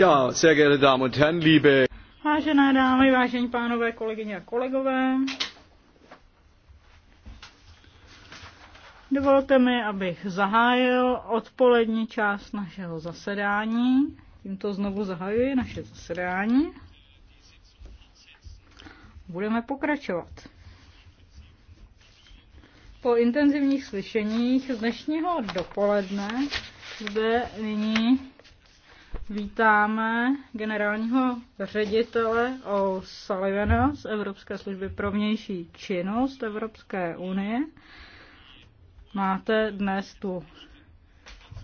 Ja, sehr geehrte Damen und Herren, liebe... Vážené dámy, vážení pánové, kolegyně a kolegové, dovolte mi, abych zahájil odpolední část našeho zasedání. Tímto znovu zahajuji naše zasedání. Budeme pokračovat. Po intenzivních slyšeních z dnešního dopoledne zde nyní vítáme generálního ředitele O. z Evropské služby pro vnější činnost Evropské unie. Máte dnes tu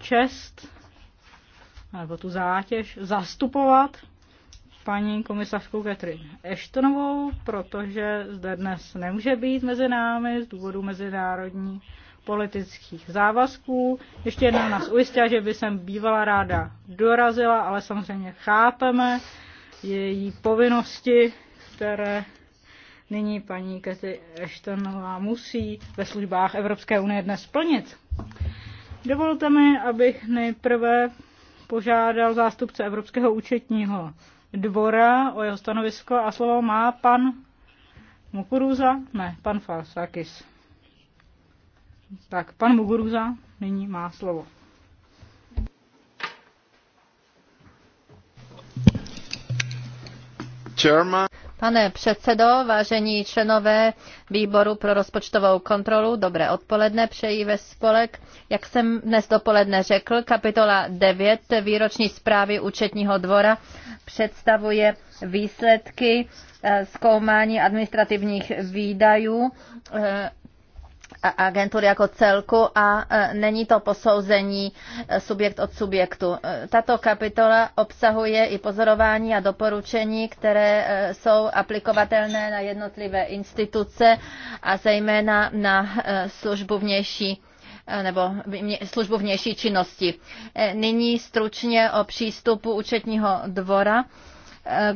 čest nebo tu zátěž zastupovat paní komisařku Catherine Eštonovou, protože zde dnes nemůže být mezi námi z důvodu mezinárodní politických závazků. Ještě jednou nás ujistila, že by jsem bývala ráda dorazila, ale samozřejmě chápeme její povinnosti, které nyní paní Kety Ashtonová musí ve službách Evropské unie dnes plnit. Dovolte mi, abych nejprve požádal zástupce Evropského účetního dvora o jeho stanovisko a slovo má pan Mukuruza, ne, pan Falsakis. Tak, pan Muguruza nyní má slovo. German. Pane předsedo, vážení členové výboru pro rozpočtovou kontrolu, dobré odpoledne, přeji ve spolek. Jak jsem dnes dopoledne řekl, kapitola 9 výroční zprávy účetního dvora představuje výsledky eh, zkoumání administrativních výdajů eh, agentury jako celku a e, není to posouzení e, subjekt od subjektu. E, tato kapitola obsahuje i pozorování a doporučení, které jsou aplikovatelné na jednotlivé instituce a zejména na službu vnější nebo službu vnější činnosti. Nyní stručně o přístupu účetního dvora Eh,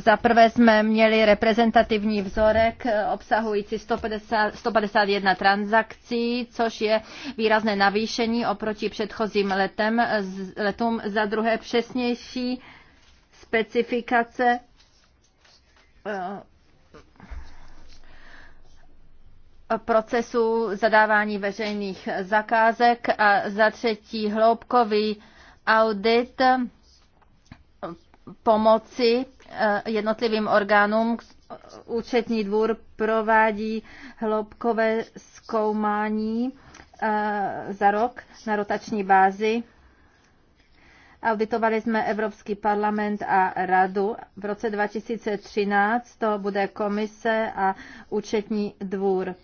za prvé jsme měli reprezentativní vzorek eh, obsahující 150, 151 transakcí, což je výrazné navýšení oproti předchozím letem, eh, letům. Za druhé přesnější specifikace procesu zadávání veřejných zakázek a za třetí hloubkový audit pomoci eh, jednotlivým orgánům. Účetní dvůr provádí hloubkové zkoumání eh, za rok na rotační bázi. Auditovali jsme Evropský parlament a radu. V roce 2013 to bude komise a účetní dvůr.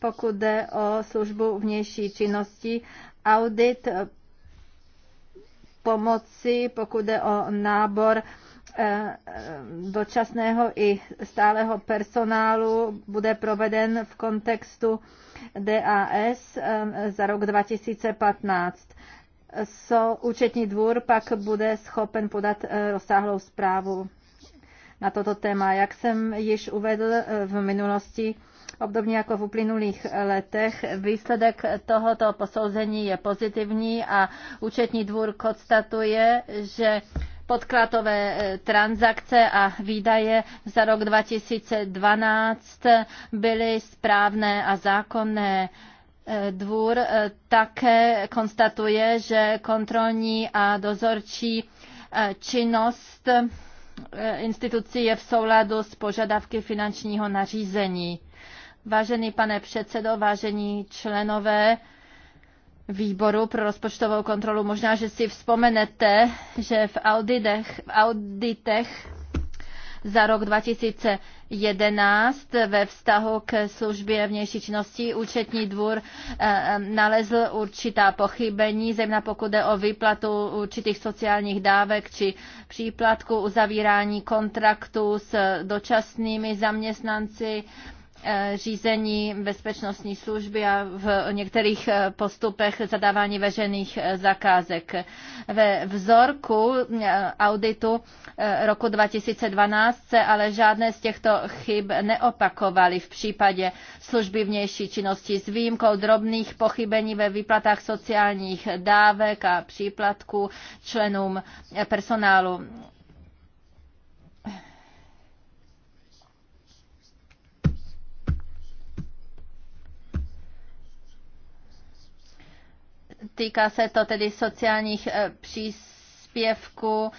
Pokud jde o službu vnější činnosti, audit pomoci, pokud jde o nábor eh, eh, dočasného i stáleho personálu bude proveden v kontextu DAS eh, za rok 2015. So, účetní dvůr pak bude schopen podat rozsáhlou zprávu na toto téma. Jak jsem již uvedl v minulosti, Obdobně jako v uplynulých letech, výsledek tohoto posouzení je pozitivní a účetní dvůr konstatuje, že podkladové eh, transakce a výdaje za rok 2012 byly správné a zákonné. Eh, dvůr eh, také konstatuje, že kontrolní a dozorčí činnost institucí je v souladu s požadavky finančního nařízení. Vážený pane předsedo, vážení členové výboru pro rozpočtovou kontrolu, možná, že si vzpomenete, že v auditech, v auditech za rok 2011 ve vztahu k službě vnější činnosti účetní dvůr eh, eh, nalezl určitá pochybení, zejména pokud jde o výplatu určitých sociálních dávek či příplatku uzavírání kontraktů s dočasnými zaměstnanci, Eh, řízení bezpečnostní služby a v některých eh, postupech zadávání veřejných eh, zakázek. Ve vzorku auditu roku 2012 se ale žádné z těchto chyb neopakovaly v případě služby vnější činnosti s výjimkou drobných pochybení ve výplatách sociálních dávek a příplatků členům personálu. Týká se to tedy sociálních eh, příspěvků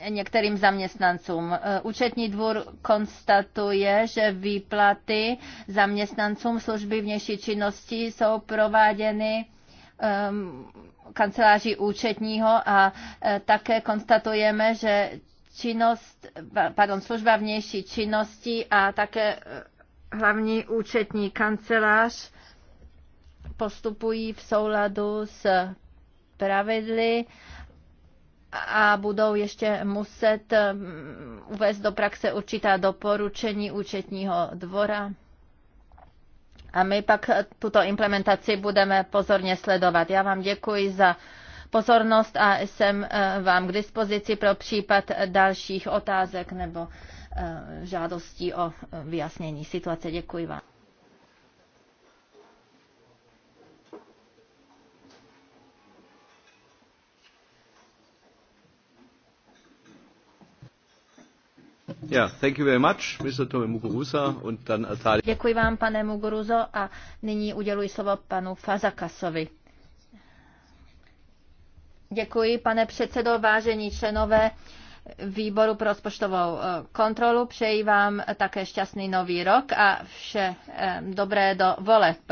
eh, některým zaměstnancům. Eh, účetní dvůr konstatuje, že výplaty zaměstnancům služby vnější činnosti jsou prováděny um, kanceláří účetního a také konstatujeme, že činnost, pardon, služba vnější činnosti a také hlavní účetní kancelář postupují v souladu s pravidly a budou ještě muset mm, uvést do praxe určitá doporučení účetního dvora. A my pak tuto implementaci budeme pozorně sledovat. Já vám děkuji za pozornost a jsem eh, vám k dispozici pro případ dalších otázek nebo eh, žádostí o eh, vyjasnění situace. Děkuji vám. Děkuji vám, pane Muguruzo, a nyní uděluji slovo panu Fazakasovi. Děkuji, pane předsedo, vážení členové výboru pro rozpočtovou eh, kontrolu. Přeji vám také šťastný nový rok a vše eh, dobré do voleb.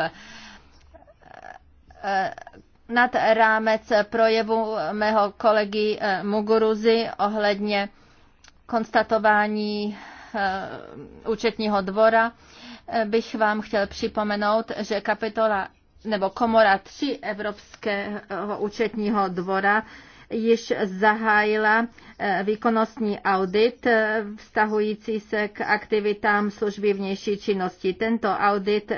Eh, nad rámec projevu mého kolegy Muguruzy ohledně konstatování eh, účetního dvora eh, bych vám chtěl připomenout, že kapitola nebo komora 3 Evropského účetního dvora již zahájila eh, výkonnostní audit vztahující se k aktivitám služby vnější činnosti. Tento audit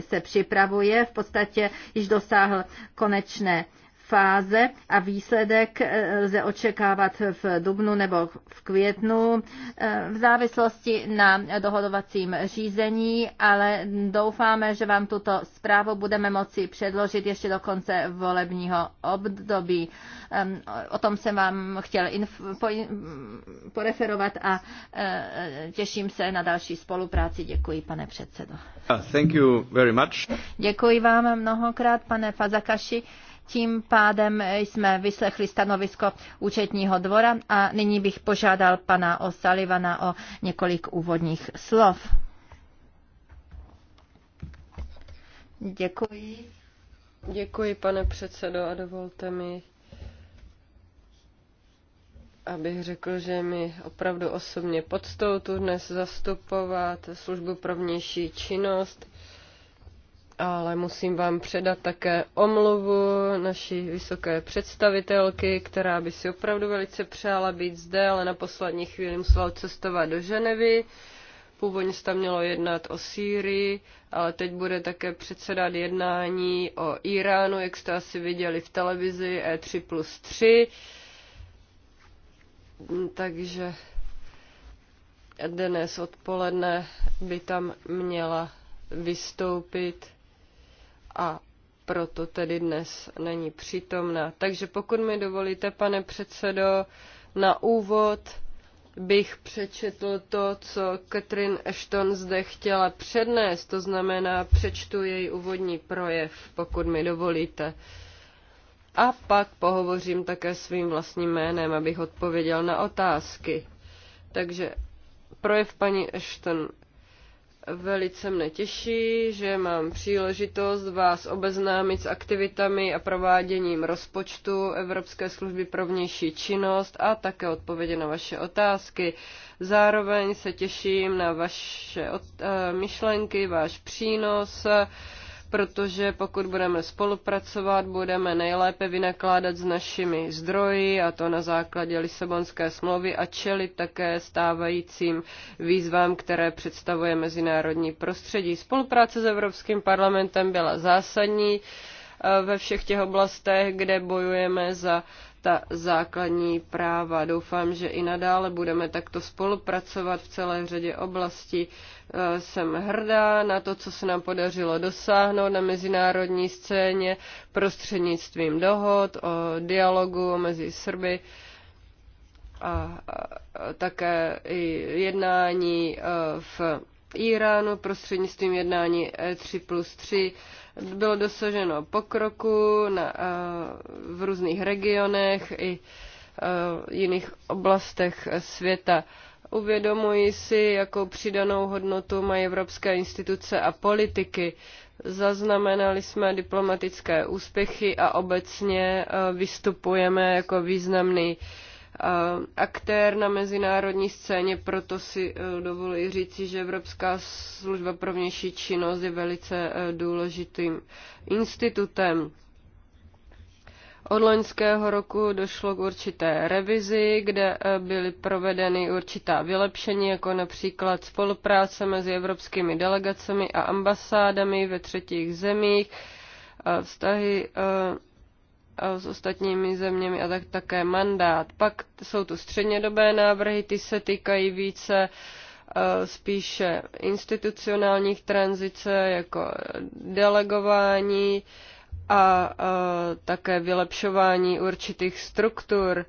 se připravuje, v podstatě již dosáhl konečné fáze a výsledek eh, lze očekávat v dubnu nebo v květnu eh, v závislosti na dohodovacím řízení, ale doufáme, že vám tuto zprávu budeme moci předložit ještě do konce volebního období. Ehm, o tom jsem vám chtěl poreferovat a eh, těším se na další spolupráci. Děkuji, pane předsedo. Ah, thank you very much. Děkuji vám mnohokrát, pane Fazakaši. Tím pádem jsme vyslechli stanovisko účetního dvora a nyní bych požádal pana O'Sullivana o několik úvodních slov. Děkuji. Děkuji, pane předsedo, a dovolte mi, abych řekl, že mi opravdu osobně podstou tu dnes zastupovat službu pro vnější činnost ale musím vám předat také omluvu naší vysoké představitelky, která by si opravdu velice přála být zde, ale na poslední chvíli musela cestovat do Ženevy. Původně se tam mělo jednat o Sýrii, ale teď bude také předsedat jednání o Iránu, jak jste asi viděli v televizi E3 plus 3. Takže dnes odpoledne by tam měla vystoupit a proto tedy dnes není přítomna. Takže pokud mi dovolíte, pane předsedo, na úvod bych přečetl to, co Katrin Ashton zde chtěla přednést, to znamená přečtu její úvodní projev, pokud mi dovolíte. A pak pohovořím také svým vlastním jménem, abych odpověděl na otázky. Takže projev paní Ashton Velice mne těší, že mám příležitost vás obeznámit s aktivitami a prováděním rozpočtu Evropské služby pro vnější činnost a také odpovědi na vaše otázky. Zároveň se těším na vaše eh, myšlenky, váš přínos protože pokud budeme spolupracovat, budeme nejlépe vynakládat s našimi zdroji, a to na základě Lisabonské smlouvy, a čelit také stávajícím výzvám, které představuje mezinárodní prostředí. Spolupráce s Evropským parlamentem byla zásadní eh, ve všech těch oblastech, kde bojujeme za uh, ta základní práva. Doufám, že i nadále budeme takto spolupracovat v celé řadě oblastí. E, jsem hrdá na to, co se nám podařilo dosáhnout na mezinárodní scéně prostřednictvím dohod o dialogu mezi Srby a také i jednání e, v Iránu prostřednictvím jednání E3 plus 3 bylo dosaženo pokroku na, eh, v různých regionech i eh, jiných oblastech světa. Uvědomují si, jakou přidanou hodnotu mají evropské instituce a politiky. Zaznamenali jsme diplomatické úspěchy a obecně eh, vystupujeme jako významný uh, Eh, aktér na mezinárodní scéně, proto si eh, dovoluji říci, že Evropská služba pro vnější činnost je velice eh, důležitým institutem. Od loňského roku došlo k určité revizi, kde byly provedeny určitá vylepšení, jako například spolupráce mezi evropskými delegacemi a ambasádami ve třetích zemích, vztahy s ostatními zeměmi a tak také mandát. Pak jsou tu střednědobé návrhy, ty se týkají více e, spíše institucionálních tranzice, jako delegování a e, také vylepšování určitých struktur.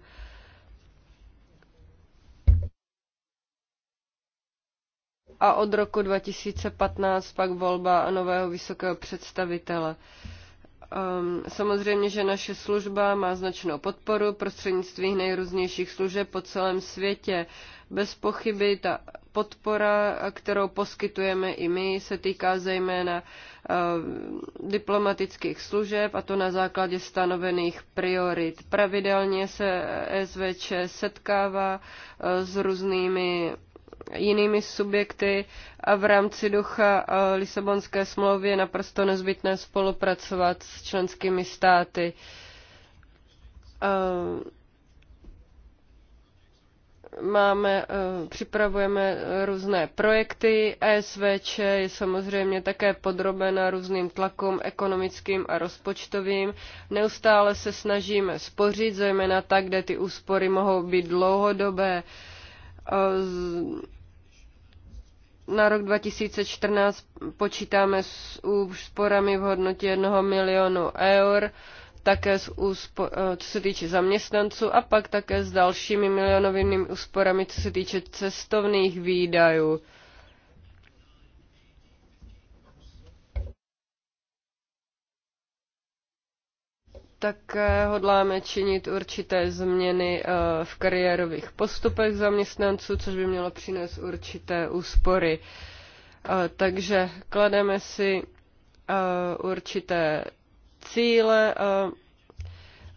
A od roku 2015 pak volba nového vysokého představitele. Uh, Um, samozřejmě, že naše služba má značnou podporu prostřednictvím nejrůznějších služeb po celém světě. Bez pochyby ta podpora, kterou poskytujeme i my, se týká zejména ehm, diplomatických služeb a to na základě stanovených priorit. Pravidelně se eh, SVČ setkává eh, s různými jinými subjekty a v rámci ducha eh, Lisabonské smlouvy je naprosto nezbytné spolupracovat s členskými státy. Eh, máme, eh, připravujeme různé projekty. ESVČ je samozřejmě také podrobena různým tlakům ekonomickým a rozpočtovým. Neustále se snažíme spořit, zejména tak, kde ty úspory mohou být dlouhodobé na rok 2014 počítáme s úsporami v hodnotě 1 milionu eur, také s úspo- eh, co se týče zaměstnanců a pak také s dalšími milionovými úsporami, co se týče cestovných výdajů. Také eh, hodláme činit určité změny eh, v kariérových postupech zaměstnanců, což by mělo přinést určité úspory. Eh, takže klademe si určité cíle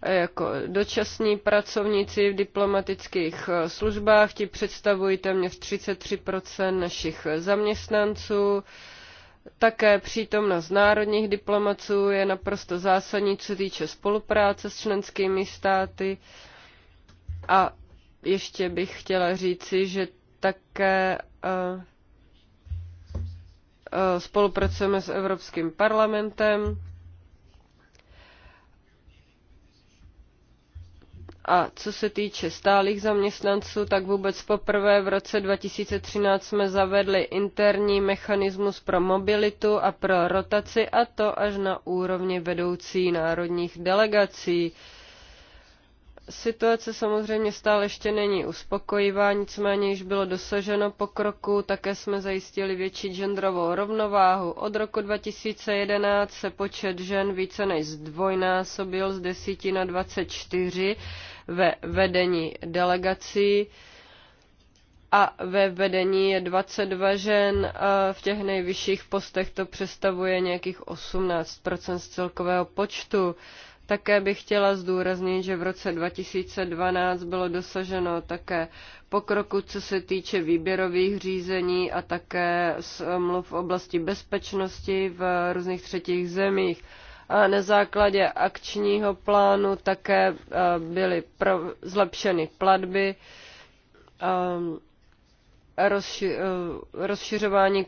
jako dočasní pracovníci v diplomatických službách, ti představují téměř 33 našich zaměstnanců. Také přítomnost národních diplomaců je naprosto zásadní, co týče spolupráce s členskými státy. A ještě bych chtěla říci, že také eh, eh, spolupracujeme s Evropským parlamentem A co se týče stálých zaměstnanců, tak vůbec poprvé v roce 2013 jsme zavedli interní mechanismus pro mobilitu a pro rotaci, a to až na úrovni vedoucí národních delegací. Situace samozřejmě stále ještě není uspokojivá, nicméně již bylo dosaženo pokroku, také jsme zajistili větší genderovou rovnováhu. Od roku 2011 se počet žen více než zdvojnásobil z 10 na 24 ve vedení delegací a ve vedení je 22 žen, a v těch nejvyšších postech to představuje nějakých 18 z celkového počtu. Také bych chtěla zdůraznit, že v roce 2012 bylo dosaženo také pokroku, co se týče výběrových řízení a také smluv v oblasti bezpečnosti v různých třetích zemích a na základě akčního plánu také byly zlepšeny platby, rozšiřování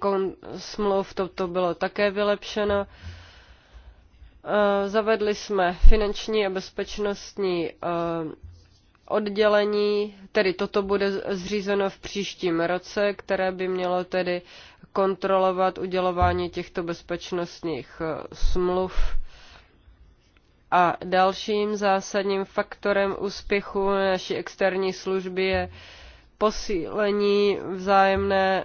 smluv, toto bylo také vylepšeno. Zavedli jsme finanční a bezpečnostní oddělení, tedy toto bude zřízeno v příštím roce, které by mělo tedy kontrolovat udělování těchto bezpečnostních smluv a dalším zásadním faktorem úspěchu naší externí služby je posílení vzájemné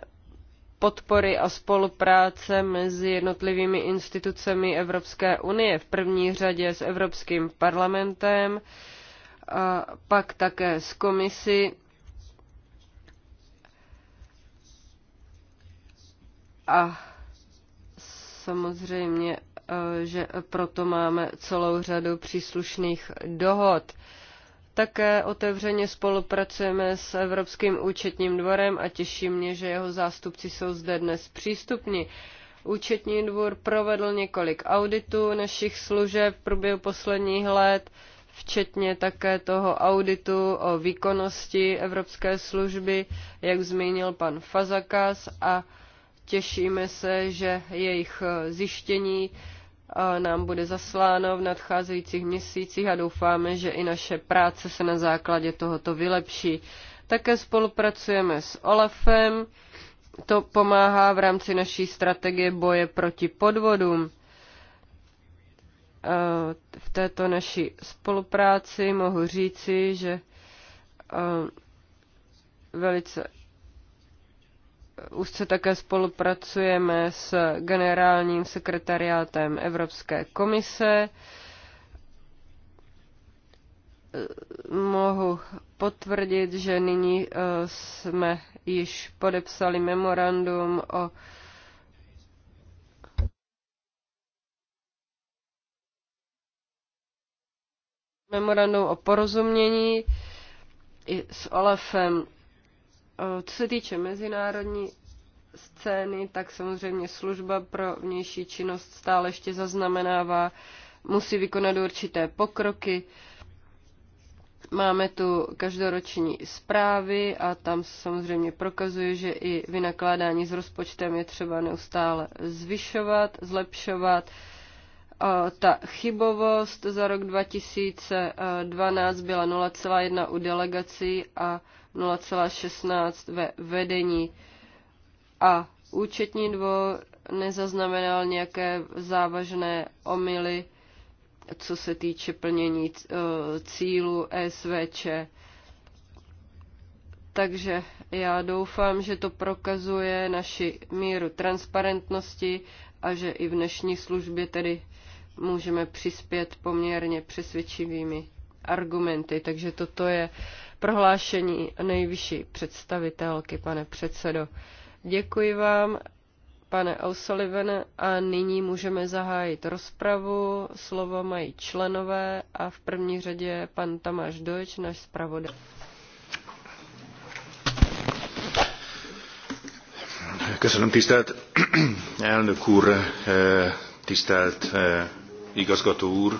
podpory a spolupráce mezi jednotlivými institucemi Evropské unie, v první řadě s Evropským parlamentem, a pak také s komisí a samozřejmě Eh, že proto máme celou řadu příslušných dohod. Také otevřeně spolupracujeme s Evropským účetním dvorem a těší mě, že jeho zástupci jsou zde dnes přístupni. Účetní dvůr provedl několik auditů našich služeb v průběhu posledních let, včetně také toho auditu o výkonnosti Evropské služby, jak zmínil pan Fazakas, a těšíme se, že jejich eh, zjištění nám bude zasláno v nadcházejících měsících a doufáme, že i naše práce se na základě tohoto vylepší. Také spolupracujeme s OLAFem, to pomáhá v rámci naší strategie boje proti podvodům. V této naší spolupráci mohu říci, že velice úzce také spolupracujeme s generálním sekretariátem Evropské komise. Mohu potvrdit, že nyní eh, jsme již podepsali memorandum o memorandum o porozumění i s Olafem. Eh, co se týče mezinárodní scény, tak samozřejmě služba pro vnější činnost stále ještě zaznamenává, musí vykonat určité pokroky. Máme tu každoroční zprávy a tam samozřejmě prokazuje, že i vynakládání s rozpočtem je třeba neustále zvyšovat, zlepšovat ta chybovost za rok 2012 byla 0,1 u delegací a 0,16 ve vedení. A účetní dvor nezaznamenal nějaké závažné omily, co se týče plnění eh, cílu SVČ. Takže já doufám, že to prokazuje naši míru transparentnosti a že i v dnešní službě tedy můžeme přispět poměrně přesvědčivými argumenty. Takže toto je prohlášení nejvyšší představitelky, pane předsedo. Děkuji vám, pane O'Sullivan, a nyní můžeme zahájit rozpravu. Slovo mají členové a v první řadě pan Tamáš Dojč, náš zpravodaj. Köszönöm tisztelt elnök úr, eh, tisztelt eh, igazgató úr!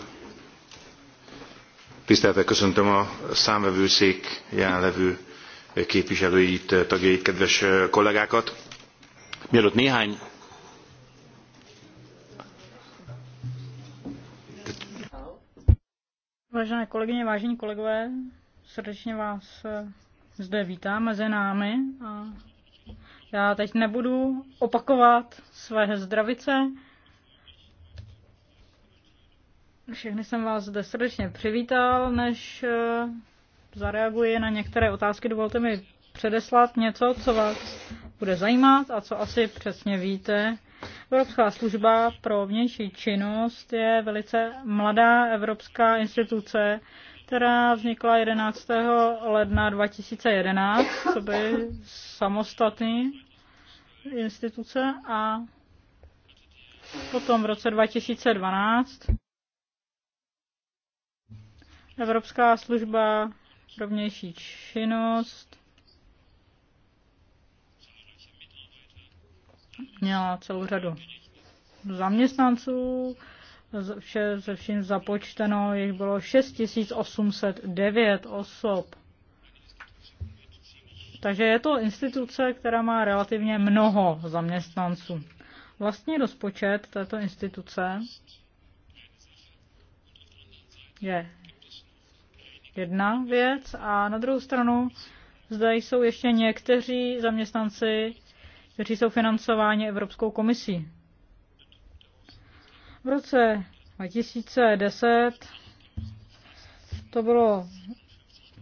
tisztelettel köszöntöm a számvevőszék jelenlevő képviselőit tagjait kedves kollégákat! mielőtt néhány Vážené kolegyně, vážení kolegové, srdečně vás zde vítám mezi námi. A já teď nebudu opakovat své zdravice, všechny jsem vás zde srdečně přivítal. Než eh, zareaguji na některé otázky, dovolte mi předeslat něco, co vás bude zajímat a co asi přesně víte. Evropská služba pro vnější činnost je velice mladá evropská instituce, která vznikla 11. ledna 2011, co by samostatný instituce a potom v roce 2012 Evropská služba vnější činnost měla celou řadu zaměstnanců, vše se vším započteno, jich bylo 6809 osob. Takže je to instituce, která má relativně mnoho zaměstnanců. Vlastní rozpočet této instituce je jedna věc a na druhou stranu zde jsou ještě někteří zaměstnanci, kteří jsou financováni Evropskou komisí. V roce 2010 to bylo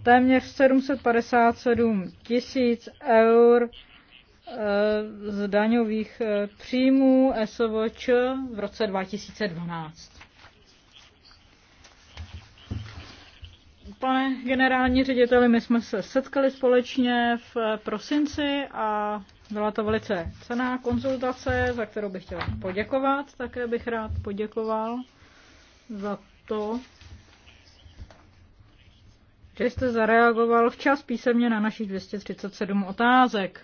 téměř 757 tisíc eur eh, z daňových eh, příjmů SVČ v roce 2012. Pane generální řediteli, my jsme se setkali společně v prosinci a byla to velice cená konzultace, za kterou bych chtěla poděkovat. Také bych rád poděkoval za to, že jste zareagoval včas písemně na našich 237 otázek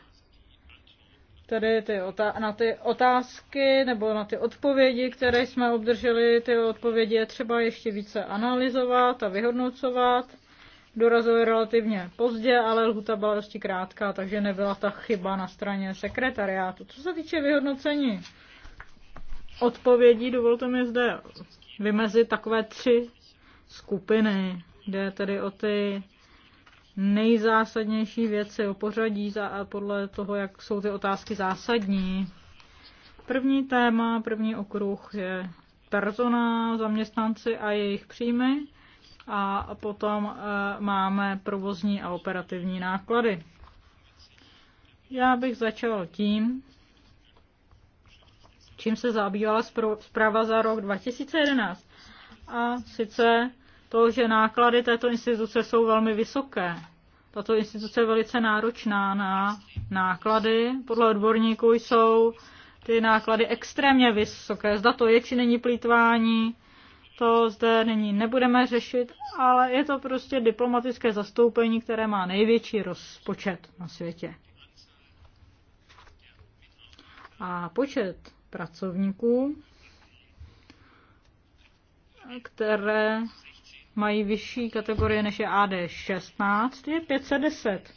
tady ty otá- na ty otázky nebo na ty odpovědi, které jsme obdrželi, ty odpovědi je třeba ještě více analyzovat a vyhodnocovat. Dorazily relativně pozdě, ale lhuta byla dosti krátká, takže nebyla ta chyba na straně sekretariátu. Co se týče vyhodnocení odpovědí, dovolte mi zde vymezit takové tři skupiny. Jde tedy o ty nejzásadnější věci o pořadí za, podle toho, jak jsou ty otázky zásadní. První téma, první okruh je persona zaměstnanci a jejich příjmy a potom e, máme provozní a operativní náklady. Já bych začal tím, čím se zabývala zpráva za rok 2011. A sice to, že náklady této instituce jsou velmi vysoké. Tato instituce je velice náročná na náklady. Podle odborníků jsou ty náklady extrémně vysoké. Zda to je, či není plítvání, to zde není, nebudeme řešit, ale je to prostě diplomatické zastoupení, které má největší rozpočet na světě. A počet pracovníků, které mají vyšší kategorie než je AD16, je 510.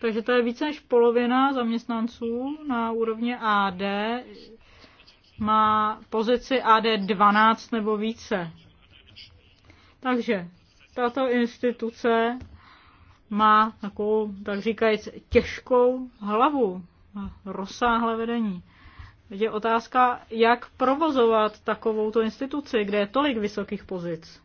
Takže to je více než polovina zaměstnanců na úrovni AD má pozici AD12 nebo více. Takže tato instituce má takovou, tak říkajíc, těžkou hlavu, rozsáhlé vedení je otázka, jak provozovat takovou tu instituci, kde je tolik vysokých pozic.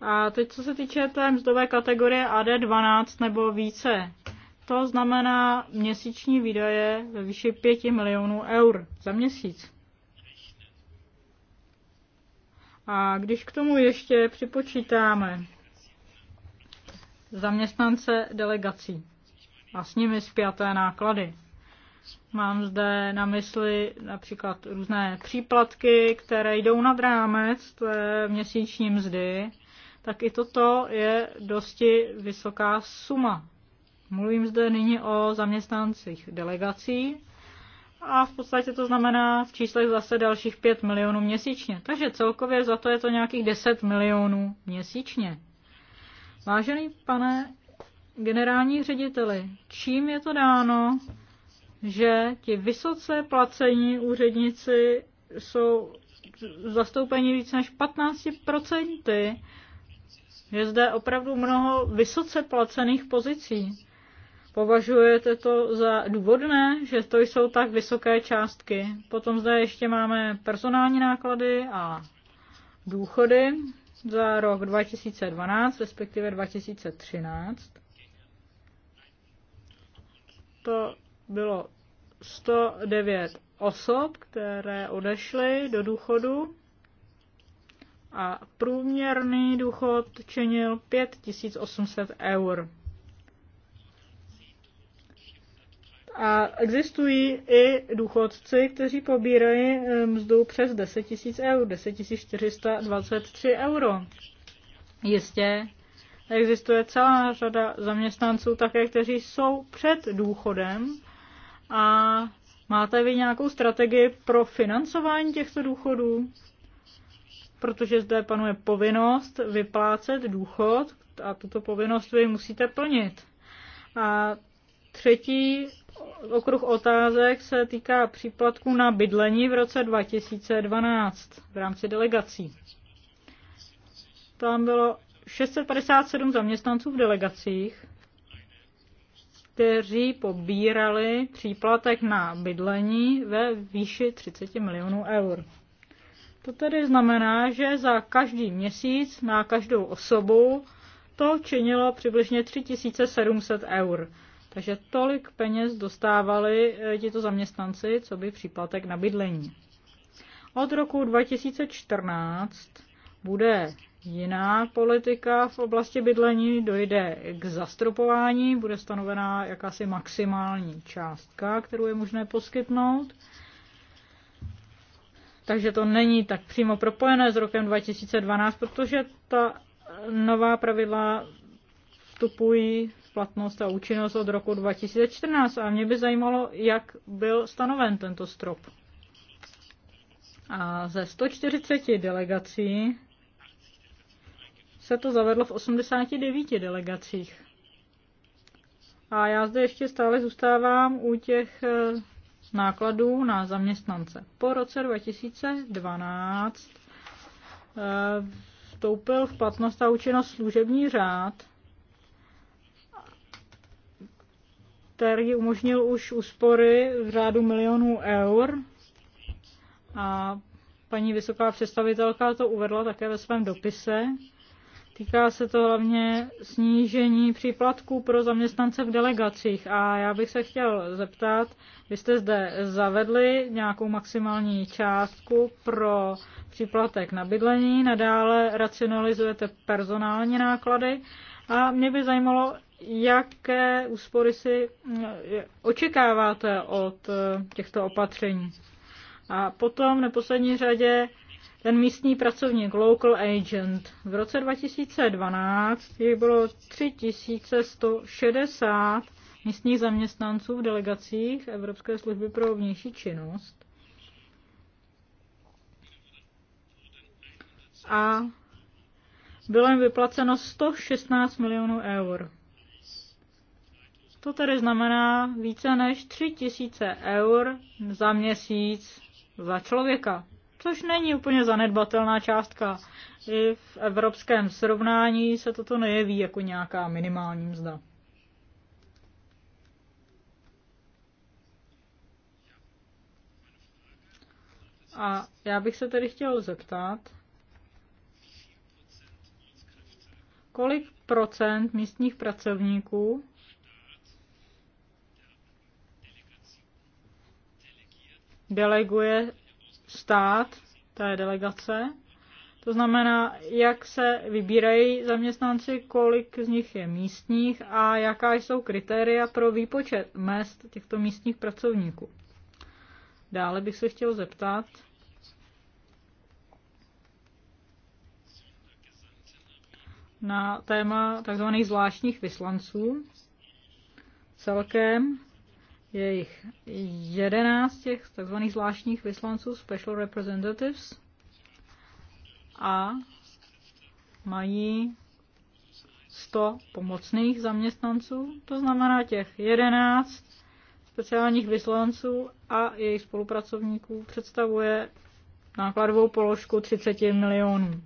A teď co se týče té mzdové kategorie AD12 nebo více, to znamená měsíční výdaje ve výši 5 milionů eur za měsíc. A když k tomu ještě připočítáme zaměstnance delegací, a s nimi spjaté náklady. Mám zde na mysli například různé příplatky, které jdou nad rámec té měsíční mzdy, tak i toto je dosti vysoká suma. Mluvím zde nyní o zaměstnancích delegací a v podstatě to znamená v číslech zase dalších 5 milionů měsíčně. Takže celkově za to je to nějakých 10 milionů měsíčně. Vážený pane generální řediteli. Čím je to dáno, že ti vysoce placení úředníci jsou zastoupeni víc než 15%, je zde opravdu mnoho vysoce placených pozicí. Považujete to za důvodné, že to jsou tak vysoké částky? Potom zde ještě máme personální náklady a důchody za rok 2012, respektive 2013 to bylo 109 osob, které odešly do důchodu a průměrný důchod činil 5800 eur. A existují i důchodci, kteří pobírají eh, mzdu přes 10 000 eur, 10 423 euro. Jistě existuje celá řada zaměstnanců také, kteří jsou před důchodem a máte vy nějakou strategii pro financování těchto důchodů? Protože zde panuje povinnost vyplácet důchod a tuto povinnost vy musíte plnit. A třetí okruh otázek se týká příplatku na bydlení v roce 2012 v rámci delegací. Tam bylo 657 zaměstnanců v delegacích, kteří pobírali příplatek na bydlení ve výši 30 milionů eur. To tedy znamená, že za každý měsíc na každou osobu to činilo přibližně 3700 eur. Takže tolik peněz dostávali eh, tito zaměstnanci, co by příplatek na bydlení. Od roku 2014 bude jiná politika v oblasti bydlení, dojde k zastropování, bude stanovená jakási maximální částka, kterou je možné poskytnout. Takže to není tak přímo propojené s rokem 2012, protože ta nová pravidla vstupují v platnost a účinnost od roku 2014 a mě by zajímalo, jak byl stanoven tento strop. A ze 140 delegací se to zavedlo v 89 delegacích. A já zde ještě stále zůstávám u těch eh, nákladů na zaměstnance. Po roce 2012 eh, vstoupil v platnost a účinnost služební řád, který umožnil už úspory v řádu milionů eur a paní vysoká představitelka to uvedla také ve svém dopise, Týká se to hlavně snížení příplatků pro zaměstnance v delegacích a já bych se chtěl zeptat, vy jste zde zavedli nějakou maximální částku pro příplatek na bydlení, nadále racionalizujete personální náklady a mě by zajímalo, jaké úspory si mm, očekáváte od eh, těchto opatření. A potom v neposlední řadě ten místní pracovník, local agent. V roce 2012 jich bylo 3160 místních zaměstnanců v delegacích Evropské služby pro vnější činnost. A bylo jim vyplaceno 116 milionů eur. To tedy znamená více než 3000 eur za měsíc za člověka což není úplně zanedbatelná částka. I v evropském srovnání se toto nejeví jako nějaká minimální mzda. A já bych se tedy chtěl zeptat, kolik procent místních pracovníků deleguje stát té delegace. To znamená, jak se vybírají zaměstnanci, kolik z nich je místních a jaká jsou kritéria pro výpočet mest těchto místních pracovníků. Dále bych se chtěl zeptat, na téma tzv. zvláštních vyslanců. Celkem je jich jedenáct těch tzv. zvláštních vyslanců, special representatives, a mají 100 pomocných zaměstnanců, to znamená těch 11 speciálních vyslanců a jejich spolupracovníků představuje nákladovou položku 30 milionů.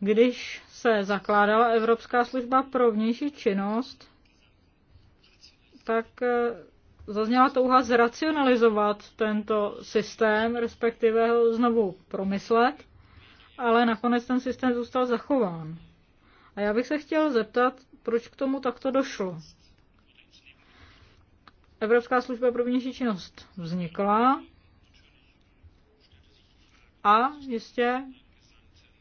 Když se zakládala Evropská služba pro vnější činnost, tak eh, zazněla touha zracionalizovat tento systém, respektive ho znovu promyslet, ale nakonec ten systém zůstal zachován. A já bych se chtěl zeptat, proč k tomu takto došlo. Evropská služba pro vnější činnost vznikla a jistě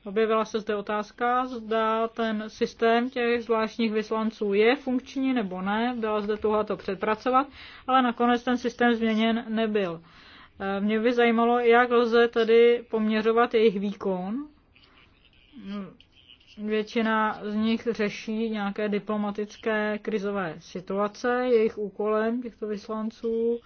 Objevila se zde otázka, zda ten systém těch zvláštních vyslanců je funkční nebo ne. Byla zde tuhle to přepracovat, ale nakonec ten systém změněn nebyl. Eh, mě by zajímalo, jak lze tedy poměřovat jejich výkon. Hmm, většina z nich řeší nějaké diplomatické krizové situace. Jejich úkolem těchto vyslanců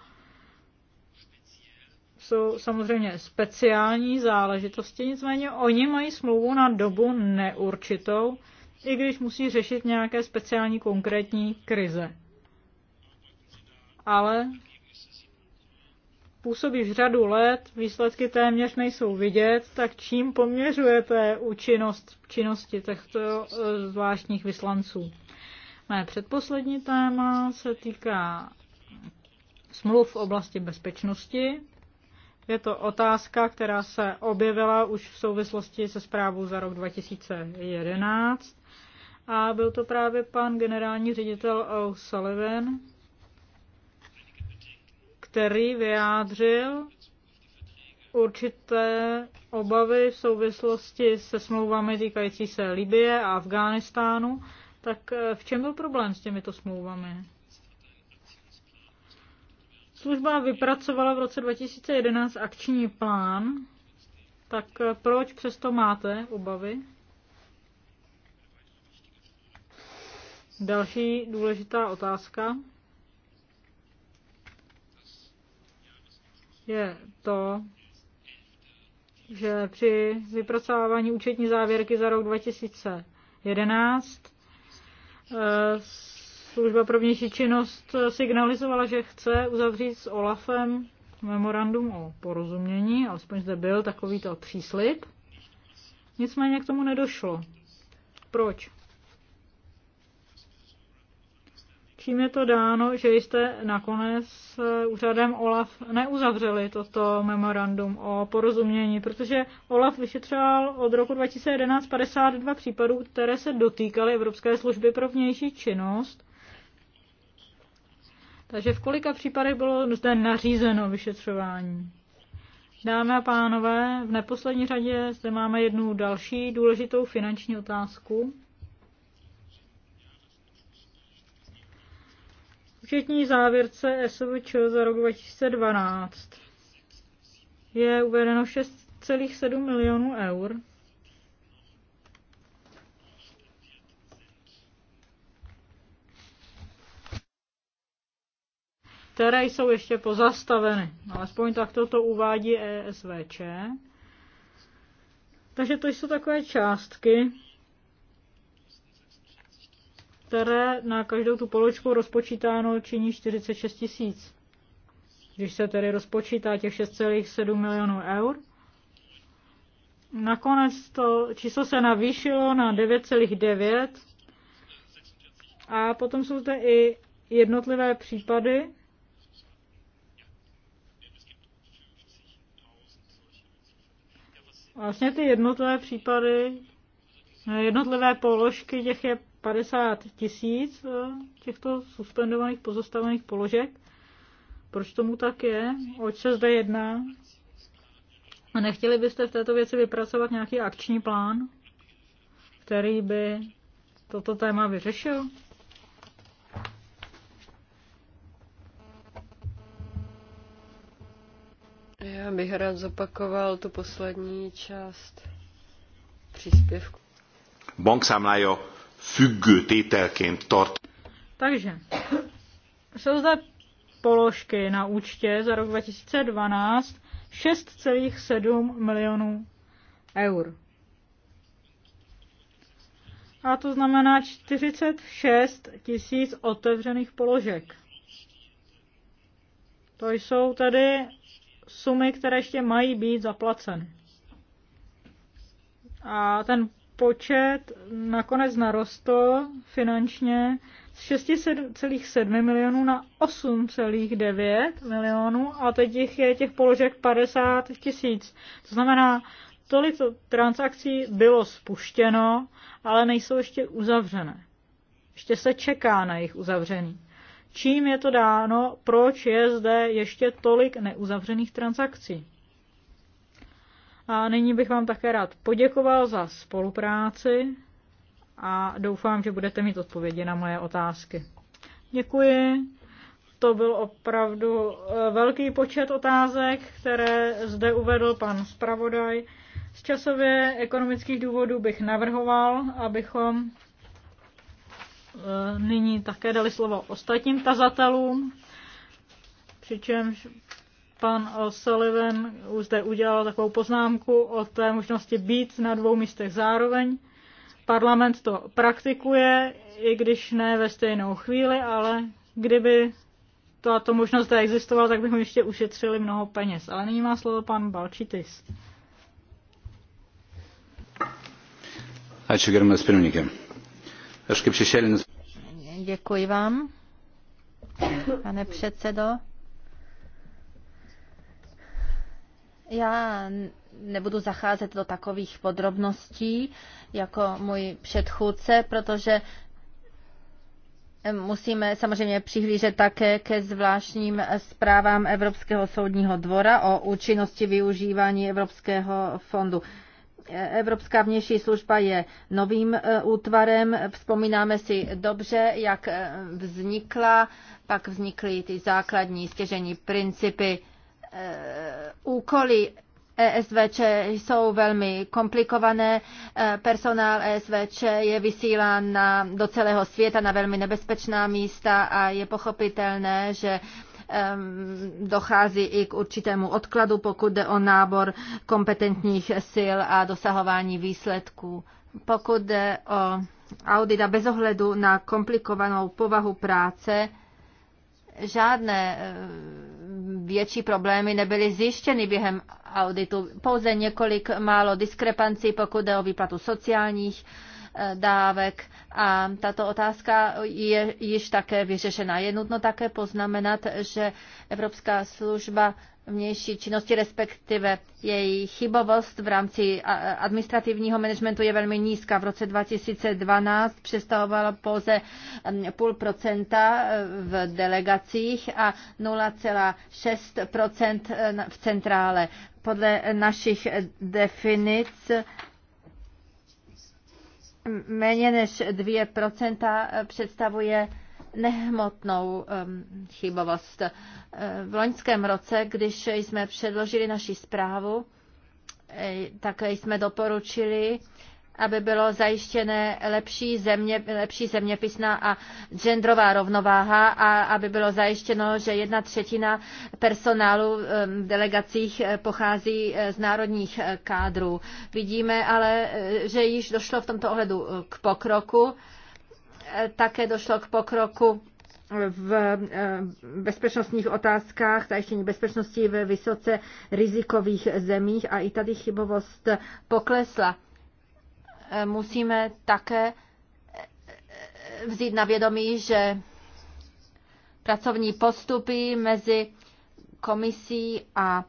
jsou samozřejmě speciální záležitosti, nicméně oni mají smlouvu na dobu neurčitou, i když musí řešit nějaké speciální konkrétní krize. Ale působí v řadu let, výsledky téměř nejsou vidět, tak čím poměřujete účinnost činnosti těchto eh, zvláštních vyslanců? Mé předposlední téma se týká smluv v oblasti bezpečnosti. Je to otázka, která se objevila už v souvislosti se zprávou za rok 2011. A byl to právě pan generální ředitel O'Sullivan, který vyjádřil určité obavy v souvislosti se smlouvami týkající se Libie a Afghánistánu. Tak eh, v čem byl problém s těmito smlouvami? Služba vypracovala v roce 2011 akční plán, tak eh, proč přesto máte obavy? Další důležitá otázka je to, že při vypracávání účetní závěrky za rok 2011 služba pro vnější činnost signalizovala, že chce uzavřít s Olafem memorandum o porozumění, alespoň zde byl takovýto příslip. Nicméně k tomu nedošlo. Proč? Čím je to dáno, že jste nakonec s úřadem OLAF neuzavřeli toto memorandum o porozumění, protože OLAF vyšetřoval od roku 2011 52 případů, které se dotýkaly Evropské služby pro vnější činnost takže v kolika případech bylo zde nařízeno vyšetřování? Dámy a pánové, v neposlední řadě zde máme jednu další důležitou finanční otázku. Účetní závěrce SVČ za rok 2012 je uvedeno 6,7 milionů eur, které jsou ještě pozastaveny. Alespoň tak toto uvádí ESVČ. Takže to jsou takové částky, které na každou tu poločku rozpočítáno činí 46 tisíc. Když se tedy rozpočítá těch 6,7 milionů eur, nakonec to číslo se navýšilo na 9,9 a potom jsou zde i jednotlivé případy, Vlastně ty jednotlivé případy, jednotlivé položky, těch je 50 tisíc eh, těchto suspendovaných, pozostavených položek. Proč tomu tak je? Oč se zde jedná? A nechtěli byste v této věci vypracovat nějaký akční plán, který by toto téma vyřešil? Já bych rád zopakoval tu poslední část příspěvku. Bankszámlája függő tételként tart. Takže jsou zde položky na účtě za rok 2012 6,7 milionů eur. A to znamená 46 tisíc otevřených položek. To jsou tedy sumy, které ještě mají být zaplaceny. A ten počet nakonec narostl finančně z 6,7 milionů na 8,9 milionů a teď jich je těch položek 50 tisíc. To znamená, tolik transakcí bylo spuštěno, ale nejsou ještě uzavřené. Ještě se čeká na jejich uzavření. Čím je to dáno, proč je zde ještě tolik neuzavřených transakcí? A nyní bych vám také rád poděkoval za spolupráci a doufám, že budete mít odpovědi na moje otázky. Děkuji. To byl opravdu eh, velký počet otázek, které zde uvedl pan zpravodaj. Z časově ekonomických důvodů bych navrhoval, abychom Eh, nyní také dali slovo ostatním tazatelům, přičemž pan Sullivan zde udělal takovou poznámku o té možnosti být na dvou místech zároveň. Parlament to praktikuje, i když ne ve stejnou chvíli, ale kdyby tato možnost existovala, tak bychom ještě ušetřili mnoho peněz. Ale nyní má slovo pan Balčitis. Ačiū, gerbiamas pirmininkė. Děkuji vám, pane předsedo. Já nebudu zacházet do takových podrobností jako můj předchůdce, protože musíme samozřejmě přihlížet také ke zvláštním zprávám Evropského soudního dvora o účinnosti využívání Evropského fondu. Evropská vnější služba je novým e, útvarem. Vzpomínáme si dobře, jak e, vznikla, pak vznikly ty základní stěžení principy. E, úkoly ESVČ jsou velmi komplikované. Personál ESVČ je vysílán na, do celého světa na velmi nebezpečná místa a je pochopitelné, že dochází i k určitému odkladu, pokud jde o nábor kompetentních sil a dosahování výsledků. Pokud jde o audita bez ohledu na komplikovanou povahu práce, žádné větší problémy nebyly zjištěny během auditu. Pouze několik málo diskrepancí, pokud jde o výplatu sociálních dávek a tato otázka je již také vyřešena. Je nutno také poznamenat, že Evropská služba vnější činnosti, respektive její chybovost v rámci administrativního managementu je velmi nízká. V roce 2012 představovala pouze mm, půl procenta eh, v delegacích a 0,6 eh, v centrále. Podle našich definic méně než 2% eh, představuje nehmotnou ehm, chybovost. Eh, v loňském roce, když jsme předložili naši zprávu, eh, tak jsme doporučili aby bylo zajištěné lepší, země, lepší zeměpisná a genderová rovnováha a aby bylo zajištěno, že jedna třetina personálu v delegacích eh, pochází eh, z národních eh, kádrů. Vidíme ale, že již došlo v tomto ohledu k pokroku. Také došlo k pokroku v bezpečnostních otázkách, zajištění bezpečnosti ve vysoce rizikových zemích a i tady chybovost poklesla musíme také vzít na vědomí, že pracovní postupy mezi komisí a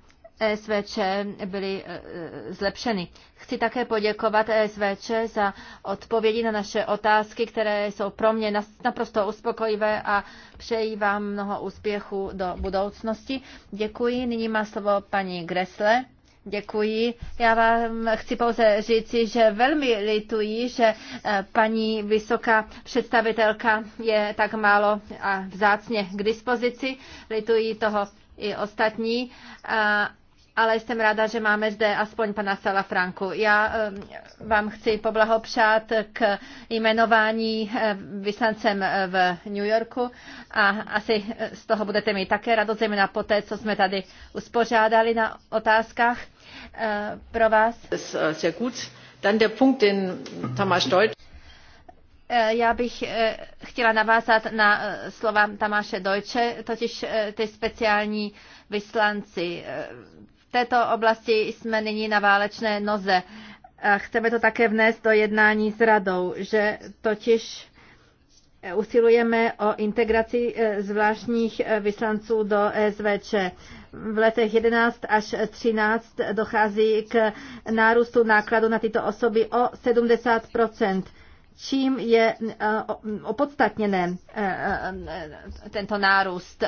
SVČ byly e, e, zlepšeny. Chci také poděkovat SVČ za odpovědi na naše otázky, které jsou pro mě naprosto uspokojivé a přeji vám mnoho úspěchu do budoucnosti. Děkuji. Nyní má slovo paní Gresle. Děkuji. Já vám chci pouze říci, že velmi lituji, že eh, paní vysoká představitelka je tak málo a vzácně k dispozici. Lituji toho i ostatní ale jsem ráda, že máme zde aspoň pana Franku. Já vám chci poblahopřát k jmenování eh, vyslancem eh, v New Yorku a asi eh, z toho budete mít také radost, zejména po té, co jsme tady uspořádali na otázkách pro vás. Sehr gut. Dann der Punkt, den Já bych chtěla navázat na slova Tamáše Deutsche, totiž ty speciální vyslanci této oblasti jsme nyní na válečné noze. A chceme to také vnést do jednání s radou, že totiž usilujeme o integraci eh, zvláštních eh, vyslanců do SVČ. V letech 11 až 13 dochází k nárůstu nákladu na tyto osoby o 70 čím je eh, opodstatněné eh, eh, tento nárůst.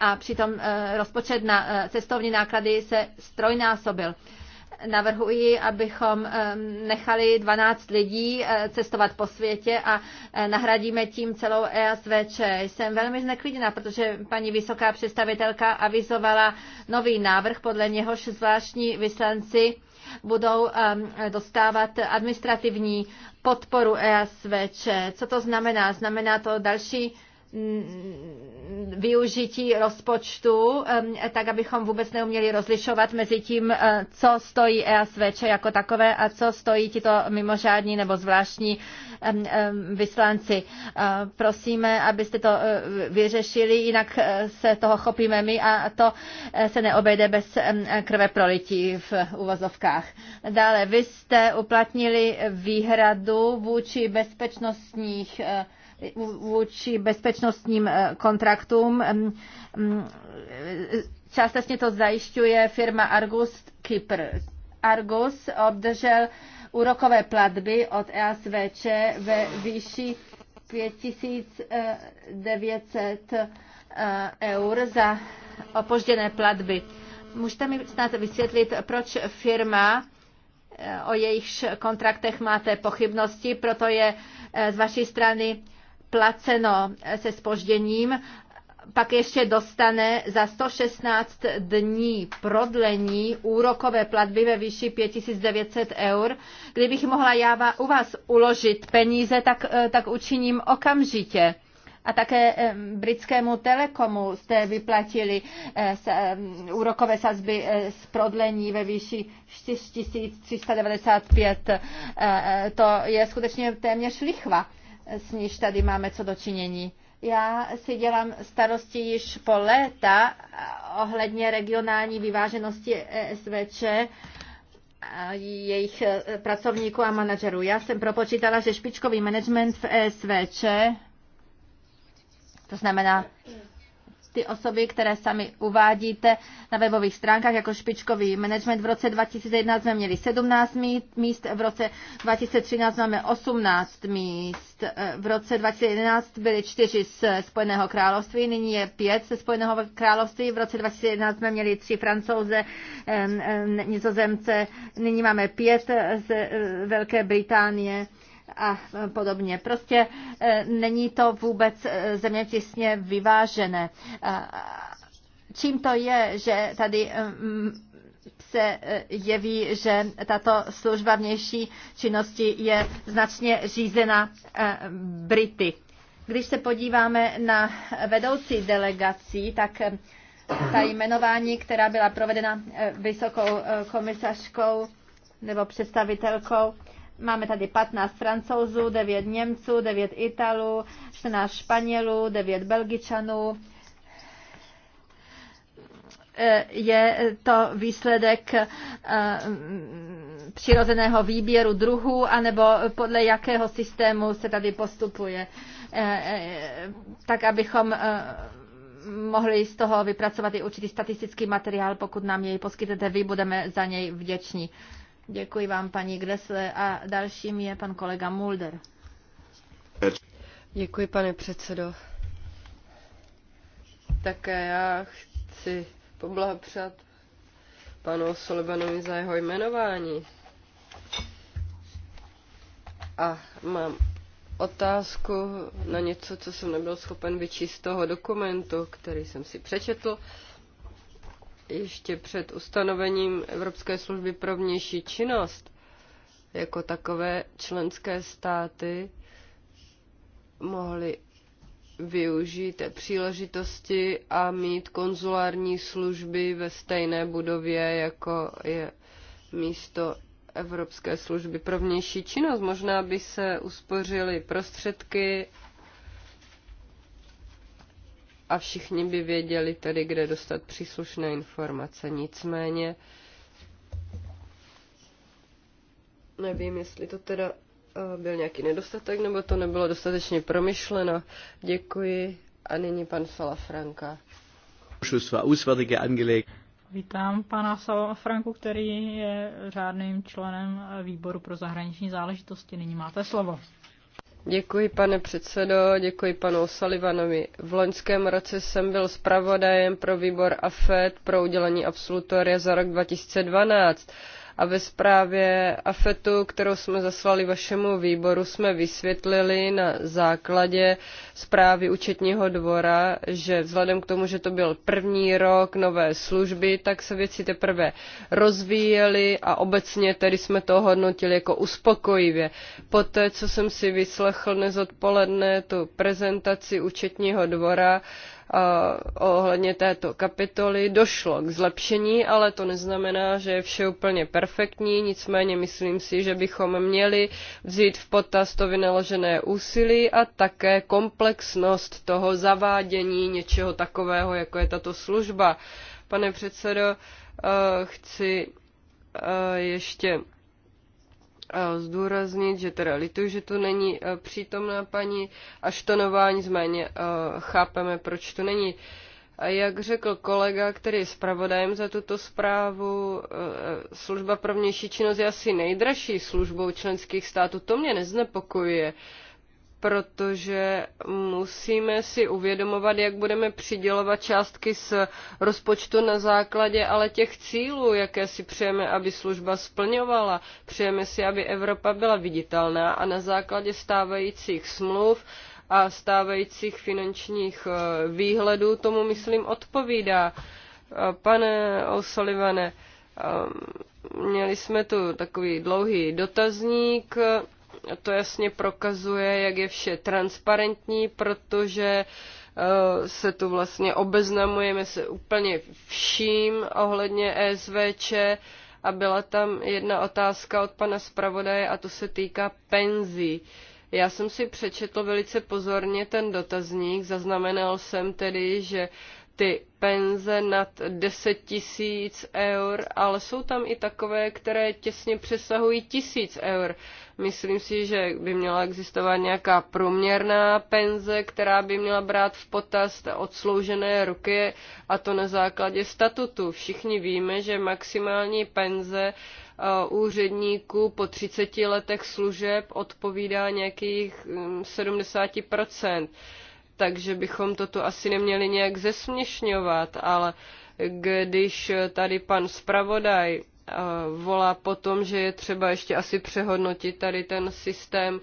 A přitom rozpočet na cestovní náklady se strojnásobil. Navrhuji, abychom nechali 12 lidí cestovat po světě a nahradíme tím celou ESVČ. Jsem velmi zneklidněna, protože paní vysoká představitelka avizovala nový návrh, podle něhož zvláštní vyslanci budou um, dostávat administrativní podporu ESVČ. Co to znamená? Znamená to další Mm, využití rozpočtu, tak abychom vůbec neuměli rozlišovat mezi tím, eh, co stojí EASVČ jako takové a co stojí tito mimořádní nebo zvláštní vyslanci. Eh, prosíme, abyste to eh, vyřešili, jinak se toho chopíme my a to se neobejde bez krve prolití v uvozovkách. Dále, vy jste uplatnili výhradu vůči bezpečnostních vůči bezpečnostním eh, kontraktům. Částečně to zajišťuje firma Argus Kypr. Argus obdržel úrokové platby od EASVČ ve výši 5900 eh, eh, eur za opožděné platby. Můžete mi snad vysvětlit, proč firma, o jejichž kontraktech máte pochybnosti, proto je z vaší strany placeno se spožděním, pak ještě dostane za 116 dní prodlení úrokové platby ve výši 5900 eur. Kdybych mohla já u vás uložit peníze, tak, eh, tak učiním okamžitě. A také eh, britskému telekomu jste vyplatili eh, úrokové sazby z prodlení ve výši 4395. To je skutečně téměř lichva s níž tady máme co dočinění. Já si dělám starosti již po léta ohledně regionální vyváženosti e SVČ jejich e, pracovníků a manažerů. Já jsem propočítala, že špičkový management v ESVČ, to znamená ty osoby, které sami uvádíte na webových stránkách jako špičkový management. V roce 2011 jsme měli 17 míst, v roce 2013 máme 18 míst, v roce 2011 byly 4 z Spojeného království, nyní je 5 ze Spojeného království, v roce 2011 jsme měli 3 francouze, nizozemce, nyní máme 5 z eh, Velké Británie a podobně. Prostě eh, není to vůbec eh, zemětisně vyvážené. Čím to je, že tady mm, se eh, jeví, že tato služba vnější činnosti je značně řízena Brity. Když se podíváme na vedoucí delegací, tak ta jmenování, která byla provedena vysokou komisařkou nebo představitelkou, Máme tady 15 francouzů, 9 Němců, 9 Italů, 14 Španělů, 9 Belgičanů. E, je to výsledek e, přirozeného výběru druhů, anebo podle jakého systému se tady postupuje, e, tak abychom mohli z toho vypracovat i určitý statistický materiál. Pokud nám jej poskytnete vy, budeme za něj vděční. Děkuji vám, paní Gresle. A dalším je pan kolega Mulder. Děkuji, pane předsedo. Také já chci poblahopřát panu Solebanovi za jeho jmenování. A mám otázku na něco, co jsem nebyl schopen vyčíst z toho dokumentu, který jsem si přečetl. Uh, ještě před ustanovením Evropské služby pro vnější činnost, jako takové členské státy mohly využít příležitosti a mít konzulární služby ve stejné budově, jako je místo Evropské služby pro vnější činnost. Možná by se uspořily prostředky a všichni by věděli tedy, kde dostat příslušné informace. Nicméně nevím, jestli to teda eh, byl nějaký nedostatek, nebo to nebylo dostatečně promyšleno. Děkuji. A nyní pan Franka. Vítám pana Franku, který je řádným členem výboru pro zahraniční záležitosti. Nyní máte slovo. Děkuji, pane předsedo, děkuji panu Salivanovi. V loňském roce jsem byl zpravodajem pro výbor AFED pro udělení absolutoria za rok 2012 a ve zprávě AFETu, kterou jsme zaslali vašemu výboru, jsme vysvětlili na základě zprávy účetního dvora, že vzhledem k tomu, že to byl první rok nové služby, tak se věci teprve rozvíjely a obecně tedy jsme to hodnotili jako uspokojivě. Poté, co jsem si vyslechl dnes odpoledne tu prezentaci účetního dvora, Eh, ohledně této kapitoly došlo k zlepšení, ale to neznamená, že je vše úplně perfektní, nicméně myslím si, že bychom měli vzít v potaz to vynaložené úsilí a také komplexnost toho zavádění něčeho takového, jako je tato služba. Pane předsedo, eh, chci eh, ještě zdůraznit, že teda lituji, že tu není e, přítomná paní Aštonová, nicméně e, chápeme, proč tu není. A jak řekl kolega, který je zpravodajem za tuto zprávu, e, služba pro vnější činnost je asi nejdražší službou členských států. To mě neznepokojuje protože musíme si uvědomovat, jak budeme přidělovat částky z rozpočtu na základě ale těch cílů, jaké si přejeme, aby služba splňovala. Přejeme si, aby Evropa byla viditelná a na základě stávajících smluv a stávajících finančních eh, výhledů tomu, myslím, odpovídá. Eh, pane O'Sullivane, eh, měli jsme tu takový dlouhý dotazník, to jasně prokazuje, jak je vše transparentní, protože eh, se tu vlastně obeznamujeme se úplně vším ohledně ESVČ a byla tam jedna otázka od pana zpravodaje a to se týká penzí. Já jsem si přečetl velice pozorně ten dotazník, zaznamenal jsem tedy, že ty penze nad 10 tisíc eur, ale jsou tam i takové, které těsně přesahují tisíc eur. Myslím si, že by měla existovat nějaká průměrná penze, která by měla brát v potaz odsloužené ruky, a to na základě statutu. Všichni víme, že maximální penze uh, úředníků po 30 letech služeb odpovídá nějakých 70 um, takže bychom toto asi neměli nějak zesměšňovat, ale když tady pan zpravodaj volá po tom, že je třeba ještě asi přehodnotit tady ten systém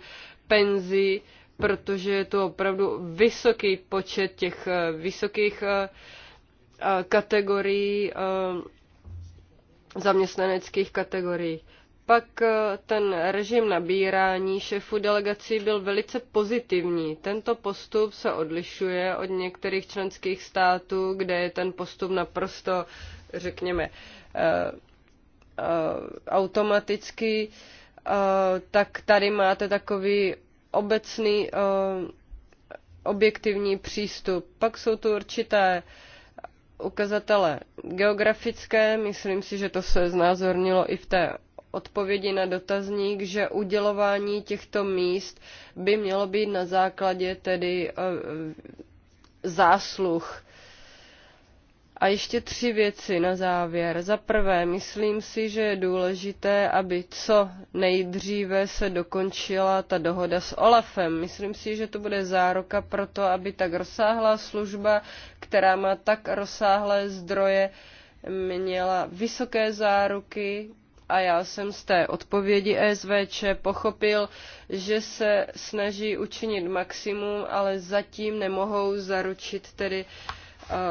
penzí, protože je to opravdu vysoký počet těch e, vysokých e, e, kategorií, zaměstnaneckých kategorií. Pak ten režim nabírání šéfů delegací byl velice pozitivní. Tento postup se odlišuje od některých členských států, kde je ten postup naprosto, řekněme, Eh, automaticky, eh, tak tady máte takový obecný eh, objektivní přístup. Pak jsou tu určité ukazatele geografické, myslím si, že to se znázornilo i v té odpovědi na dotazník, že udělování těchto míst by mělo být na základě tedy zásluh a ještě tři věci na závěr. Za prvé, myslím si, že je důležité, aby co nejdříve se dokončila ta dohoda s OLAFem. Myslím si, že to bude zároka pro to, aby tak rozsáhlá služba, která má tak rozsáhlé zdroje, měla vysoké záruky a já jsem z té odpovědi SVČ pochopil, že se snaží učinit maximum, ale zatím nemohou zaručit tedy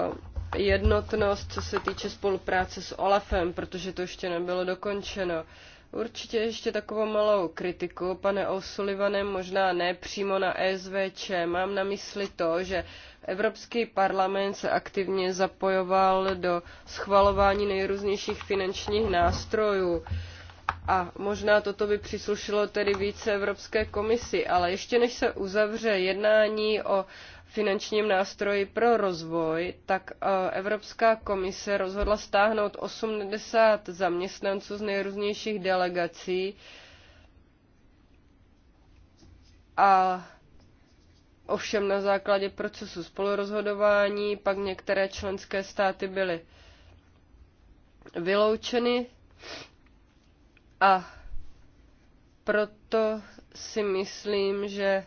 uh, jednotnost, co se týče spolupráce s OLAFem, protože to ještě nebylo dokončeno. Určitě ještě takovou malou kritiku, pane O'Sullivane, možná ne přímo na ESVČ. Mám na mysli to, že Evropský parlament se aktivně zapojoval do schvalování nejrůznějších finančních nástrojů. A možná toto by příslušilo tedy více Evropské komisi, ale ještě než se uzavře jednání o finančním nástroji pro rozvoj, tak eh, Evropská komise rozhodla stáhnout 80 zaměstnanců z nejrůznějších delegací a ovšem na základě procesu spolurozhodování pak některé členské státy byly vyloučeny a proto si myslím, že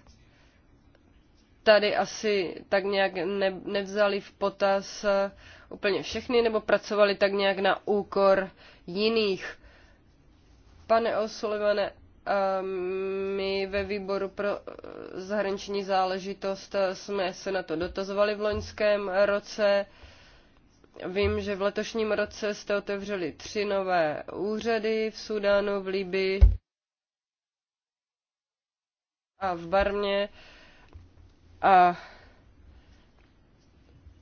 tady asi tak nějak ne, nevzali v potaz eh, úplně všechny, nebo pracovali tak nějak na úkor jiných. Pane Osulivane, eh, my ve výboru pro eh, zahraniční záležitost jsme se na to dotazovali v loňském roce. Vím, že v letošním roce jste otevřeli tři nové úřady v Sudánu, v Libii a v Barmě. Uh, a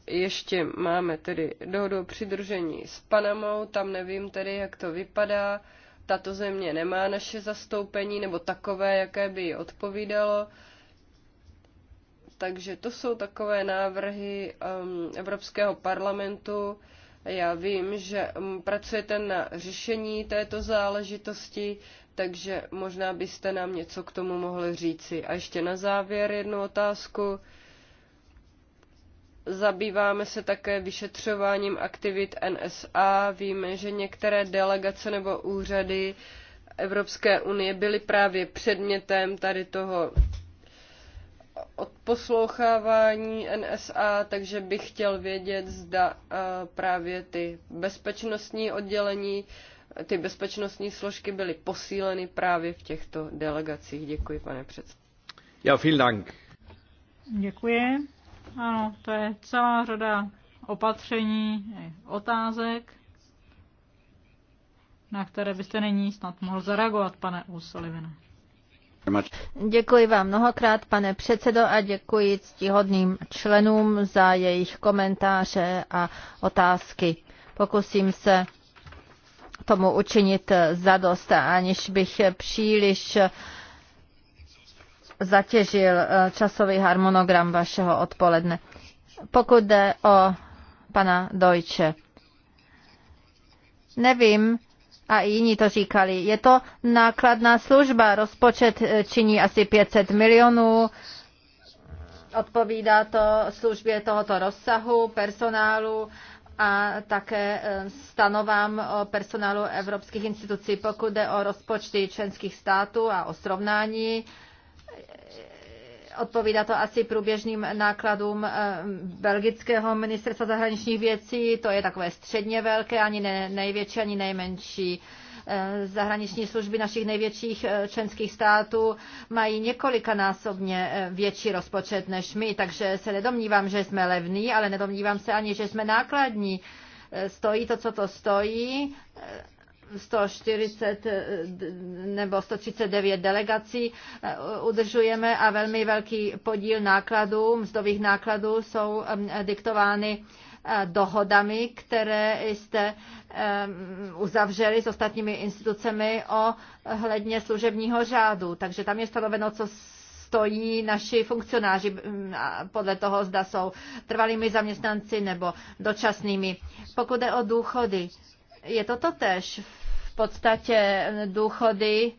ještě máme tedy dohodu o přidružení s Panamou, tam nevím tedy, jak to vypadá. Tato země nemá naše zastoupení, nebo takové, jaké by ji odpovídalo. Takže to jsou takové návrhy um, Evropského parlamentu. Já vím, že um, pracujete na řešení této záležitosti takže možná byste nám něco k tomu mohli říci. A ještě na závěr jednu otázku. Zabýváme se také vyšetřováním aktivit NSA. Víme, že některé delegace nebo úřady Evropské unie byly právě předmětem tady toho odposlouchávání NSA, takže bych chtěl vědět, zda eh, právě ty bezpečnostní oddělení ty bezpečnostní složky byly posíleny právě v těchto delegacích. Děkuji, pane předsedo. Ja, vielen Dank. Děkuji. Ano, to je celá řada opatření, otázek, na které byste nyní snad mohl zareagovat, pane Úsolivine. Děkuji vám mnohokrát, pane předsedo, a děkuji ctihodným členům za jejich komentáře a otázky. Pokusím se tomu učinit zadost, aniž bych příliš zatěžil eh, časový harmonogram vašeho odpoledne. Pokud jde o pana Dojče, nevím, a jiní to říkali, je to nákladná služba, rozpočet eh, činí asi 500 milionů, odpovídá to službě tohoto rozsahu, personálu, a také eh, stanovám o personálu evropských institucí. Pokud jde o rozpočty členských států a o srovnání, Odpovídá to asi průběžným nákladům eh, belgického ministerstva zahraničních věcí. To je takové středně velké, ani ne, největší, ani nejmenší eh, zahraniční služby našich největších eh, členských států mají několikanásobně větší rozpočet než my, takže se nedomnívám, že jsme levní, ale nedomnívám se ani, že jsme nákladní. Stojí to, co to stojí, 140 nebo 139 delegací eh, udržujeme a velmi velký podíl nákladů, mzdových nákladů jsou diktovány eh, dohodami, které jste uzavřeli s ostatními institucemi o eh, hledně služebního řádu. Takže tam je stanoveno, co stojí naši funkcionáři mm, podle toho, zda jsou trvalými zaměstnanci nebo dočasnými. Pokud je o důchody, je to V v podstatě důchody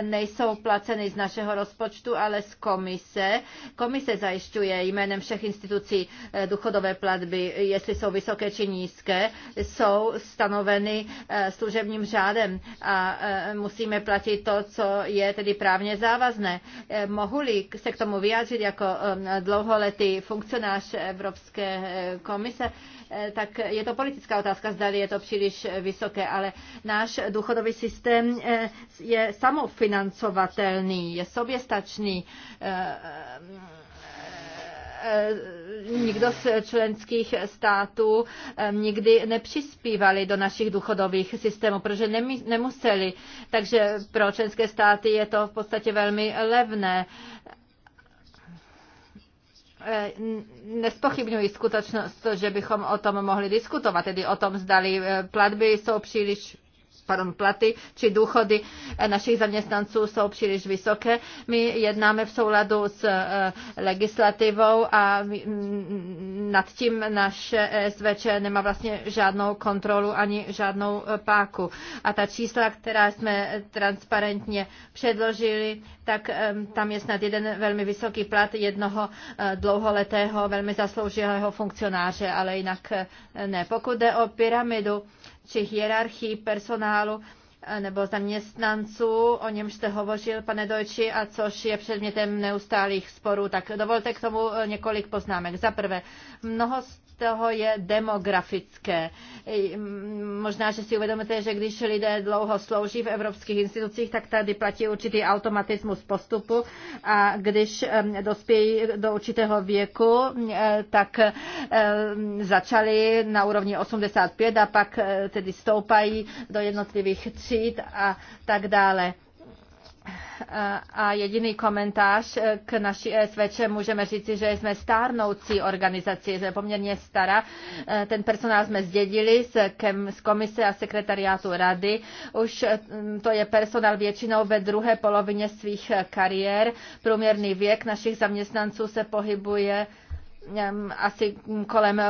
nejsou placeny z našeho rozpočtu, ale z komise. Komise zajišťuje jménem všech institucí eh, důchodové platby, jestli jsou vysoké či nízké, jsou stanoveny eh, služebním řádem a eh, musíme platit to, co je tedy právně závazné. Mohu-li se k tomu vyjádřit jako dlouholetý funkcionář Evropské komise, tak je to politická otázka, zda je to příliš vysoké, ale náš důchodový systém je samofinancován kofinancovatelný, je soběstačný. Eh, eh, eh, nikdo z členských států nikdy nepřispívali do našich důchodových systémů, protože nemuseli. Takže pro členské státy je to v podstatě velmi levné nespochybňuji skutečnost, že bychom o tom mohli diskutovat, tedy o tom zdali platby jsou příliš pardon, platy či důchody našich zaměstnanců jsou příliš vysoké. My jednáme v souladu s eh, legislativou a mm, nad tím naše SVČ nemá vlastně žádnou kontrolu ani žádnou eh, páku. A ta čísla, která jsme transparentně předložili, tak eh, tam je snad jeden velmi vysoký plat jednoho dlouholetého, velmi zasloužilého funkcionáře, ale jinak ne. Pokud jde o pyramidu, či hierarchii personálu eh, nebo zaměstnanců, o němž jste hovořil, pane Dojči, a což je předmětem neustálých sporů. Tak dovolte k tomu eh, několik poznámek. Za prvé, mnoho z toho je demografické. Možná, že si uvědomíte, že když lidé dlouho slouží v evropských institucích, tak tady platí určitý automatismus postupu a když dospějí do určitého věku, e, tak začali na úrovni 85 a pak e, tedy stoupají do jednotlivých tříd a tak dále. A jediný komentář k naší ESVČ můžeme říci, že jsme stárnoucí organizaci, že je poměrně stará. Ten personál jsme zdědili z komise a sekretariátu rady. Už mm, to je personál většinou ve druhé polovině svých kariér. Průměrný věk našich zaměstnanců se pohybuje mm, asi kolem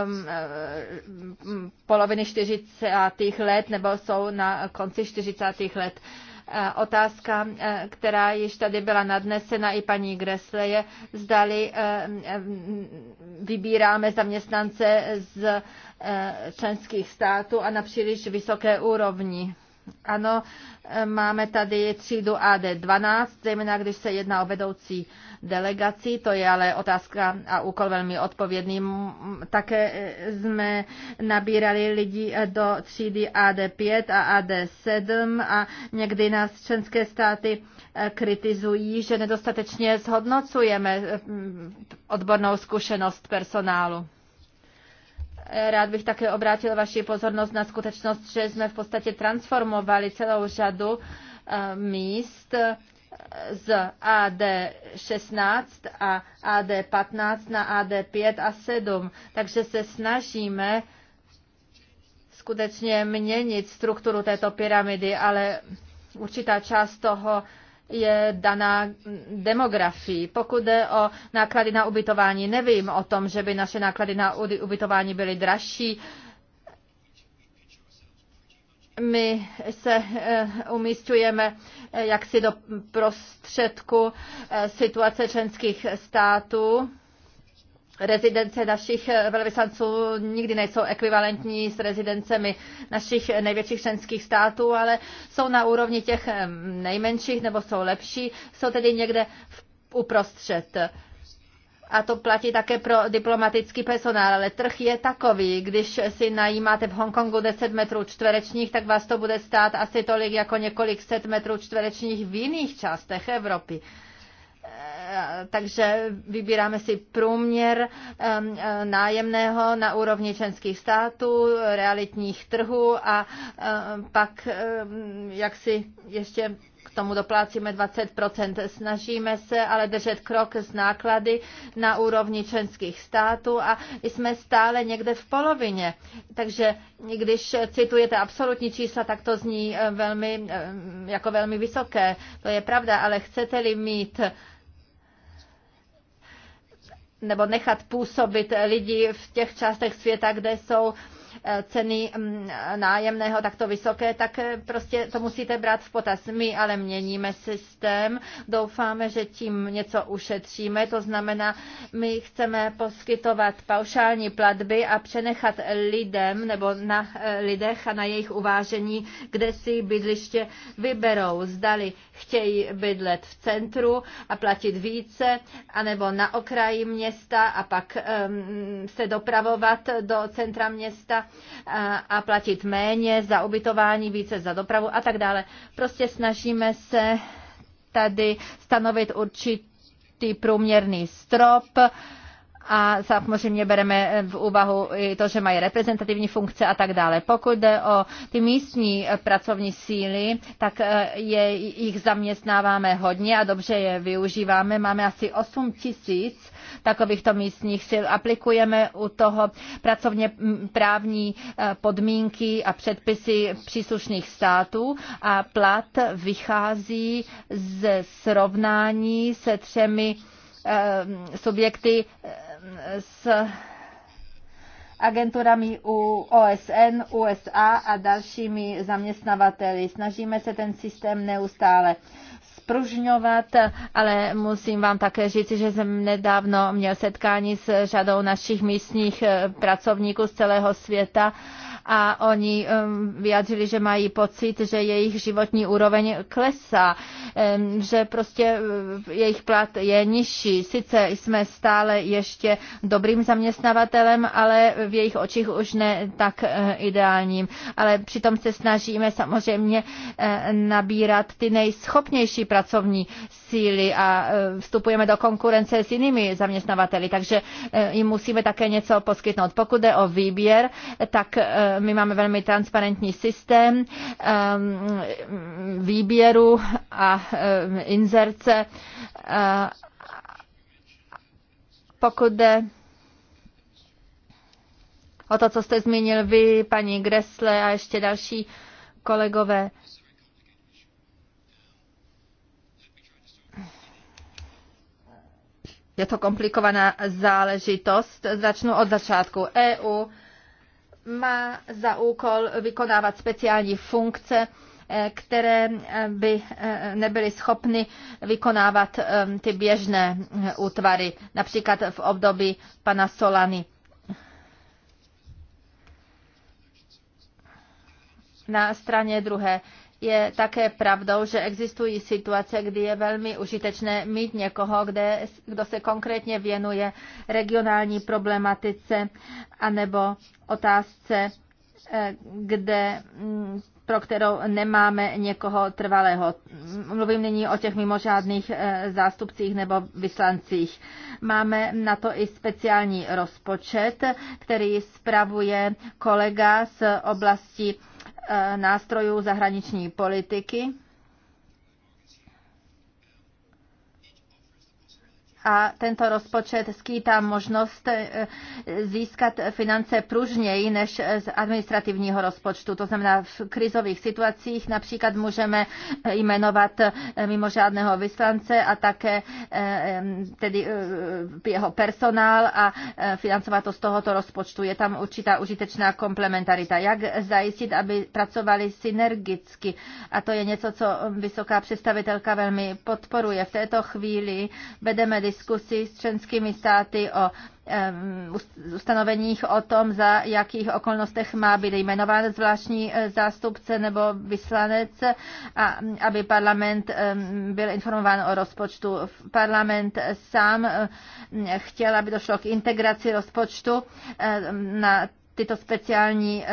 mm, poloviny 40. let nebo jsou na konci 40. let Eh, otázka, eh, která již tady byla nadnesena i paní Gresle, je, zdali eh, mm, vybíráme zaměstnance z členských států a na příliš vysoké úrovni. Ano, máme tady třídu AD12, zejména když se jedná o vedoucí uh, delegací, to je ale otázka a úkol velmi odpovědný. Také e, jsme nabírali lidi e, do třídy AD5 a AD7 a někdy nás členské státy e, kritizují, že nedostatečně zhodnocujeme odbornou zkušenost personálu. Rád bych také obrátil vaši pozornost na skutečnost, že jsme v podstatě transformovali celou řadu míst z AD16 a AD15 na AD5 a 7. Takže se snažíme skutečně měnit strukturu této pyramidy, ale určitá část toho je daná demografií. Pokud jde o náklady na ubytování, nevím o tom, že by naše náklady na ubytování byly dražší my se eh, umístujeme eh, jaksi do prostředku eh, situace členských států. Rezidence našich velvyslanců nikdy nejsou ekvivalentní s rezidencemi našich největších členských států, ale jsou na úrovni těch nejmenších nebo jsou lepší, jsou tedy někde uprostřed a to platí také pro diplomatický personál, ale trh je takový. Když si najímáte v Hongkongu 10 metrů čtverečních, tak vás to bude stát asi tolik jako několik set metrů čtverečních v jiných částech Evropy eh, takže vybíráme si průměr eh, nájemného na úrovni členských států, realitních trhů a eh, pak jak si ještě tomu doplácíme 20%. Snažíme se ale držet krok s náklady na úrovni členských států a jsme stále někde v polovině. Takže když citujete absolutní čísla, tak to zní eh, velmi, eh, jako velmi vysoké. To je pravda, ale chcete-li mít nebo nechat působit lidi v těch částech světa, kde jsou Eh, ceny mm, nájemného takto vysoké, tak eh, prostě to musíte brát v potaz. My ale měníme systém, doufáme, že tím něco ušetříme, to znamená, my chceme poskytovat paušální platby a přenechat lidem nebo na eh, lidech a na jejich uvážení, kde si bydliště vyberou. Zdali chtějí bydlet v centru a platit více, anebo na okraji města a pak um, se dopravovat do centra města a platit méně za ubytování, více za dopravu a tak dále. Prostě snažíme se tady stanovit určitý průměrný strop, a samozřejmě bereme v úvahu i to, že mají reprezentativní funkce a tak dále. Pokud jde o ty místní pracovní síly, tak eh, je, jich zaměstnáváme hodně a dobře je využíváme. Máme asi 8 tisíc takovýchto místních sil. Aplikujeme u toho pracovně právní eh, podmínky a předpisy příslušných států a plat vychází ze srovnání se třemi Eh, subjekty eh, s agenturami u OSN, USA a dalšími zaměstnavateli. Snažíme se ten systém neustále spružňovat, ale musím vám také říct, že jsem nedávno měl setkání s řadou našich místních eh, pracovníků z celého světa a oni um, vyjadřili, že mají pocit, že jejich životní úroveň klesá, um, že prostě uh, jejich plat je nižší. Sice jsme stále ještě dobrým zaměstnavatelem, ale v jejich očích už ne tak uh, ideálním. Ale přitom se snažíme samozřejmě uh, nabírat ty nejschopnější pracovní síly a vstupujeme do konkurence s jinými zaměstnavateli, takže jim musíme také něco poskytnout. Pokud jde o výběr, tak my máme velmi transparentní systém ehm, výběru a ehm, inzerce. Eh, pokud jde o to, co jste zmínil vy, paní Gresle a ještě další kolegové. Je to komplikovaná záležitost. Začnu od začátku. EU má za úkol vykonávat speciální funkce, eh, které eh, by eh, nebyly schopny vykonávat ty běžné útvary, například v období pana Solany. Na straně druhé je také pravdou, že existují situace, kdy je velmi užitečné mít někoho, kde, kdo se konkrétně věnuje regionální problematice anebo otázce, eh, kde mm, pro kterou nemáme někoho trvalého. Mluvím nyní o těch mimořádných eh, zástupcích nebo vyslancích. Máme na to i speciální rozpočet, který spravuje kolega z oblasti Eh, nástrojů zahraniční politiky a tento rozpočet skýtá možnost eh, získat finance pružněji než z administrativního rozpočtu. To znamená, v krizových situacích například můžeme jmenovat eh, mimořádného vyslance a také eh, tedy jeho personál a financovat to z tohoto rozpočtu. Je tam určitá užitečná komplementarita. Jak zajistit, aby pracovali synergicky? A to je něco, co vysoká představitelka velmi podporuje. V této chvíli vedeme diskusi s členskými státy o ustanoveních o tom, za jakých okolnostech má být jmenován zvláštní e, zástupce nebo vyslanec, a aby parlament byl informován o rozpočtu. Parlament sám e, chtěl, aby došlo k integraci rozpočtu e, na tyto speciální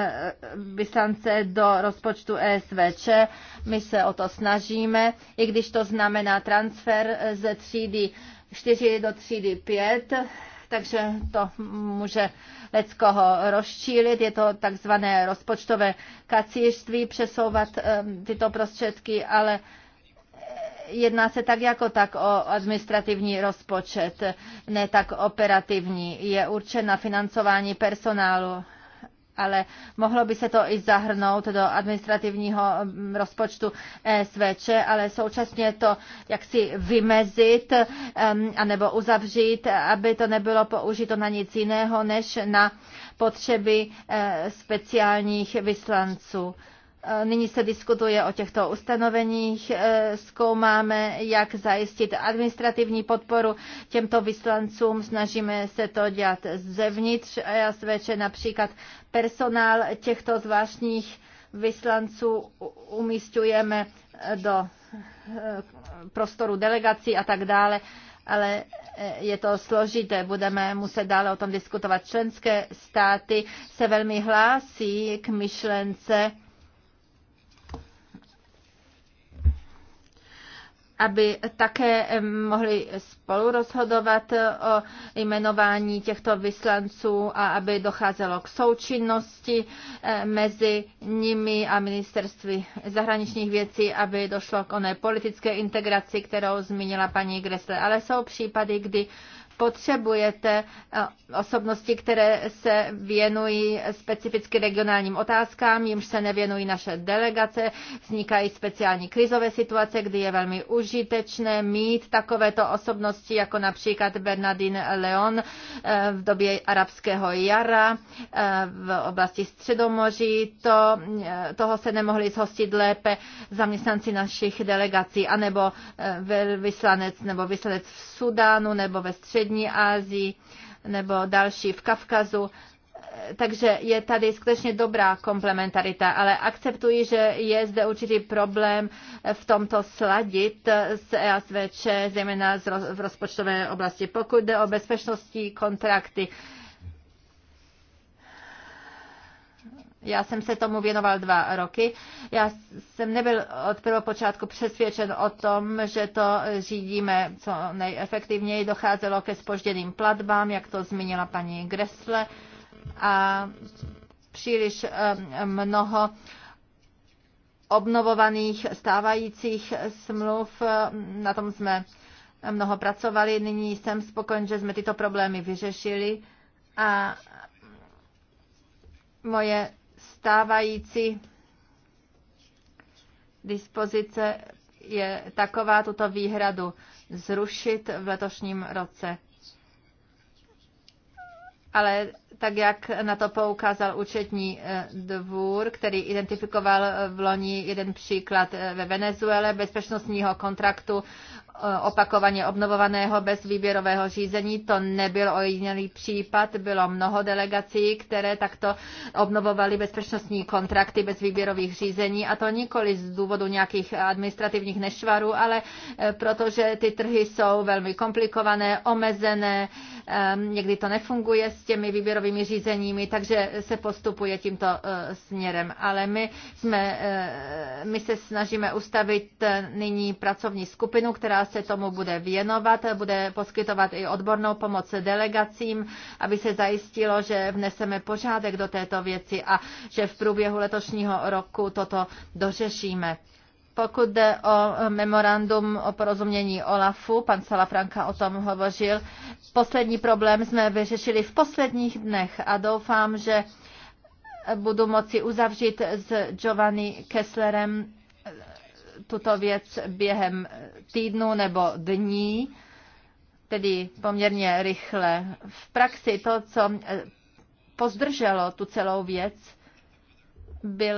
vyslance do rozpočtu ESVČ. My se o to snažíme, i když to znamená transfer ze třídy 4 do třídy 5, takže to může leckoho rozčílit. Je to takzvané rozpočtové kacířství přesouvat tyto prostředky, ale eh, jedná se tak jako tak o administrativní rozpočet, ne tak operativní. Je určen na financování personálu ale mohlo by se to i zahrnout do administrativního mm, rozpočtu e SVČ, ale současně to jaksi vymezit anebo uzavřít, aby to nebylo použito na nic jiného než na potřeby eh, speciálních vyslanců. Eh, nyní se diskutuje o těchto ustanoveních, eh, zkoumáme, jak zajistit administrativní podporu těmto vyslancům, snažíme se to dělat zevnitř a já sveče například personál těchto zvláštních vyslanců umístujeme eh, do prostoru delegací a tak dále, ale je to složité, budeme muset dále o tom diskutovat. Členské státy se velmi hlásí k myšlence aby také mohli spolu rozhodovat eh, o jmenování těchto vyslanců a aby docházelo k součinnosti eh, mezi nimi a ministerství zahraničních věcí, aby došlo k oné politické integraci, kterou zmínila paní Gressle. Ale jsou případy, kdy potřebujete eh, osobnosti, které se věnují specificky regionálním otázkám, jimž se nevěnují naše delegace, vznikají speciální krizové situace, kdy je velmi užitečné mít takovéto osobnosti, jako například Bernardine Leon eh, v době arabského jara eh, v oblasti Středomoří. To, toho se nemohli zhostit lépe zaměstnanci našich delegací, anebo vyslanec nebo vyslanec v Sudánu nebo ve střední střední Asii nebo další v Kavkazu. Takže je tady skutečně dobrá komplementarita, ale akceptuji, že je zde určitý problém v tomto sladit s EASVČ, zejména v rozpočtové oblasti. Pokud jde o bezpečnostní kontrakty, Já jsem se tomu věnoval dva roky. Já jsem nebyl od prvopočátku přesvědčen o tom, že to řídíme co nejefektivněji. Docházelo ke spožděným platbám, jak to zmínila paní Gresle, A příliš eh, mnoho obnovovaných stávajících smluv. Eh, na tom jsme mnoho pracovali. Nyní jsem spokojen, že jsme tyto problémy vyřešili a moje stávající dispozice je taková tuto výhradu zrušit v letošním roce. Ale tak jak na to poukázal účetní eh, dvůr, který identifikoval eh, v loni jeden příklad eh, ve Venezuele bezpečnostního kontraktu opakovaně obnovovaného bez výběrového řízení. To nebyl ojedinělý případ, bylo mnoho delegací, které takto obnovovaly bezpečnostní kontrakty bez výběrových řízení a to nikoli z důvodu nějakých administrativních nešvarů, ale protože ty trhy jsou velmi komplikované, omezené, někdy to nefunguje s těmi výběrovými výběrovými řízeními, takže se postupuje tímto eh, směrem. Ale my, jsme, eh, my se snažíme ustavit eh, nyní pracovní skupinu, která se tomu bude věnovat, bude poskytovat i odbornou pomoc delegacím, aby se zajistilo, že vneseme pořádek do této věci a že v průběhu letošního roku toto dořešíme. Pokud jde o eh, memorandum o porozumění OLAFu, pan Salafranka o tom hovořil, poslední problém jsme vyřešili v posledních dnech a doufám, že budu moci uzavřít s Giovanni Kesslerem eh, tuto věc během týdnu nebo dní, tedy poměrně rychle. V praxi to, co eh, pozdrželo tu celou věc, byl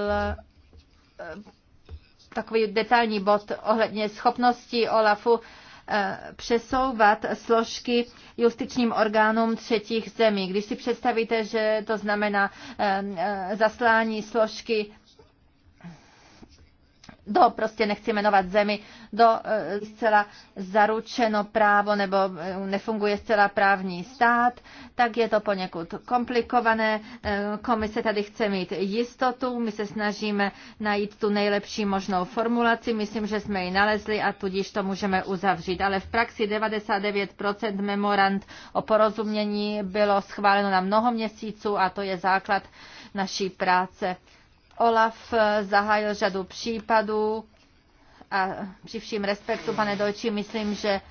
takový detailní bod ohledně schopnosti OLAFu eh, přesouvat složky justičním orgánům třetích zemí. Když si představíte, že to znamená eh, eh, zaslání složky do, prostě nechci jmenovat zemi, do eh, zcela zaručeno právo nebo eh, nefunguje zcela právní stát, tak je to poněkud komplikované. Eh, komise tady chce mít jistotu, my se snažíme najít tu nejlepší možnou formulaci, myslím, že jsme ji nalezli a tudíž to můžeme uzavřít. Ale v praxi 99% memorand o porozumění bylo schváleno na mnoho měsíců a to je základ naší práce. Olaf zahájil řadu případů a při vším respektu, pane Dojči, myslím, že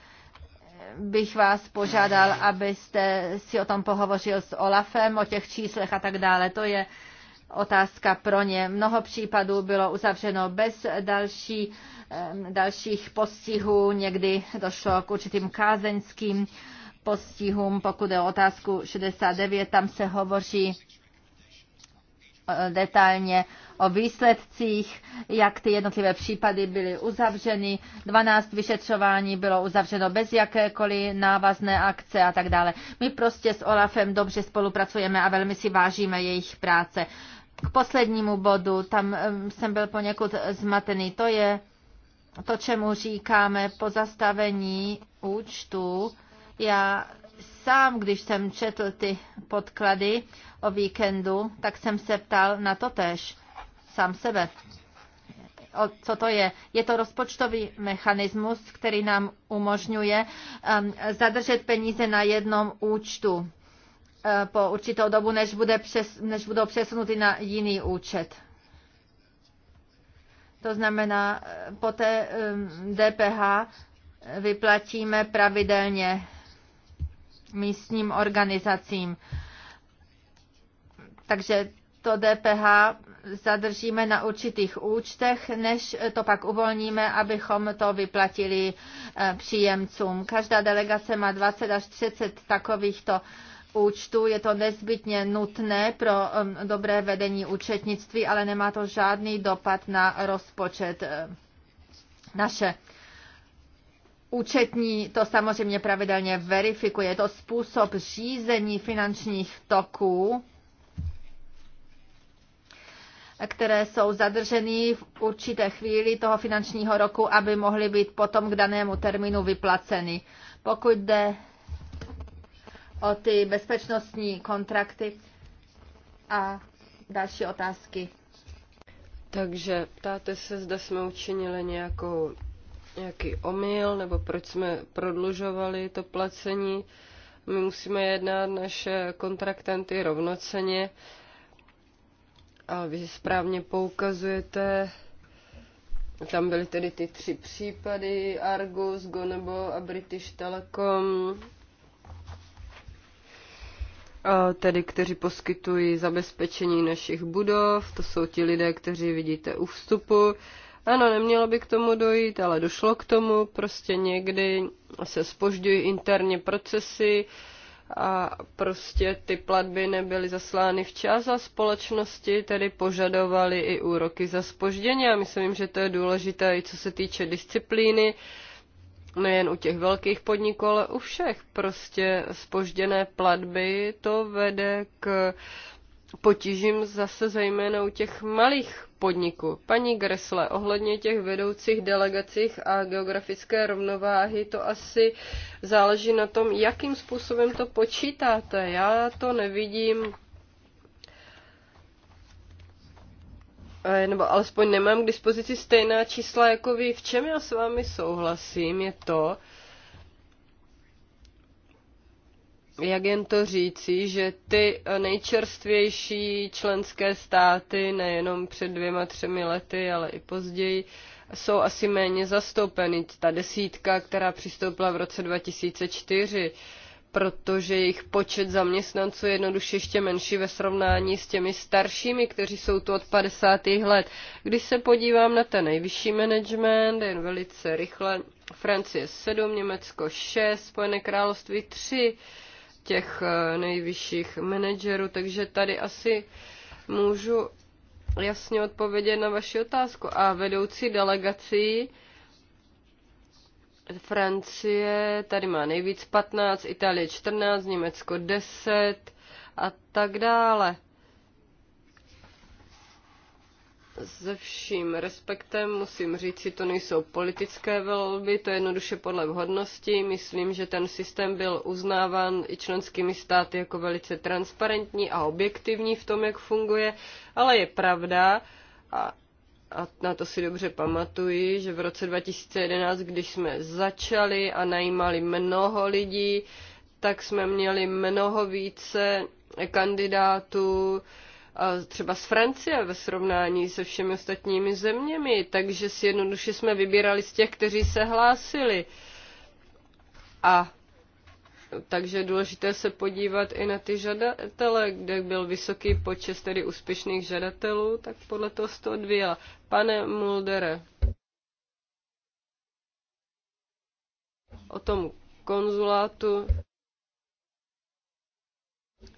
bych vás požádal, abyste si o tom pohovořil s Olafem, o těch číslech a tak dále. To je otázka pro ně. Mnoho případů bylo uzavřeno bez další, dalších postihů, někdy došlo k určitým kázeňským postihům. Pokud je o otázku 69, tam se hovoří Eh, detailně o výsledcích, jak ty jednotlivé případy byly uzavřeny. 12 vyšetřování bylo uzavřeno bez jakékoliv návazné akce a tak dále. My prostě s Olafem dobře spolupracujeme a velmi si vážíme jejich práce. K poslednímu bodu, tam jsem byl poněkud zmatený, to je to, čemu říkáme pozastavení účtu. Já sám, když jsem četl ty podklady o víkendu, tak jsem se ptal na to tež, sám sebe. O co to je? Je to rozpočtový mechanismus, který nám umožňuje um, zadržet peníze na jednom účtu um, po určitou dobu, než, bude přes, než budou přesunuty na jiný účet. To znamená, uh, poté um, DPH vyplatíme pravidelně místním organizacím. Takže to DPH zadržíme na určitých účtech, než to pak uvolníme, abychom to vyplatili eh, příjemcům. Každá delegace má 20 až 30 takovýchto účtů, Je to nezbytně nutné pro eh, dobré vedení účetnictví, ale nemá to žádný dopad na rozpočet. Eh, naše Účetní to samozřejmě pravidelně verifikuje. Je to způsob řízení finančních toků, které jsou zadrženy v určité chvíli toho finančního roku, aby mohly být potom k danému termínu vyplaceny. Pokud jde o ty bezpečnostní kontrakty a další otázky. Takže ptáte se, zda jsme učinili nějakou nějaký omyl, nebo proč jsme prodlužovali to placení. My musíme jednat naše kontraktanty rovnoceně. A vy správně poukazujete, tam byly tedy ty tři případy, Argus, Gonebo a British Telecom, tedy kteří poskytují zabezpečení našich budov, to jsou ti lidé, kteří vidíte u vstupu. Ano, nemělo by k tomu dojít, ale došlo k tomu. Prostě někdy se spožďují interně procesy a prostě ty platby nebyly zaslány včas a společnosti tedy požadovaly i úroky za spoždění. A myslím, že to je důležité i co se týče disciplíny, nejen u těch velkých podniků, ale u všech. Prostě spožděné platby to vede k potížím zase zejména u těch malých podniků. Paní Gresle, ohledně těch vedoucích delegacích a geografické rovnováhy, to asi záleží na tom, jakým způsobem to počítáte. Já to nevidím eh, nebo alespoň nemám k dispozici stejná čísla jako vy. V čem já s vámi souhlasím, je to, jak jen to říci, že ty nejčerstvější členské státy, nejenom před dvěma, třemi lety, ale i později, jsou asi méně zastoupeny. Ta desítka, která přistoupila v roce 2004, protože jejich počet zaměstnanců je jednoduše ještě menší ve srovnání s těmi staršími, kteří jsou tu od 50. let. Když se podívám na ten nejvyšší management, jen velice rychle, Francie 7, Německo 6, Spojené království 3, těch eh, nejvyšších manažerů, takže tady asi můžu jasně odpovědět na vaši otázku. A vedoucí delegací Francie, tady má nejvíc 15, Itálie 14, Německo 10 a tak dále. se vším respektem musím říct, že to nejsou politické volby, to je jednoduše podle vhodnosti. Myslím, že ten systém byl uznáván i členskými státy jako velice transparentní a objektivní v tom, jak funguje, ale je pravda, a, a na to si dobře pamatuji, že v roce 2011, když jsme začali a najímali mnoho lidí, tak jsme měli mnoho více kandidátů, třeba z Francie ve srovnání se všemi ostatními zeměmi, takže si jednoduše jsme vybírali z těch, kteří se hlásili. A takže je důležité se podívat i na ty žadatele, kde byl vysoký počet tedy úspěšných žadatelů, tak podle toho se to odvíjela. Pane Muldere, o tom konzulátu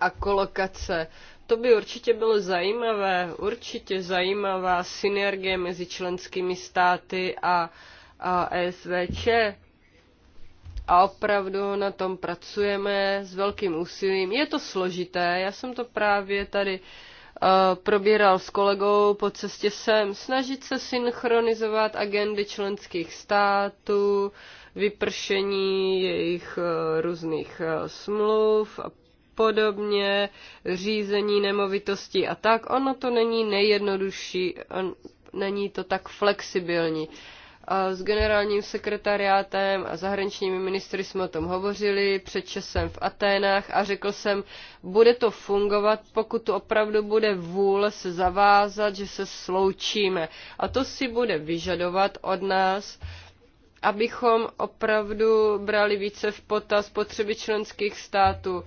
a kolokace. To by určitě bylo zajímavé, určitě zajímavá synergie mezi členskými státy a, a SVČ. A opravdu na tom pracujeme s velkým úsilím. Je to složité, já jsem to právě tady eh, probíral s kolegou po cestě sem, snažit se synchronizovat agendy členských států, vypršení jejich eh, různých eh, smluv a podobně, řízení nemovitostí a tak. Ono to není nejjednodušší, on, není to tak flexibilní. A s generálním sekretariátem a zahraničními ministry jsme o tom hovořili před časem v Aténách a řekl jsem, bude to fungovat, pokud to opravdu bude vůle se zavázat, že se sloučíme. A to si bude vyžadovat od nás, abychom opravdu brali více v potaz potřeby členských států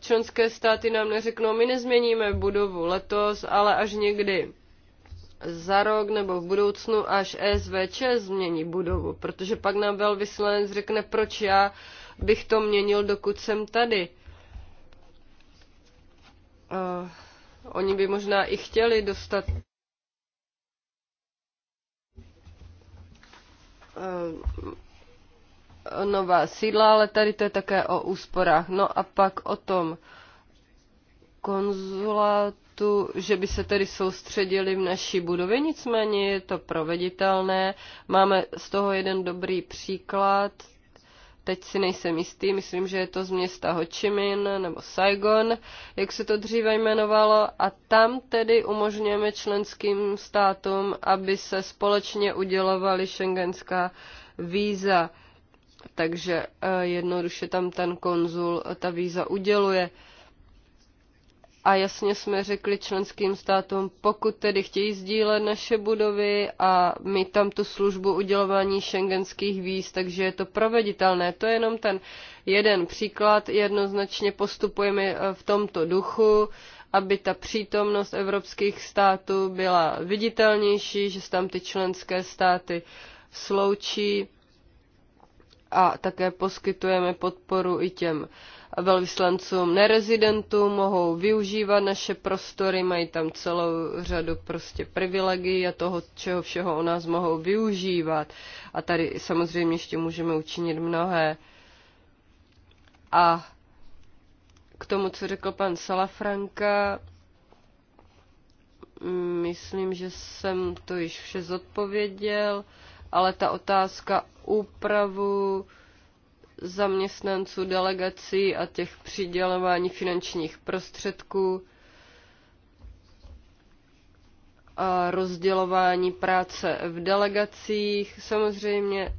členské státy nám neřeknou, my nezměníme budovu letos, ale až někdy za rok nebo v budoucnu, až SVČ změní budovu, protože pak nám velvyslanec řekne, proč já bych to měnil, dokud jsem tady. Uh, oni by možná i chtěli dostat nová sídla, ale tady to je také o úsporách. No a pak o tom konzulátu, že by se tedy soustředili v naší budově, nicméně je to proveditelné. Máme z toho jeden dobrý příklad, teď si nejsem jistý, myslím, že je to z města Ho Chi Minh nebo Saigon, jak se to dříve jmenovalo, a tam tedy umožňujeme členským státům, aby se společně udělovaly šengenská víza takže eh, jednoduše tam ten konzul eh, ta víza uděluje. A jasně jsme řekli členským státům, pokud tedy chtějí sdílet naše budovy a my tam tu službu udělování šengenských víz, takže je to proveditelné. To je jenom ten jeden příklad. Jednoznačně postupujeme eh, v tomto duchu, aby ta přítomnost evropských států byla viditelnější, že se tam ty členské státy sloučí a také poskytujeme podporu i těm velvyslancům nerezidentů, mohou využívat naše prostory, mají tam celou řadu prostě privilegií a toho, čeho všeho o nás mohou využívat. A tady samozřejmě ještě můžeme učinit mnohé. A k tomu, co řekl pan Salafranka, mm, myslím, že jsem to již vše zodpověděl ale ta otázka úpravu zaměstnanců delegací a těch přidělování finančních prostředků a rozdělování práce v delegacích, samozřejmě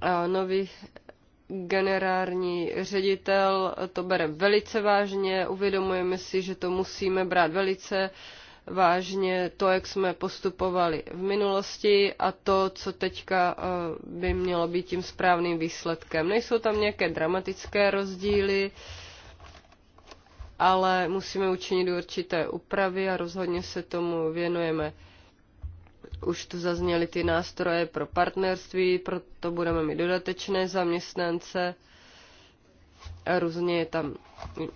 a nový generální ředitel to bere velice vážně, uvědomujeme si, že to musíme brát velice vážně to, jak jsme postupovali v minulosti a to, co teďka eh, by mělo být tím správným výsledkem. Nejsou tam nějaké dramatické rozdíly, ale musíme učinit určité úpravy a rozhodně se tomu věnujeme. Už tu zazněly ty nástroje pro partnerství, proto budeme mít dodatečné zaměstnance různě je tam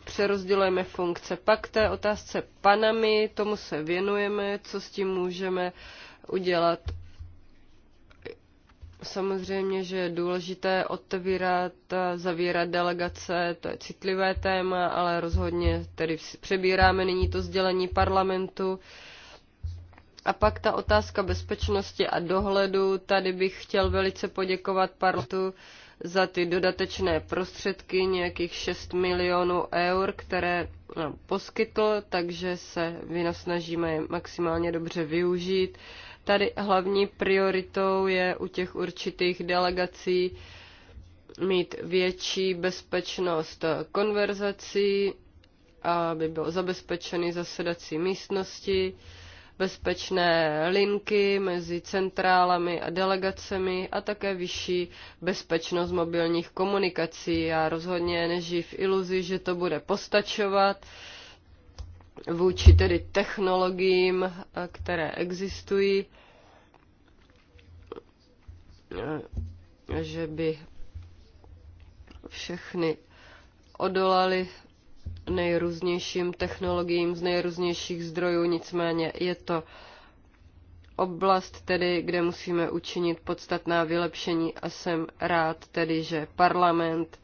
přerozdělujeme funkce. Pak té otázce panami, tomu se věnujeme, co s tím můžeme udělat. Samozřejmě, že je důležité otevírat, zavírat delegace, to je citlivé téma, ale rozhodně tedy přebíráme nyní to sdělení parlamentu. A pak ta otázka bezpečnosti a dohledu, tady bych chtěl velice poděkovat parlamentu, za ty dodatečné prostředky nějakých 6 milionů eur, které poskytl, takže se vynasnažíme je maximálně dobře využít. Tady hlavní prioritou je u těch určitých delegací mít větší bezpečnost konverzací, aby byl zabezpečený zasedací místnosti, bezpečné linky mezi centrálami a delegacemi a také vyšší bezpečnost mobilních komunikací. Já rozhodně nežiju v iluzi, že to bude postačovat vůči tedy technologiím, eh, které existují, eh, že by všechny odolali nejrůznějším technologiím z nejrůznějších zdrojů, nicméně je to oblast tedy, kde musíme učinit podstatná vylepšení a jsem rád tedy, že parlament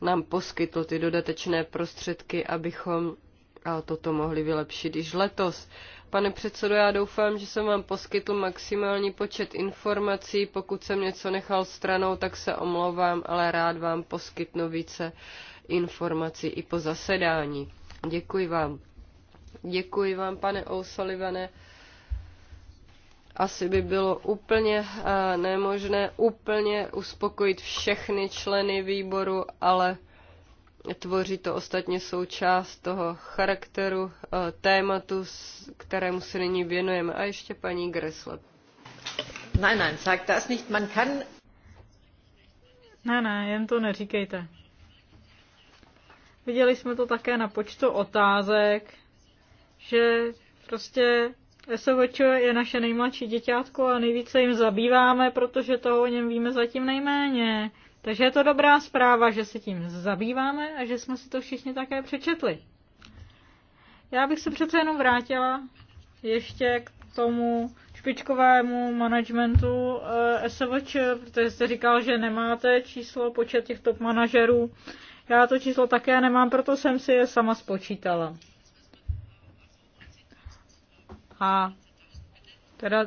nám poskytl ty dodatečné prostředky, abychom a toto mohli vylepšit již letos. Pane předsedo, já doufám, že jsem vám poskytl maximální počet informací. Pokud jsem něco nechal stranou, tak se omlouvám, ale rád vám poskytnu více informací i po zasedání. Děkuji vám. Děkuji vám, pane O'Sullivane asi by bylo úplně eh, nemožné úplně uspokojit všechny členy výboru, ale tvoří to ostatně součást toho charakteru eh, tématu, kterému se nyní věnujeme. A ještě paní Gresle. Ne, ne, sag das nicht, man kann... Ne, ne, jen to neříkejte. Viděli jsme to také na počtu otázek, že prostě SOVČ je naše nejmladší děťátko a nejvíce jim zabýváme, protože toho o něm víme zatím nejméně. Takže je to dobrá zpráva, že se tím zabýváme a že jsme si to všichni také přečetli. Já bych se přece jenom vrátila ještě k tomu špičkovému managementu eh, SOVČ, protože jste říkal, že nemáte číslo, počet těch top manažerů. Já to číslo také nemám, proto jsem si je sama spočítala. A teda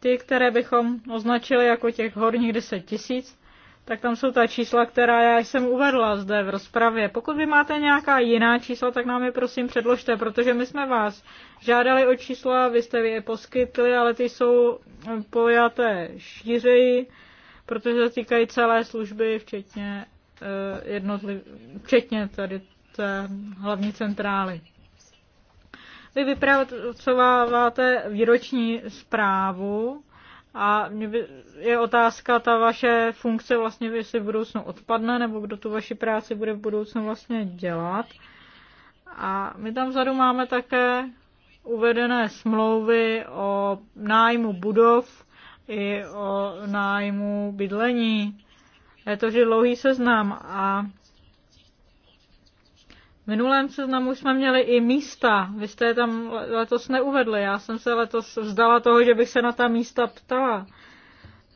ty, které bychom označili jako těch horních 10 tisíc, tak tam jsou ta čísla, která já jsem uvedla zde v rozpravě. Pokud vy máte nějaká jiná čísla, tak nám je prosím předložte, protože my jsme vás žádali o čísla, vy jste je poskytli, ale ty jsou pojaté šířeji, protože se týkají celé služby, včetně Eh, jednotliv, včetně tady té hlavní centrály. Vy vypracováváte výroční zprávu a je otázka, ta vaše funkce vlastně, jestli v budoucnu odpadne, nebo kdo tu vaši práci bude v budoucnu vlastně dělat. A my tam vzadu máme také uvedené smlouvy o nájmu budov i o nájmu bydlení. Je to, že dlouhý seznam a v minulém seznamu jsme měli i místa. Vy jste je tam letos neuvedli. Já jsem se letos vzdala toho, že bych se na ta místa ptala.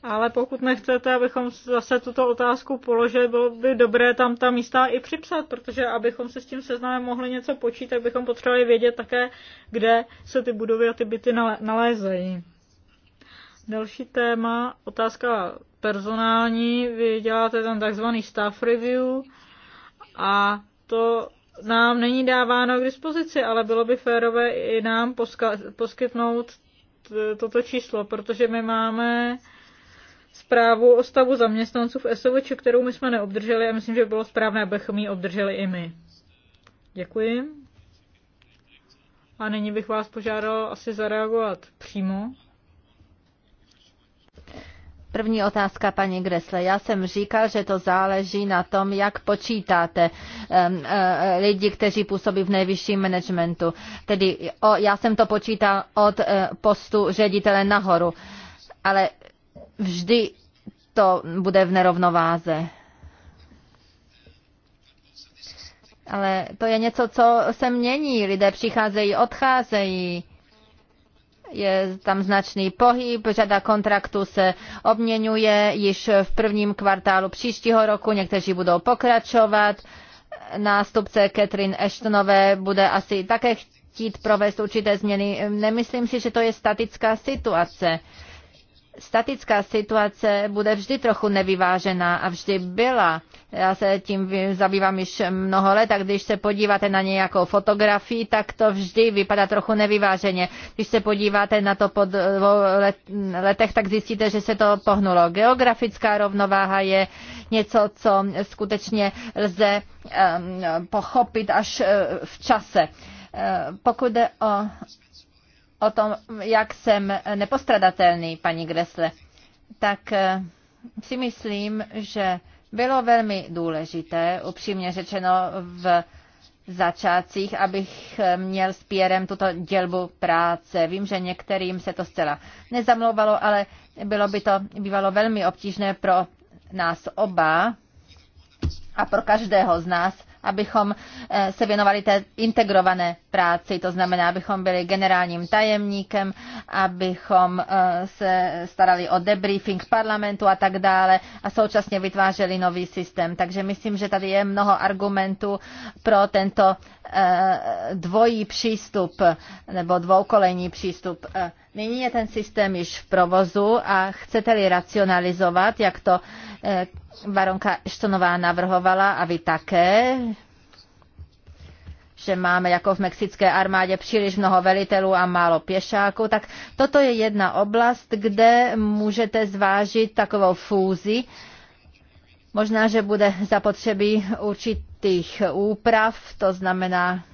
Ale pokud nechcete, abychom zase tuto otázku položili, bylo by dobré tam ta místa i připsat, protože abychom se s tím seznamem mohli něco počít, tak bychom potřebovali vědět také, kde se ty budovy a ty byty nalézají. Další téma, otázka personální, vy děláte tam takzvaný staff review a to nám není dáváno k dispozici, ale bylo by férové i nám poskytnout toto číslo, protože my máme zprávu o stavu zaměstnanců v SOVČ, kterou my jsme neobdrželi a myslím, že bylo správné, abychom ji obdrželi i my. Děkuji. A nyní bych vás požádal asi zareagovat přímo. První otázka, paní Gresle. Já jsem říkal, že to záleží na tom, jak počítáte um, uh, lidi, kteří působí v nejvyšším managementu. Tedy o, já jsem to počítal od uh, postu ředitele nahoru, ale vždy to bude v nerovnováze. Ale to je něco, co se mění. Lidé přicházejí, odcházejí je tam značný pohyb, řada kontraktů se obměňuje již v prvním kvartálu příštího roku, někteří budou pokračovat. Nástupce Catherine Ashtonové bude asi také chtít provést určité změny. Nemyslím si, že to je statická situace statická situace bude vždy trochu nevyvážená a vždy byla. Já se tím zabývám již mnoho let a když se podíváte na nějakou fotografii, tak to vždy vypadá trochu nevyváženě. Když se podíváte na to po letech, tak zjistíte, že se to pohnulo. Geografická rovnováha je něco, co skutečně lze pochopit až eh, v čase. Eh, pokud jde o o tom, jak jsem nepostradatelný, paní Gresle, tak eh, si myslím, že bylo velmi důležité, upřímně řečeno v začátcích, abych eh, měl s Pierrem tuto dělbu práce. Vím, že některým se to zcela nezamlouvalo, ale bylo by to bývalo velmi obtížné pro nás oba a pro každého z nás abychom eh, se věnovali té integrované práci, to znamená, abychom byli generálním tajemníkem, abychom eh, se starali o debriefing parlamentu a tak dále a současně vytvářeli nový systém. Takže myslím, že tady je mnoho argumentů pro tento dvojí přístup nebo dvoukolejní přístup. Nyní je ten systém již v provozu a chcete-li racionalizovat, jak to eh, baronka Štonová navrhovala a vy také, že máme jako v mexické armádě příliš mnoho velitelů a málo pěšáků, tak toto je jedna oblast, kde můžete zvážit takovou fúzi. Možná, že bude zapotřebí určit těch úprav, to znamená,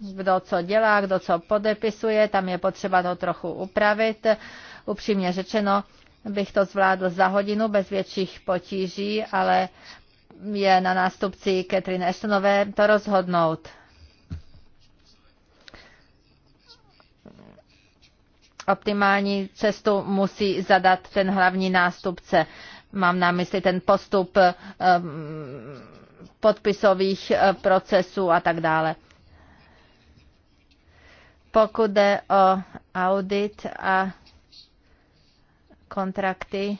kdo co dělá, kdo co podepisuje, tam je potřeba to trochu upravit. Upřímně řečeno, bych to zvládl za hodinu bez větších potíží, ale je na nástupci Catherine Ashtonové to rozhodnout. Optimální cestu musí zadat ten hlavní nástupce. Mám na mysli ten postup um, podpisových eh, procesů a tak dále. Pokud jde o audit a kontrakty,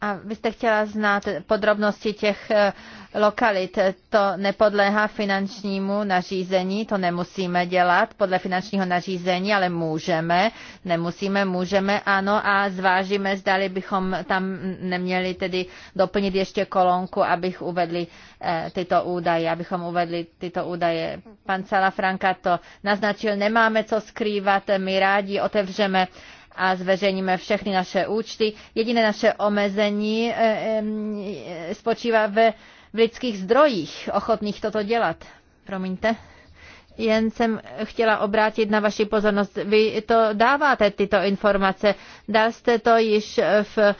A vy jste chtěla znát podrobnosti těch eh, lokalit. To nepodléhá finančnímu nařízení, to nemusíme dělat podle finančního nařízení, ale můžeme, nemusíme, můžeme, ano, a zvážíme, zdali bychom tam neměli tedy doplnit ještě kolonku, abych uvedli eh, tyto údaje, abychom uvedli tyto údaje. Pan Franka to naznačil, nemáme co skrývat, my rádi otevřeme a zveřejníme všechny naše účty. Jediné naše omezení eh, eh, spočívá ve v lidských zdrojích ochotných toto dělat. Promiňte. Jen jsem chtěla obrátit na vaši pozornost. Vy to dáváte, tyto informace. Dal jste to již v eh,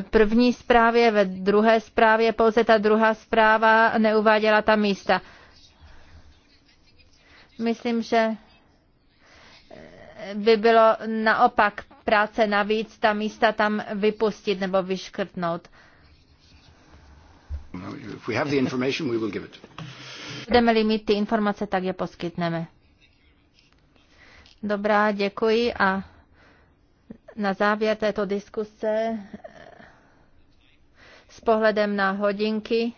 první zprávě, ve druhé zprávě, pouze ta druhá zpráva neuváděla ta místa. Myslím, že eh, by bylo naopak práce navíc ta místa tam vypustit nebo vyškrtnout. If we have the information, we will give it. Budeme-li mít ty informace, tak je poskytneme. Dobrá, děkuji a na závěr této diskuse eh, s pohledem na hodinky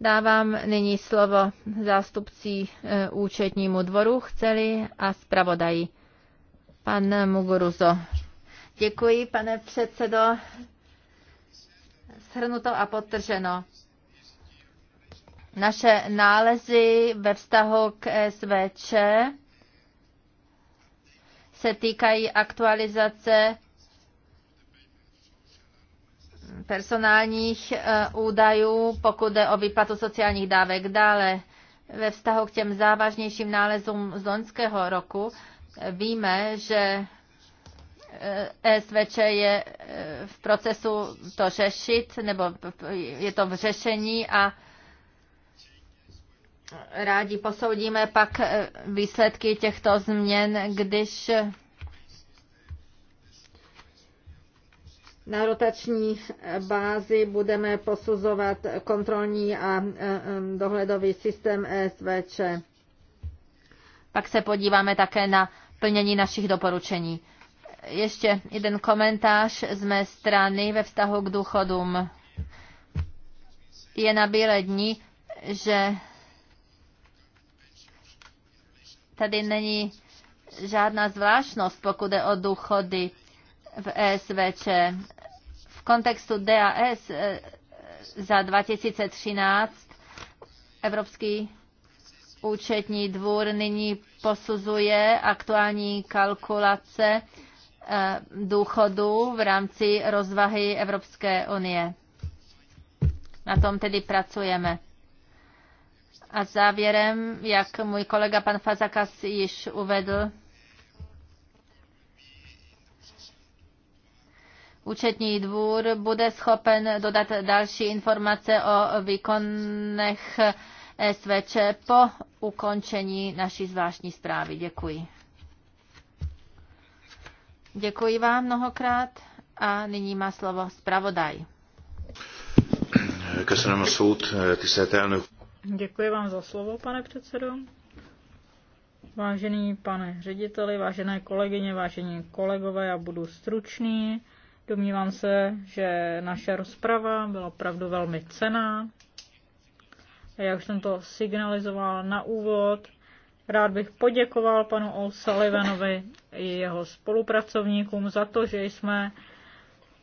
dávám nyní slovo zástupcí eh, účetnímu dvoru, chceli a zpravodaji. Pan Muguruzo. Děkuji, pane předsedo shrnuto a potrženo. Naše nálezy ve vztahu k SVČ se týkají aktualizace personálních e, údajů, pokud jde o výplatu sociálních dávek. Dále ve vztahu k těm závažnějším nálezům z loňského roku víme, že E SVČ je e, v procesu to řešit, nebo je to v řešení a rádi posoudíme pak e, výsledky těchto změn, když na rotační bázi budeme posuzovat kontrolní a dohledový systém SVČ. Pak se podíváme také na plnění našich doporučení. Ještě jeden komentář z mé strany ve vztahu k důchodům. Je na bílé dní, že tady není žádná zvláštnost, pokud je o důchody v ESVČ. V kontextu DAS e, za 2013 Evropský účetní dvůr nyní posuzuje aktuální kalkulace Eh, důchodu v rámci rozvahy Evropské unie. Na tom tedy pracujeme. A závěrem, jak můj kolega pan Fazakas již uvedl, Účetní dvůr bude schopen dodat další informace o výkonech SVČ po ukončení naší zvláštní zprávy. Děkuji. Děkuji vám mnohokrát a nyní má slovo zpravodaj. Děkuji vám za slovo, pane předsedo. Vážený pane řediteli, vážené kolegyně, vážení kolegové, já budu stručný. Domnívám se, že naše rozprava byla opravdu velmi cená. Já už jsem to signalizoval na úvod. Rád bych poděkoval panu O'Sullivanovi i jeho spolupracovníkům za to, že jsme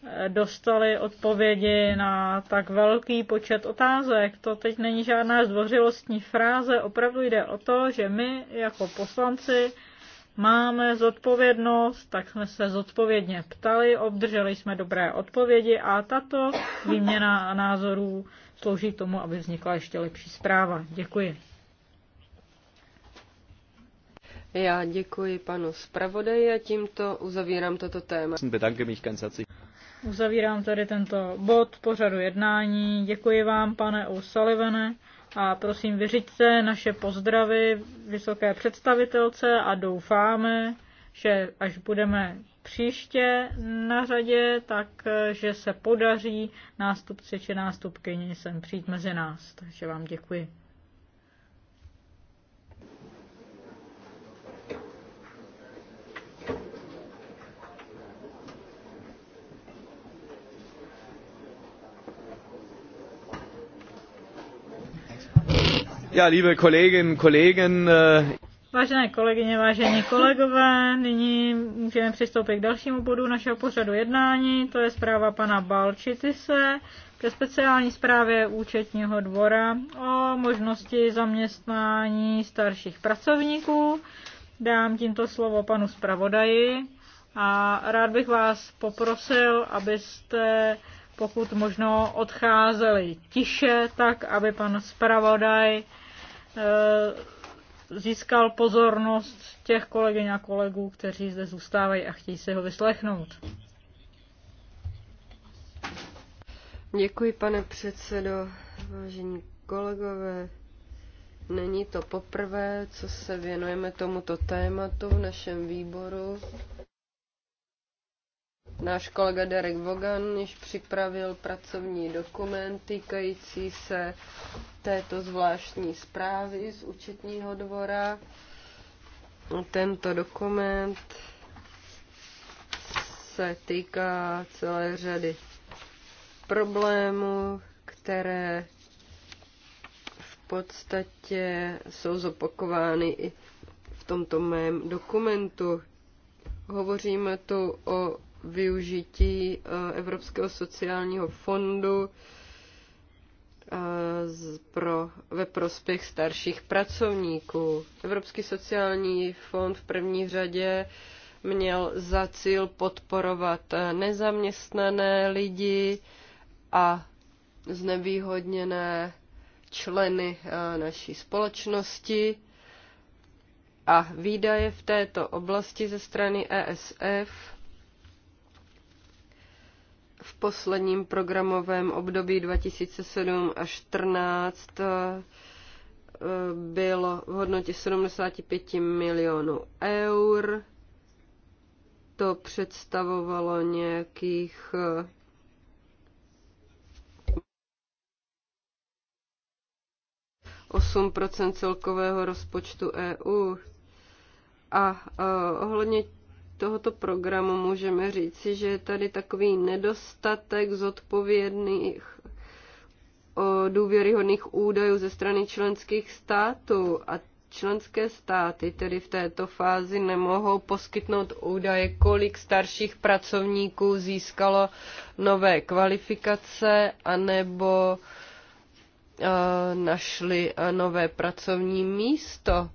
eh, dostali odpovědi na tak velký počet otázek. To teď není žádná zdvořilostní fráze, opravdu jde o to, že my jako poslanci máme zodpovědnost, tak jsme se zodpovědně ptali, obdrželi jsme dobré odpovědi a tato výměna názorů slouží k tomu, aby vznikla ještě lepší zpráva. Děkuji. Já děkuji panu zpravodaji a tímto uzavírám toto téma. Uzavírám tady tento bod pořadu jednání. Děkuji vám, pane O'Sullivane, a prosím vyřiďte naše pozdravy vysoké představitelce a doufáme, že až budeme příště na řadě, tak že se podaří nástupci či nástupkyni sem přijít mezi nás. Takže vám děkuji. Já, liebe Kolleginnen, Kollegen, äh, Vážené kolegyně, vážení kolegové, nyní můžeme přistoupit k dalšímu bodu našeho pořadu jednání, to je zpráva pana Balčitise ke speciální zprávě účetního dvora o možnosti zaměstnání starších pracovníků. Dám tímto slovo panu zpravodaji a rád bych vás poprosil, abyste pokud možno odcházeli tiše, tak aby pan zpravodaj Eh, získal pozornost těch kolegyň a kolegů, kteří zde zůstávají a chtějí si ho vyslechnout. Děkuji, pane předsedo, vážení kolegové. Není to poprvé, co se věnujeme tomuto tématu v našem výboru. Náš kolega Derek Vogan již připravil pracovní dokument týkající se této zvláštní zprávy z účetního dvora. Tento dokument se týká celé řady problémů, které v podstatě jsou zopakovány i v tomto mém dokumentu. Hovoříme tu o využití eh, Evropského sociálního fondu eh, pro, ve prospěch starších pracovníků. Evropský sociální fond v první řadě měl za cíl podporovat eh, nezaměstnané lidi a znevýhodněné členy naší společnosti a výdaje v této oblasti ze strany ESF v posledním programovém období 2007 až 2014 eh, bylo v hodnotě 75 milionů eur. To představovalo nějakých 8 eh, celkového rozpočtu EU. A eh, ohledně tohoto programu můžeme říci, že je tady takový nedostatek zodpovědných důvěryhodných údajů ze strany členských států a členské státy tedy v této fázi nemohou poskytnout údaje, kolik starších pracovníků získalo nové kvalifikace anebo e, našli e, nové pracovní místo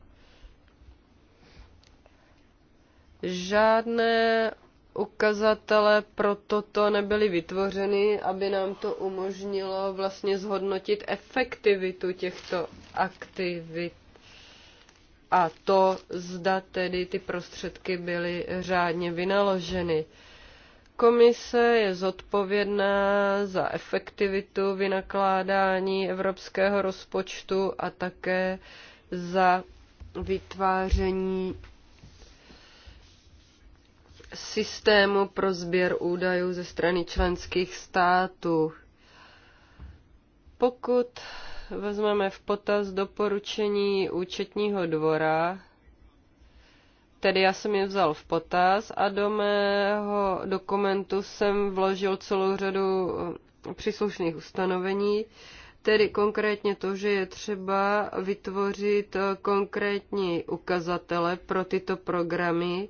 Žádné ukazatele pro toto nebyly vytvořeny, aby nám to umožnilo vlastně zhodnotit efektivitu těchto aktivit a to, zda tedy ty prostředky byly řádně vynaloženy. Komise je zodpovědná za efektivitu vynakládání evropského rozpočtu a také za vytváření systému pro sběr údajů ze strany členských států. Pokud vezmeme v potaz doporučení účetního dvora, tedy já jsem je vzal v potaz a do mého dokumentu jsem vložil celou řadu eh, příslušných ustanovení, tedy konkrétně to, že je třeba vytvořit eh, konkrétní ukazatele pro tyto programy,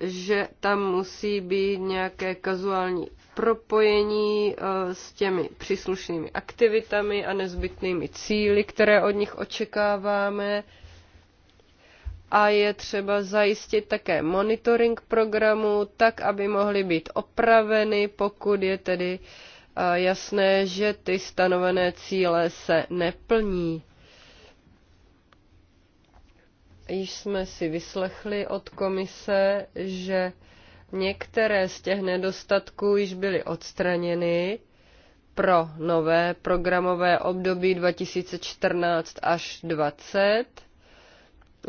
že tam musí být nějaké kazuální propojení eh, s těmi příslušnými aktivitami a nezbytnými cíly, které od nich očekáváme. A je třeba zajistit také monitoring programu, tak aby mohly být opraveny, pokud je tedy eh, jasné, že ty stanovené cíle se neplní. Již jsme si vyslechli od komise, že některé z těch nedostatků již byly odstraněny pro nové programové období 2014 až 2020.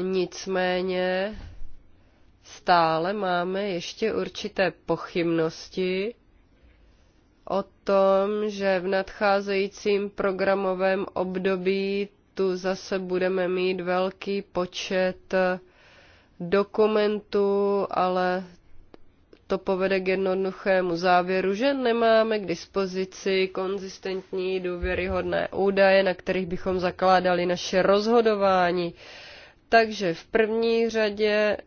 Nicméně stále máme ještě určité pochybnosti o tom, že v nadcházejícím programovém období tu zase budeme mít velký počet dokumentů, ale to povede k jednoduchému závěru, že nemáme k dispozici konzistentní, důvěryhodné údaje, na kterých bychom zakládali naše rozhodování. Takže v první řadě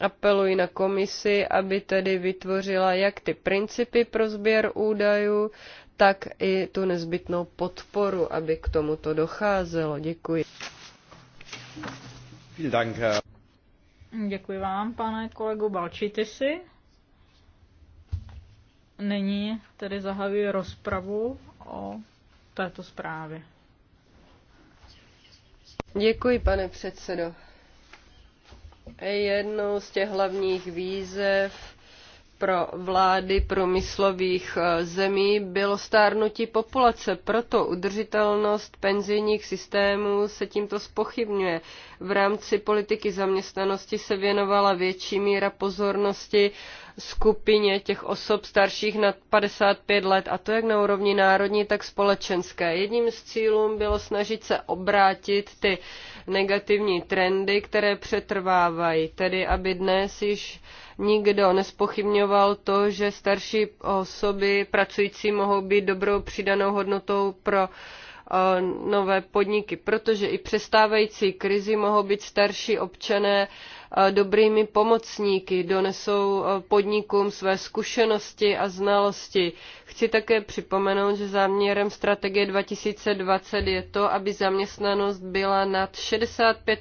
apeluji na komisi, aby tedy vytvořila jak ty principy pro sběr údajů, tak i tu nezbytnou podporu, aby k tomuto docházelo. Děkuji. Děkuji vám, pane kolego si. Nyní tedy zahajuji rozpravu o této zprávě. Děkuji, pane předsedo. Jednou z těch hlavních výzev pro vlády průmyslových eh, zemí bylo stárnutí populace, proto udržitelnost penzijních systémů se tímto spochybňuje. V rámci politiky zaměstnanosti se věnovala větší míra pozornosti skupině těch osob starších nad 55 let, a to jak na úrovni národní, tak společenské. Jedním z cílů bylo snažit se obrátit ty negativní trendy, které přetrvávají, tedy aby dnes již Nikdo nespochybňoval to, že starší osoby pracující mohou být dobrou přidanou hodnotou pro eh, nové podniky, protože i přestávající krizi mohou být starší občané dobrými pomocníky, donesou podnikům své zkušenosti a znalosti. Chci také připomenout, že záměrem strategie 2020 je to, aby zaměstnanost byla nad 65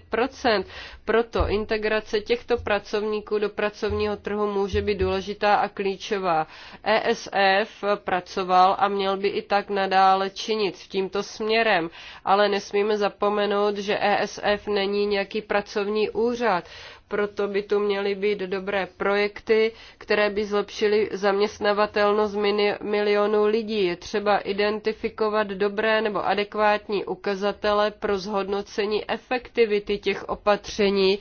Proto integrace těchto pracovníků do pracovního trhu může být důležitá a klíčová. ESF pracoval a měl by i tak nadále činit v tímto směrem, ale nesmíme zapomenout, že ESF není nějaký pracovní úřad proto by tu měly být dobré projekty, které by zlepšily zaměstnavatelnost milionů lidí. Je třeba identifikovat dobré nebo adekvátní ukazatele pro zhodnocení efektivity těch opatření,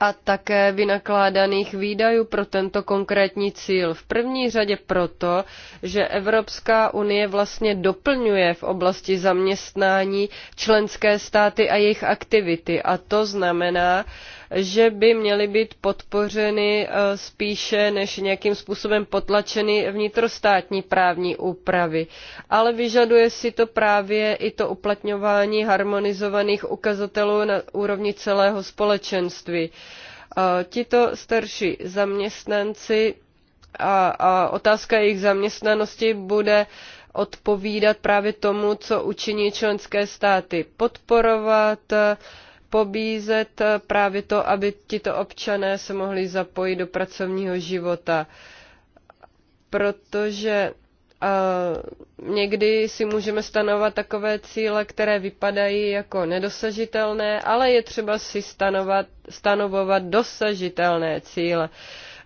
a také vynakládaných výdajů pro tento konkrétní cíl. V první řadě proto, že Evropská unie vlastně doplňuje v oblasti zaměstnání členské státy a jejich aktivity. A to znamená, že by měly být podpořeny eh, spíše než nějakým způsobem potlačeny vnitrostátní právní úpravy. Ale vyžaduje si to právě i to uplatňování harmonizovaných ukazatelů na úrovni celého společenství. Eh, tito starší zaměstnanci a, a otázka jejich zaměstnanosti bude odpovídat právě tomu, co učiní členské státy. Podporovat uh, pobízet právě to, aby tito občané se mohli zapojit do pracovního života. Protože uh, někdy si můžeme stanovat takové cíle, které vypadají jako nedosažitelné, ale je třeba si stanovat, stanovovat dosažitelné cíle. Uh,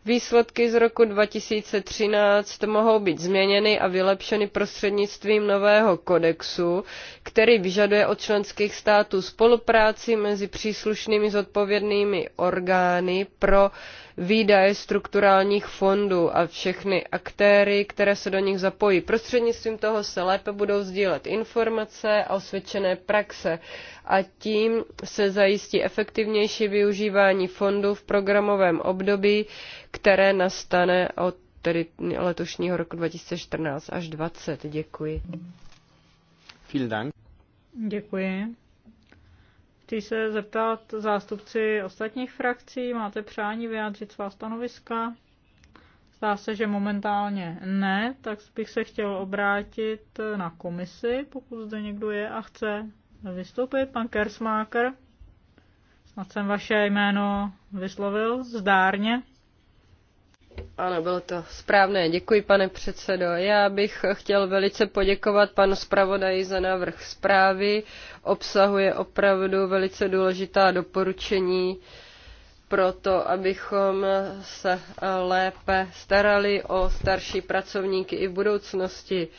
Výsledky z roku 2013 mohou být změněny a vylepšeny prostřednictvím nového kodexu, který vyžaduje od členských států spolupráci mezi příslušnými zodpovědnými orgány pro výdaje strukturálních fondů a všechny aktéry, které se do nich zapojí. Prostřednictvím toho se lépe budou sdílet informace a osvědčené praxe a tím se zajistí efektivnější využívání fondů v programovém období, které nastane od tedy letošního roku 2014 až 2020. Děkuji. Vielen Dank. Děkuji. Chci se zeptat zástupci ostatních frakcí, máte přání vyjádřit svá stanoviska? Zdá se, že momentálně ne, tak bych se chtěl obrátit na komisi, pokud zde někdo je a chce vystoupit. Pan Kersmaker, snad jsem vaše jméno vyslovil zdárně. Ano, bylo to správné. Děkuji, pane předsedo. Já bych chtěl velice poděkovat panu zpravodaji za návrh zprávy. Obsahuje opravdu velice důležitá doporučení pro to, abychom se lépe starali o starší pracovníky i v budoucnosti. Uh,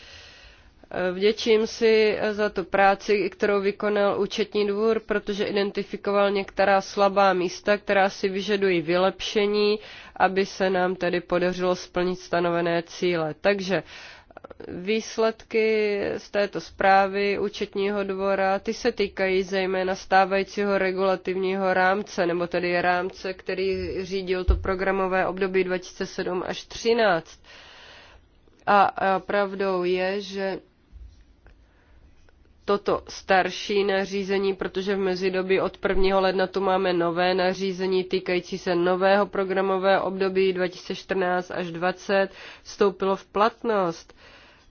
Vděčím si za tu práci, kterou vykonal účetní dvůr, protože identifikoval některá slabá místa, která si vyžadují vylepšení, aby se nám tedy podařilo splnit stanovené cíle. Takže eh, výsledky z této zprávy účetního dvora, ty se týkají zejména stávajícího regulativního rámce, nebo tedy rámce, který řídil to programové období 2007 až 2013. A pravdou je, že toto starší nařízení, protože v mezidobí od 1. ledna tu máme nové nařízení týkající se nového programového období 2014 až 2020 vstoupilo v platnost.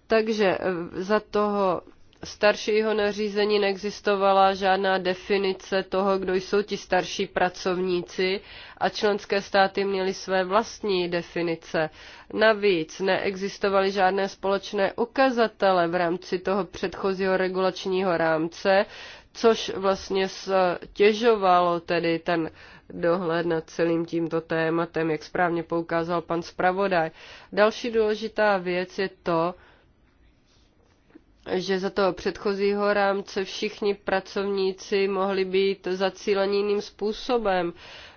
Takže eh, za toho staršího nařízení neexistovala žádná definice toho, kdo jsou ti starší pracovníci a členské státy měly své vlastní definice. Navíc neexistovaly žádné společné ukazatele v rámci toho předchozího regulačního rámce, což vlastně stěžovalo tedy ten dohled nad celým tímto tématem, jak správně poukázal pan zpravodaj. Další důležitá věc je to, že za toho předchozího rámce všichni pracovníci mohli být zacíleni jiným způsobem,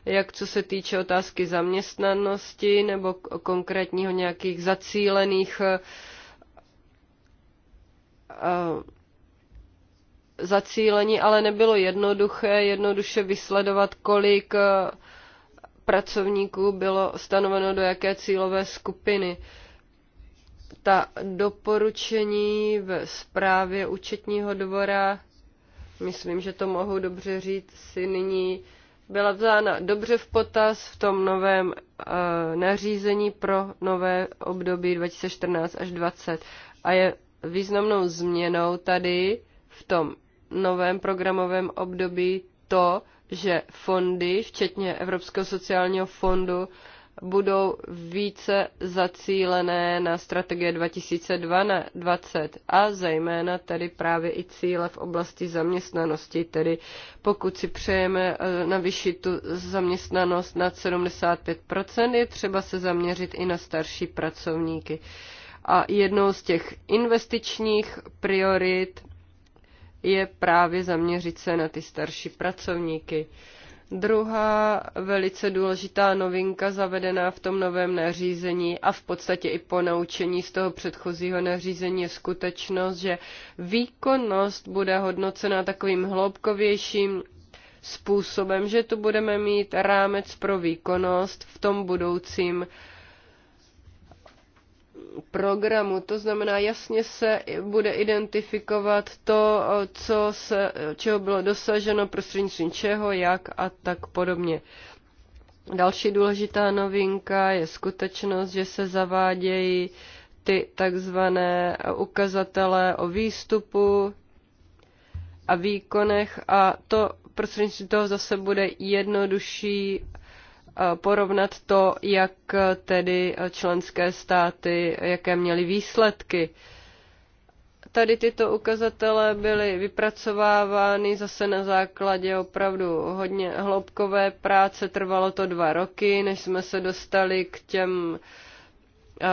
jak co se týče otázky zaměstnanosti nebo konkrétního nějakých zacílených eh, eh, zacílení, ale nebylo jednoduché jednoduše vysledovat, kolik eh, pracovníků bylo stanoveno do jaké cílové skupiny ta doporučení v zprávě účetního dvora, myslím, že to mohu dobře říct, si nyní byla vzána dobře v potaz v tom novém uh, nařízení pro nové období 2014 až 2020. A je významnou změnou tady v tom novém programovém období to, že fondy, včetně Evropského sociálního fondu, budou více zacílené na strategie 2020 a zejména tedy právě i cíle v oblasti zaměstnanosti. Tedy pokud si přejeme eh, navýšit tu zaměstnanost nad 75%, je třeba se zaměřit i na starší pracovníky. A jednou z těch investičních priorit je právě zaměřit se na ty starší pracovníky. Druhá velice důležitá novinka zavedená v tom novém nařízení a v podstatě i po naučení z toho předchozího nařízení je skutečnost, že výkonnost bude hodnocena takovým hloubkovějším způsobem, že tu budeme mít rámec pro výkonnost v tom budoucím programu. To znamená, jasně se bude identifikovat to, co se, čeho bylo dosaženo, prostřednictvím čeho, jak a tak podobně. Další důležitá novinka je skutečnost, že se zavádějí ty takzvané ukazatele o výstupu a výkonech a to prostřednictvím toho zase bude jednodušší Eh, porovnat to, jak eh, tedy eh, členské státy, jaké měly výsledky. Tady tyto ukazatele byly vypracovávány zase na základě opravdu hodně hloubkové práce. Trvalo to dva roky, než jsme se dostali k těm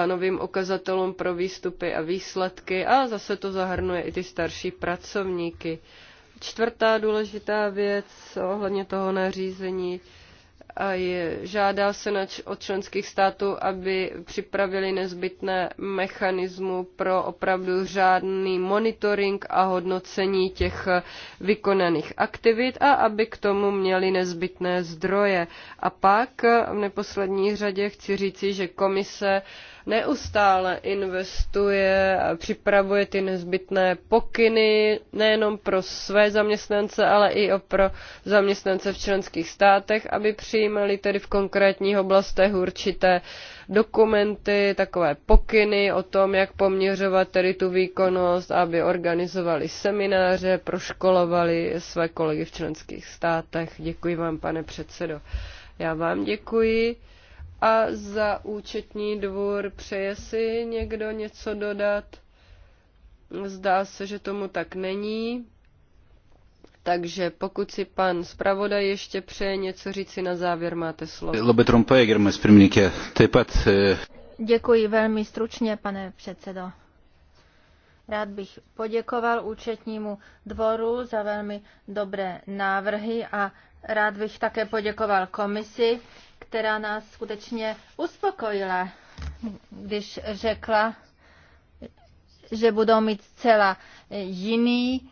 novým ukazatelům pro výstupy a výsledky a zase to zahrnuje i ty starší pracovníky. Čtvrtá důležitá věc ohledně toho nařízení a je, žádá se na, od členských států, aby připravili nezbytné mechanismu pro opravdu řádný monitoring a hodnocení těch vykonaných aktivit a aby k tomu měli nezbytné zdroje. A pak v neposlední řadě chci říci, že komise uh, neustále investuje a připravuje ty nezbytné pokyny nejenom pro své zaměstnance, ale i pro zaměstnance v členských státech, aby přijímali tedy v konkrétních oblastech určité dokumenty, takové pokyny o tom, jak poměřovat tedy tu výkonnost, aby organizovali semináře, proškolovali své kolegy v členských státech. Děkuji vám, pane předsedo. Já vám děkuji. A za účetní dvůr přeje si někdo něco dodat? Zdá se, že tomu tak není. Takže pokud si pan zpravodaj ještě přeje něco říci na závěr, máte slovo. Labai trumpai, gerbiamas Děkuji velmi stručně, pane předsedo. Rád bych poděkoval účetnímu dvoru za velmi dobré návrhy a rád bych také poděkoval komisi která nás skutečně uspokojila, když řekla, že budou mít zcela jiný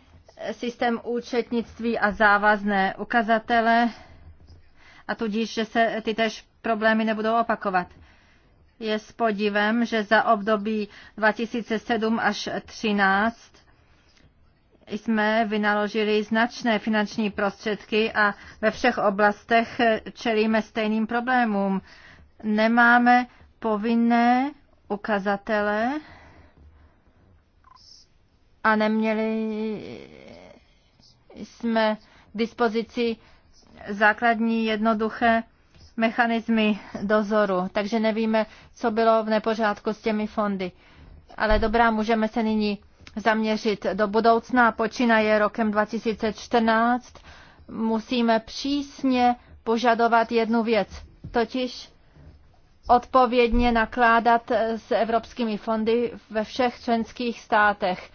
systém účetnictví a závazné ukazatele a tudíž, že se ty tež problémy nebudou opakovat. Je s podivem, že za období 2007 až 2013 jsme vynaložili značné finanční prostředky a ve všech oblastech čelíme stejným problémům. Nemáme povinné ukazatele a neměli jsme k dispozici základní jednoduché mechanismy dozoru, takže nevíme, co bylo v nepořádku s těmi fondy. Ale dobrá, můžeme se nyní zaměřit do budoucna počínaje rokem 2014, musíme přísně požadovat jednu věc, totiž odpovědně nakládat s evropskými fondy ve všech členských státech.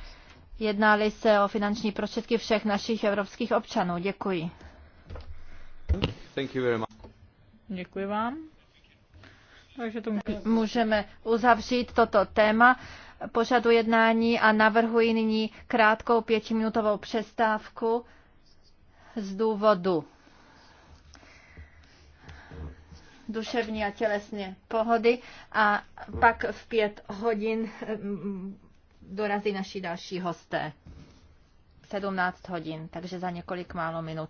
Jednali se o finanční prostředky všech našich evropských občanů. Děkuji. Děkuji vám. Takže to můžeme. můžeme uzavřít toto téma pořadu jednání a navrhuji nyní krátkou pětiminutovou přestávku z důvodu duševní a tělesné pohody a pak v pět hodin mm, dorazí naši další hosté. 17 hodin, takže za několik málo minut.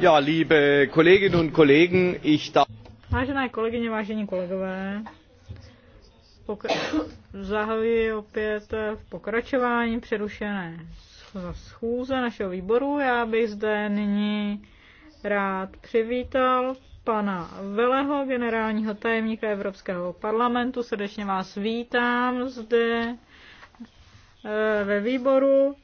Ja, liebe Kolleginnen und Kollegen, ich darf... Vážené kolegyně, vážení kolegové, pokra- zahajuji opět v pokračování přerušené schůze našeho výboru. Já bych zde nyní rád přivítal pana Veleho, generálního tajemníka Evropského parlamentu. Srdečně vás vítám zde eh, ve výboru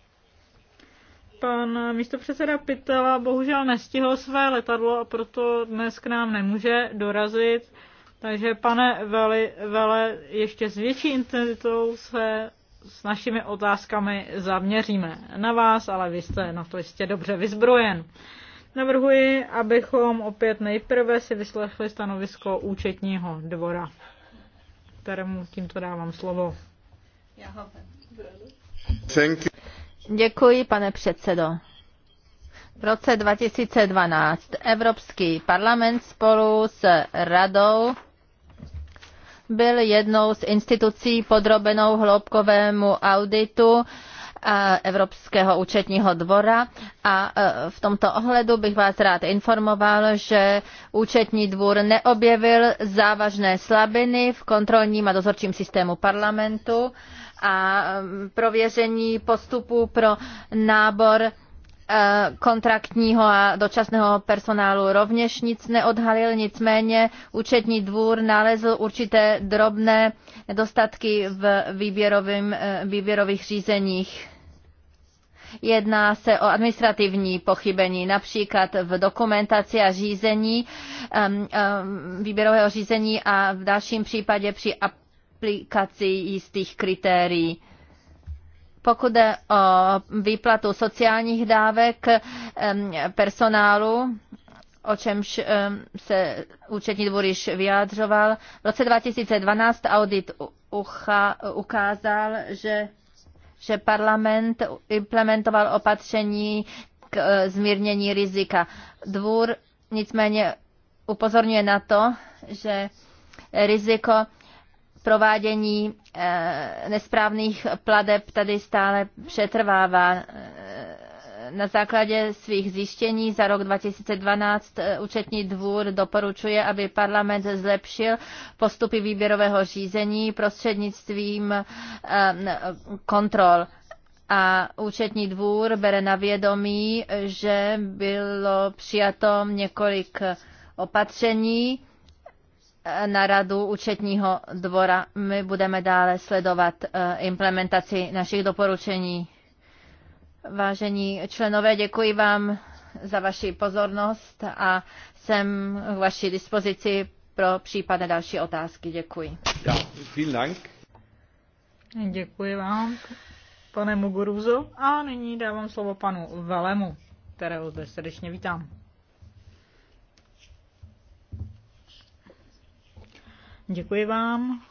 Pan předseda Pitela bohužel nestihl své letadlo a proto dnes k nám nemůže dorazit. Takže pane Veli, Vele, ještě s větší intenzitou se s našimi otázkami zaměříme na vás, ale vy jste na to jistě dobře vyzbrojen. Navrhuji, abychom opět nejprve si vyslechli stanovisko účetního dvora, kterému tímto dávám slovo. Thank you. Děkuji, pane předsedo. V roce 2012 Evropský parlament spolu s Radou byl jednou z institucí podrobenou hloubkovému auditu eh, Evropského účetního dvora a eh, v tomto ohledu bych vás rád informoval, že účetní dvůr neobjevil závažné slabiny v kontrolním a dozorčím systému parlamentu a um, prověření postupu pro nábor uh, kontraktního a dočasného personálu rovněž nic neodhalil, nicméně účetní dvůr nalezl určité drobné nedostatky v uh, výběrových řízeních. Jedná se o administrativní pochybení, například v dokumentaci a řízení, um, um, výběrového řízení a v dalším případě při aplikaci jistých kritérií. Pokud jde o výplatu sociálních dávek personálu, o čemž se účetní dvůr již vyjádřoval, v roce 2012 audit ukázal, že, že parlament implementoval opatření k e, zmírnění rizika. Dvůr nicméně upozorňuje na to, že riziko provádění eh, nesprávných pladeb tady stále přetrvává. Eh, na základě svých zjištění za rok 2012 eh, účetní dvůr doporučuje, aby parlament zlepšil postupy výběrového řízení prostřednictvím kontrol a účetní dvůr bere na vědomí, že bylo přijato několik opatření na radu účetního dvora. My budeme dále sledovat eh, implementaci našich doporučení. Vážení členové, děkuji vám za vaši pozornost a jsem k vaší dispozici pro případné další otázky. Děkuji. Ja, vielen Dank. Děkuji vám, pane Muguruzo. A nyní dávám slovo panu Velemu, kterého zde srdečně vítám. Děkuji vám.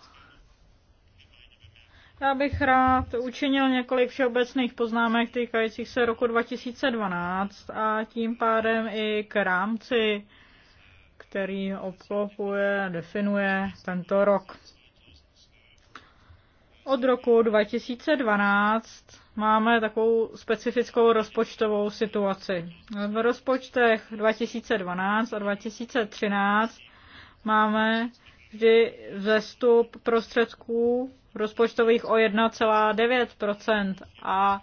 Já bych rád učinil několik všeobecných poznámek týkajících se roku 2012 a tím pádem i k rámci, který obklopuje a definuje tento rok. Od roku 2012 máme takovou specifickou rozpočtovou situaci. V rozpočtech 2012 a 2013 máme vždy vzestup prostředků rozpočtových o 1,9% a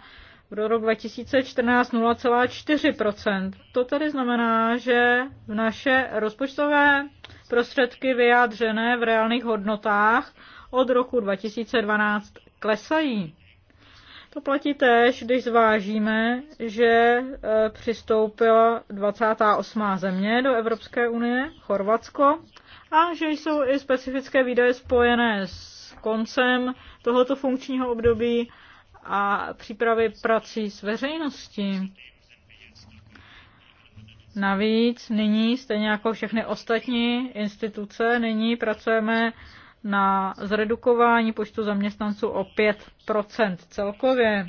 v rok 2014 0,4%. To tedy znamená, že v naše rozpočtové prostředky vyjádřené v reálných hodnotách od roku 2012 klesají. To platí též, když zvážíme, že e, přistoupila 28. země do Evropské unie, Chorvatsko, a že jsou i specifické výdaje spojené s koncem tohoto funkčního období a přípravy prací s veřejností. Navíc nyní, stejně jako všechny ostatní instituce, nyní pracujeme na zredukování počtu zaměstnanců o 5 celkově.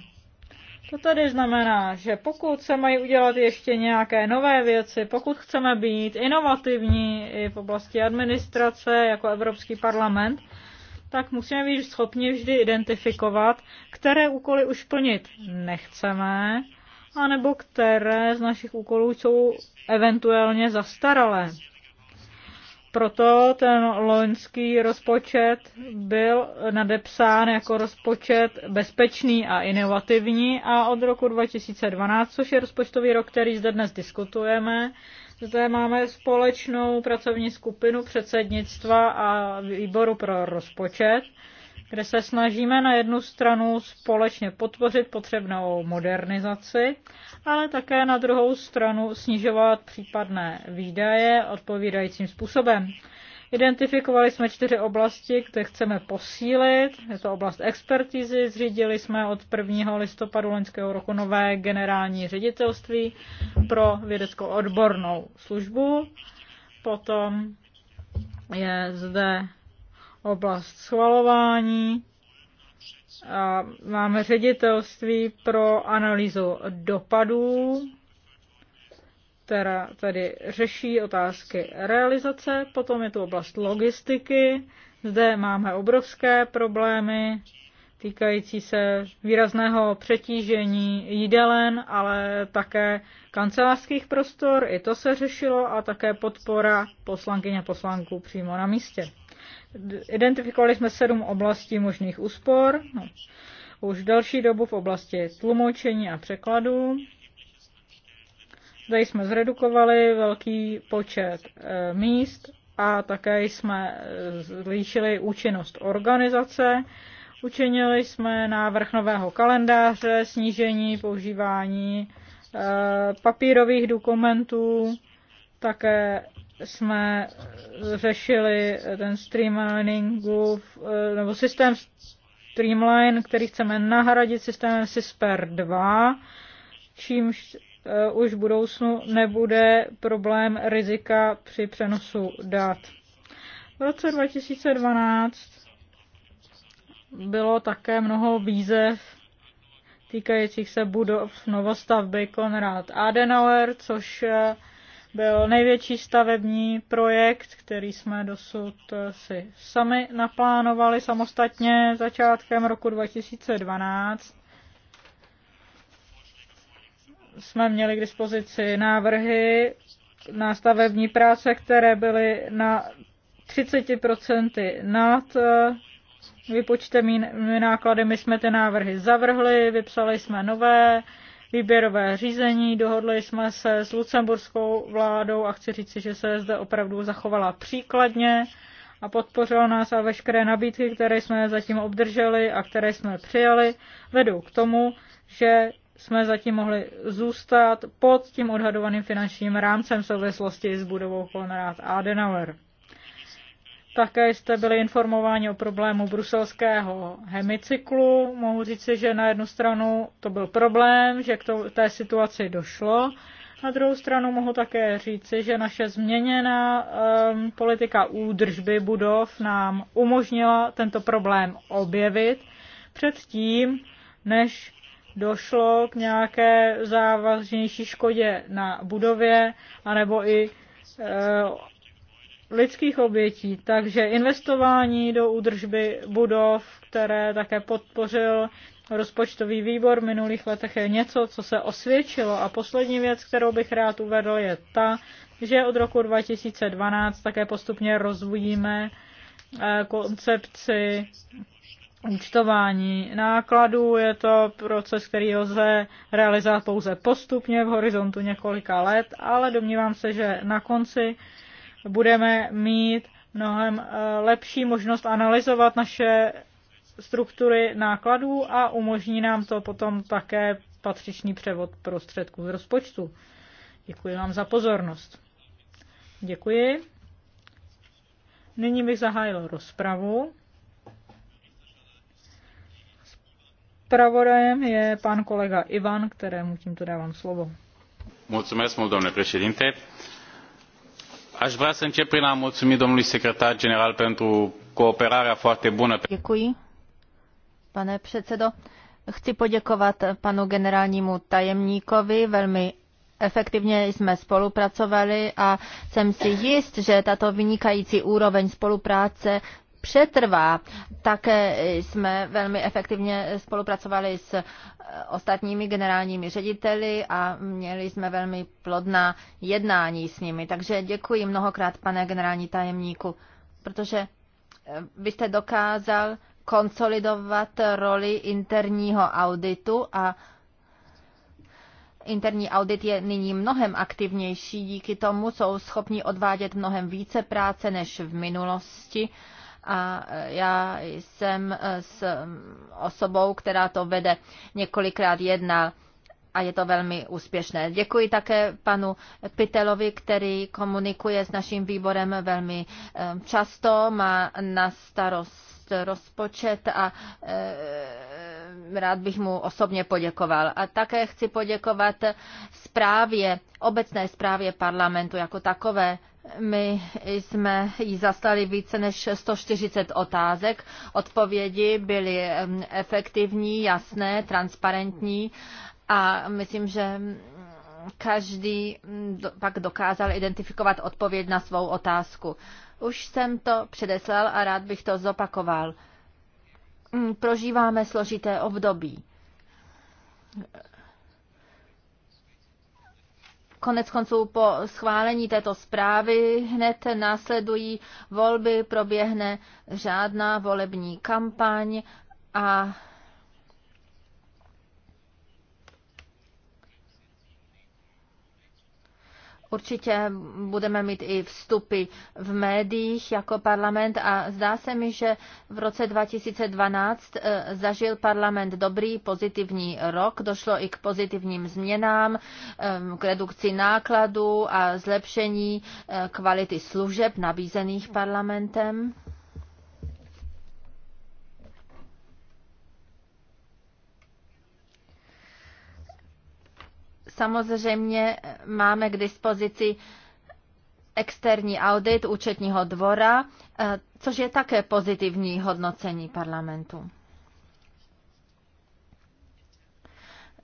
To tedy znamená, že pokud se mají udělat ještě nějaké nové věci, pokud chceme být inovativní i v oblasti administrace jako Evropský parlament, tak musíme být schopni vždy identifikovat, které úkoly už plnit nechceme, anebo které z našich úkolů jsou eventuálně zastaralé. Proto ten loňský rozpočet byl nadepsán jako rozpočet bezpečný a inovativní a od roku 2012, což je rozpočtový rok, který zde dnes diskutujeme, zde máme společnou pracovní skupinu předsednictva a výboru pro rozpočet kde se snažíme na jednu stranu společně potvořit potřebnou modernizaci, ale také na druhou stranu snižovat případné výdaje odpovídajícím způsobem. Identifikovali jsme čtyři oblasti, které chceme posílit. Je to oblast expertizy. Zřídili jsme od 1. listopadu loňského roku nové generální ředitelství pro vědeckou odbornou službu. Potom je zde oblast schvalování a máme ředitelství pro analýzu dopadů, která tady řeší otázky realizace, potom je tu oblast logistiky, zde máme obrovské problémy týkající se výrazného přetížení jídelen, ale také kancelářských prostor, i to se řešilo, a také podpora poslankyně poslanků přímo na místě. Identifikovali jsme sedm oblastí možných úspor. No. Už další dobu v oblasti tlumočení a překladu. Zde jsme zredukovali velký počet e, míst a také jsme eh, zvýšili účinnost organizace. Učinili jsme návrh nového kalendáře, snížení používání eh, papírových dokumentů, také jsme řešili ten streamliningu, nebo systém Streamline, který chceme nahradit systémem CISPER 2, čímž eh, už v budoucnu nebude problém rizika při přenosu dat. V roce 2012 bylo také mnoho výzev týkajících se budov novostavby Konrad Adenauer, což eh, byl největší stavební projekt, který jsme dosud eh, si sami naplánovali samostatně začátkem roku 2012. Jsme měli k dispozici návrhy na stavební práce, které byly na 30% nad eh, vypočtenými náklady. My jsme ty návrhy zavrhli, vypsali jsme nové výběrové řízení. Dohodli jsme se s lucemburskou vládou a chci říci, že se zde opravdu zachovala příkladně a podpořila nás a veškeré nabídky, které jsme zatím obdrželi a které jsme přijali, vedou k tomu, že jsme zatím mohli zůstat pod tím odhadovaným finančním rámcem v souvislosti s budovou Konrad Adenauer. Také jste byli informováni o problému bruselského hemicyklu. Mohu říci, že na jednu stranu to byl problém, že k té situaci došlo. Na druhou stranu mohu také říci, že naše změněná um, politika údržby budov nám umožnila tento problém objevit předtím, než došlo k nějaké závažnější škodě na budově, anebo i eh, lidských obětí. Takže investování do údržby budov, které také podpořil rozpočtový výbor v minulých letech, je něco, co se osvědčilo. A poslední věc, kterou bych rád uvedl, je ta, že od roku 2012 také postupně rozvíjíme eh, koncepci účtování nákladů. Je to proces, který lze realizovat pouze postupně v horizontu několika let, ale domnívám se, že na konci budeme mít mnohem eh, lepší možnost analyzovat naše struktury nákladů a umožní nám to potom také patřičný převod prostředků z rozpočtu. Děkuji vám za pozornost. Děkuji. Nyní bych zahájil rozpravu. Pravodajem je pan kolega Ivan, kterému tímto dávám slovo. Mulțumesc mult, domnule președinte. Aș vrea să încep prin a mulțumi domnului secretar general pentru cooperarea foarte bună. Děkuji, pane předsedo. Chci poděkovat panu generálnímu tajemníkovi, velmi efektivně jsme spolupracovali a jsem si jist, že tato vynikající úroveň spolupráce přetrvá. Také jsme velmi efektivně spolupracovali s eh, ostatními generálními řediteli a měli jsme velmi plodná jednání s nimi. Takže děkuji mnohokrát, pane generální tajemníku, protože byste eh, dokázal konsolidovat roli interního auditu a Interní audit je nyní mnohem aktivnější, díky tomu jsou schopni odvádět mnohem více práce než v minulosti a e, já jsem e, s osobou, která to vede, několikrát jednal a je to velmi úspěšné. Děkuji také panu Pitelovi, který komunikuje s naším výborem velmi e, často, má na starost rozpočet a rád bych mu osobně poděkoval. A také chci poděkovat zprávě, obecné zprávě parlamentu jako takové, my jsme jí zastali více než 140 otázek. Odpovědi byly efektivní, jasné, transparentní a myslím, že každý mm, pak dokázal identifikovat odpověď na svou otázku. Už jsem to předeslal a rád bych to zopakoval. Mm, prožíváme složité období Konec konců po schválení této zprávy hned následují volby, proběhne řádná volební kampaň a Určitě budeme mít i vstupy v médiích jako parlament a zdá se mi, že v roce 2012 eh, zažil parlament dobrý pozitivní rok. Došlo i k pozitivním změnám, eh, k redukci nákladů a zlepšení eh, kvality služeb nabízených parlamentem. Samozřejmě máme k dispozici externí audit účetního dvora, eh, což je také pozitivní hodnocení parlamentu.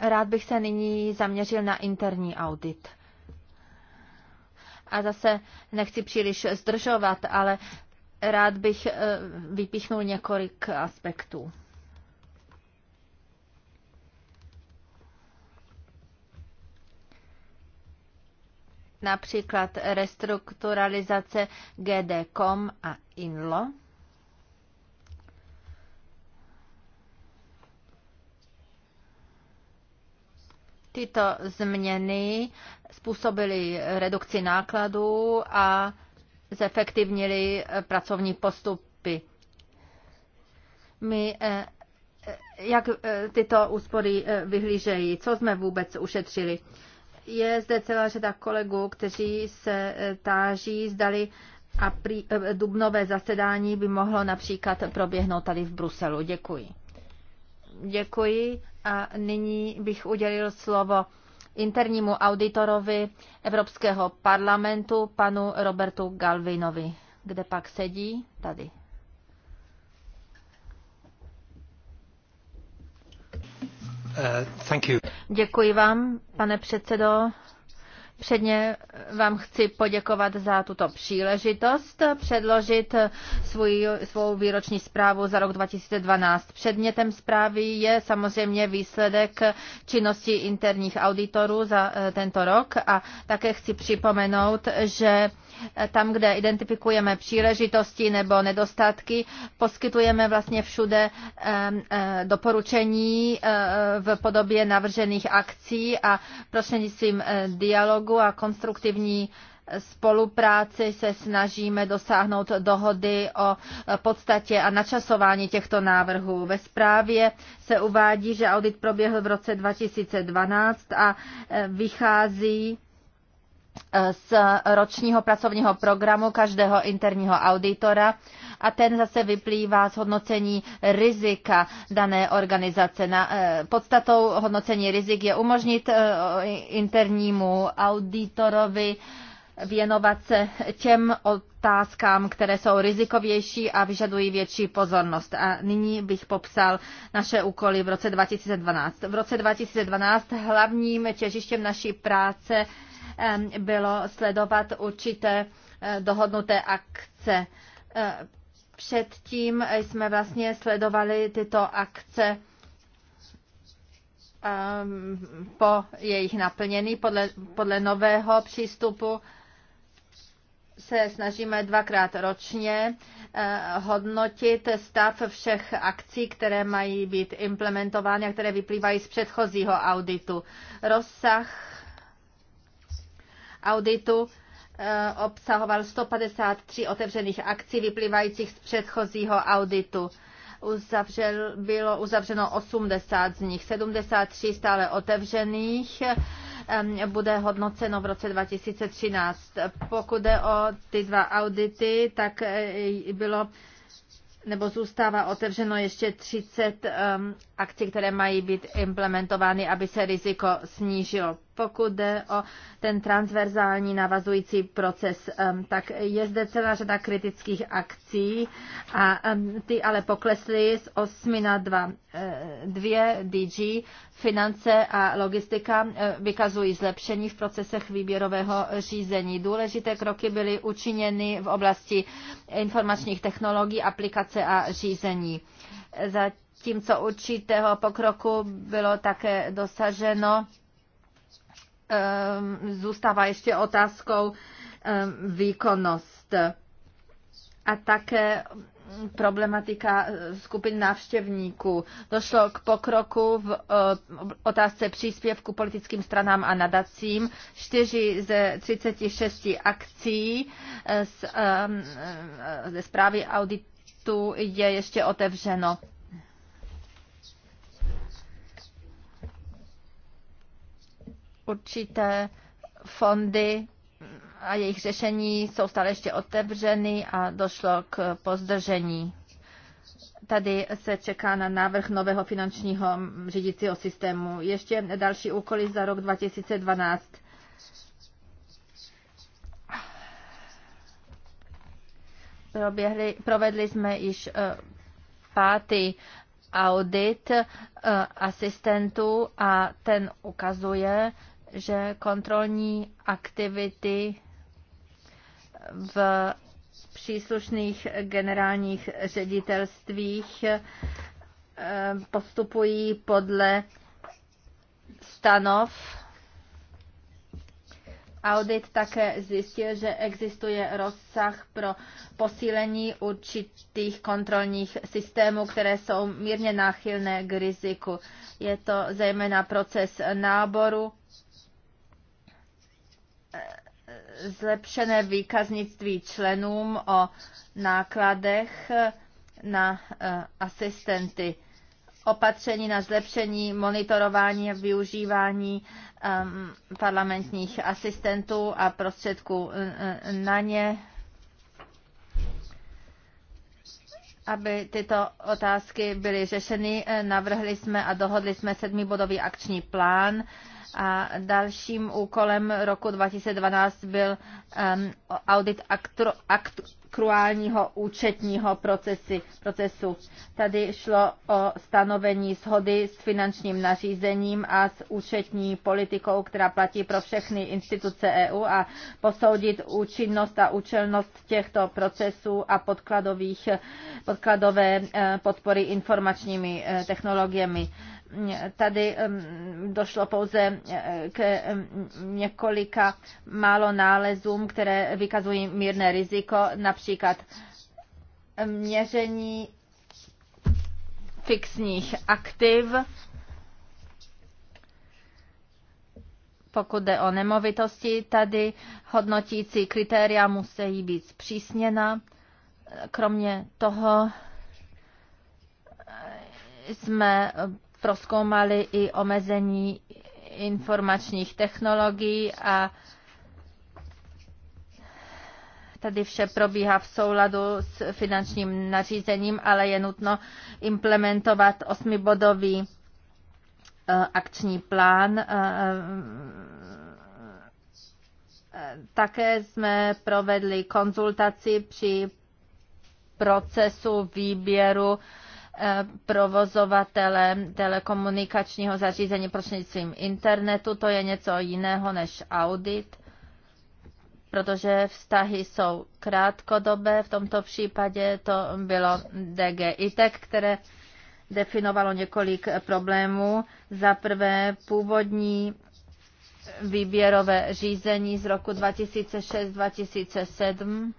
Rád bych se nyní zaměřil na interní audit. A zase nechci příliš zdržovat, ale rád bych eh, vypíchnul několik aspektů. například restrukturalizace GDCOM a INLO. Tyto změny způsobily redukci nákladů a zefektivnili pracovní postupy. My eh, eh, jak eh, tyto úspory vyhlížejí, co jsme vůbec ušetřili. Je zde celá řada kolegů, kteří se e, táží, zdali a prý, e, dubnové zasedání by mohlo například proběhnout tady v Bruselu. Děkuji. Děkuji a nyní bych udělil slovo internímu auditorovi Evropského parlamentu, panu Robertu Galvinovi. Kde pak sedí? Tady. Uh, thank you. Děkuji vám, pane předsedo. Předně vám chci poděkovat za tuto příležitost předložit svůj, svou výroční zprávu za rok 2012. Předmětem zprávy je samozřejmě výsledek činnosti interních auditorů za eh, tento rok a také chci připomenout, že eh, tam, kde identifikujeme příležitosti nebo nedostatky, poskytujeme vlastně všude eh, doporučení v podobě navržených akcí a prostřednictvím dialogu a konstruktivní intenzivní spolupráci se snažíme dosáhnout dohody o podstatě a načasování těchto návrhů. Ve zprávě se uvádí, že audit proběhl v roce 2012 a e, vychází z ročního pracovního programu každého interního auditora a ten zase vyplývá z hodnocení rizika dané organizace. Na, eh, podstatou hodnocení rizik je umožnit eh, internímu auditorovi věnovat se těm otázkám, které jsou rizikovější a vyžadují větší pozornost. A nyní bych popsal naše úkoly v roce 2012. V roce 2012 hlavním těžištěm naší práce bylo sledovat určité eh, dohodnuté akce. Eh, předtím jsme vlastně sledovali tyto akce po jejich naplnění podle, podle nového přístupu se snažíme dvakrát ročně eh, hodnotit stav všech akcí, které mají být implementovány a které vyplývají z předchozího auditu. Rozsah auditu eh, obsahoval 153 otevřených akcí vyplývajících z předchozího auditu. Uzavřel, bylo uzavřeno 80 z nich, 73 stále otevřených bude hodnoceno v roce 2013. Pokud jde o ty dva audity, tak eh, bylo nebo zůstává otevřeno ještě 30 um, akcí, které mají být implementovány, aby se riziko snížilo pokud jde o ten transverzální navazující proces, tak je zde celá řada kritických akcí a ty ale poklesly z 8 na 2. E, dvě DG, finance a logistika e, vykazují zlepšení v procesech výběrového řízení. Důležité kroky byly učiněny v oblasti informačních technologií, aplikace a řízení. Zatímco určitého pokroku bylo také dosaženo Ehm, zůstává ještě otázkou ehm, výkonnost. A také problematika eh, skupin návštěvníků. Došlo k pokroku v eh, otázce příspěvku politickým stranám a nadacím. 4 ze 36 akcí eh, ehm, ze zprávy auditu je ještě otevřeno. určité fondy a jejich řešení jsou stále ještě otevřeny a došlo k pozdržení. Tady se čeká na návrh nového finančního řídícího systému. Ještě další úkoly za rok 2012. Proběhli, provedli jsme již eh, pátý audit eh, asistentů a ten ukazuje, že kontrolní aktivity v příslušných generálních ředitelstvích eh, postupují podle stanov. Audit také zjistil, že existuje rozsah pro posílení určitých kontrolních systémů, které jsou mírně náchylné k riziku. Je to zejména proces náboru zlepšené výkaznictví členům o nákladech na e, asistenty, opatření na zlepšení monitorování a využívání parlamentních asistentů a prostředků e, e, na ně, aby tyto otázky byly řešeny. Navrhli jsme a dohodli jsme sedmibodový akční plán a dalším úkolem roku 2012 byl um, audit aktru, aktuálního účetního procesy, procesu. Tady šlo o stanovení shody s finančním nařízením a s účetní politikou, která platí pro všechny instituce EU a posoudit účinnost a účelnost těchto procesů a podkladových, podkladové eh, podpory informačními eh, technologiemi. Tady došlo pouze eh, k několika málo nálezům, které vykazují mírné riziko, například měření fixních aktiv, pokud jde o nemovitosti, tady hodnotící kritéria musí být zpřísněna. Kromě toho jsme proskoumali i omezení informačních technologií a Tady vše probíhá v souladu s finančním nařízením, ale je nutno implementovat osmibodový eh, akční plán. Eh, eh, také jsme provedli konzultaci při procesu výběru provozovatele telekomunikačního zařízení prostřednictvím internetu. To je něco jiného než audit, protože vztahy jsou krátkodobé. V tomto případě to bylo DG ITEC, které definovalo několik problémů. Za prvé původní výběrové řízení z roku 2006-2007.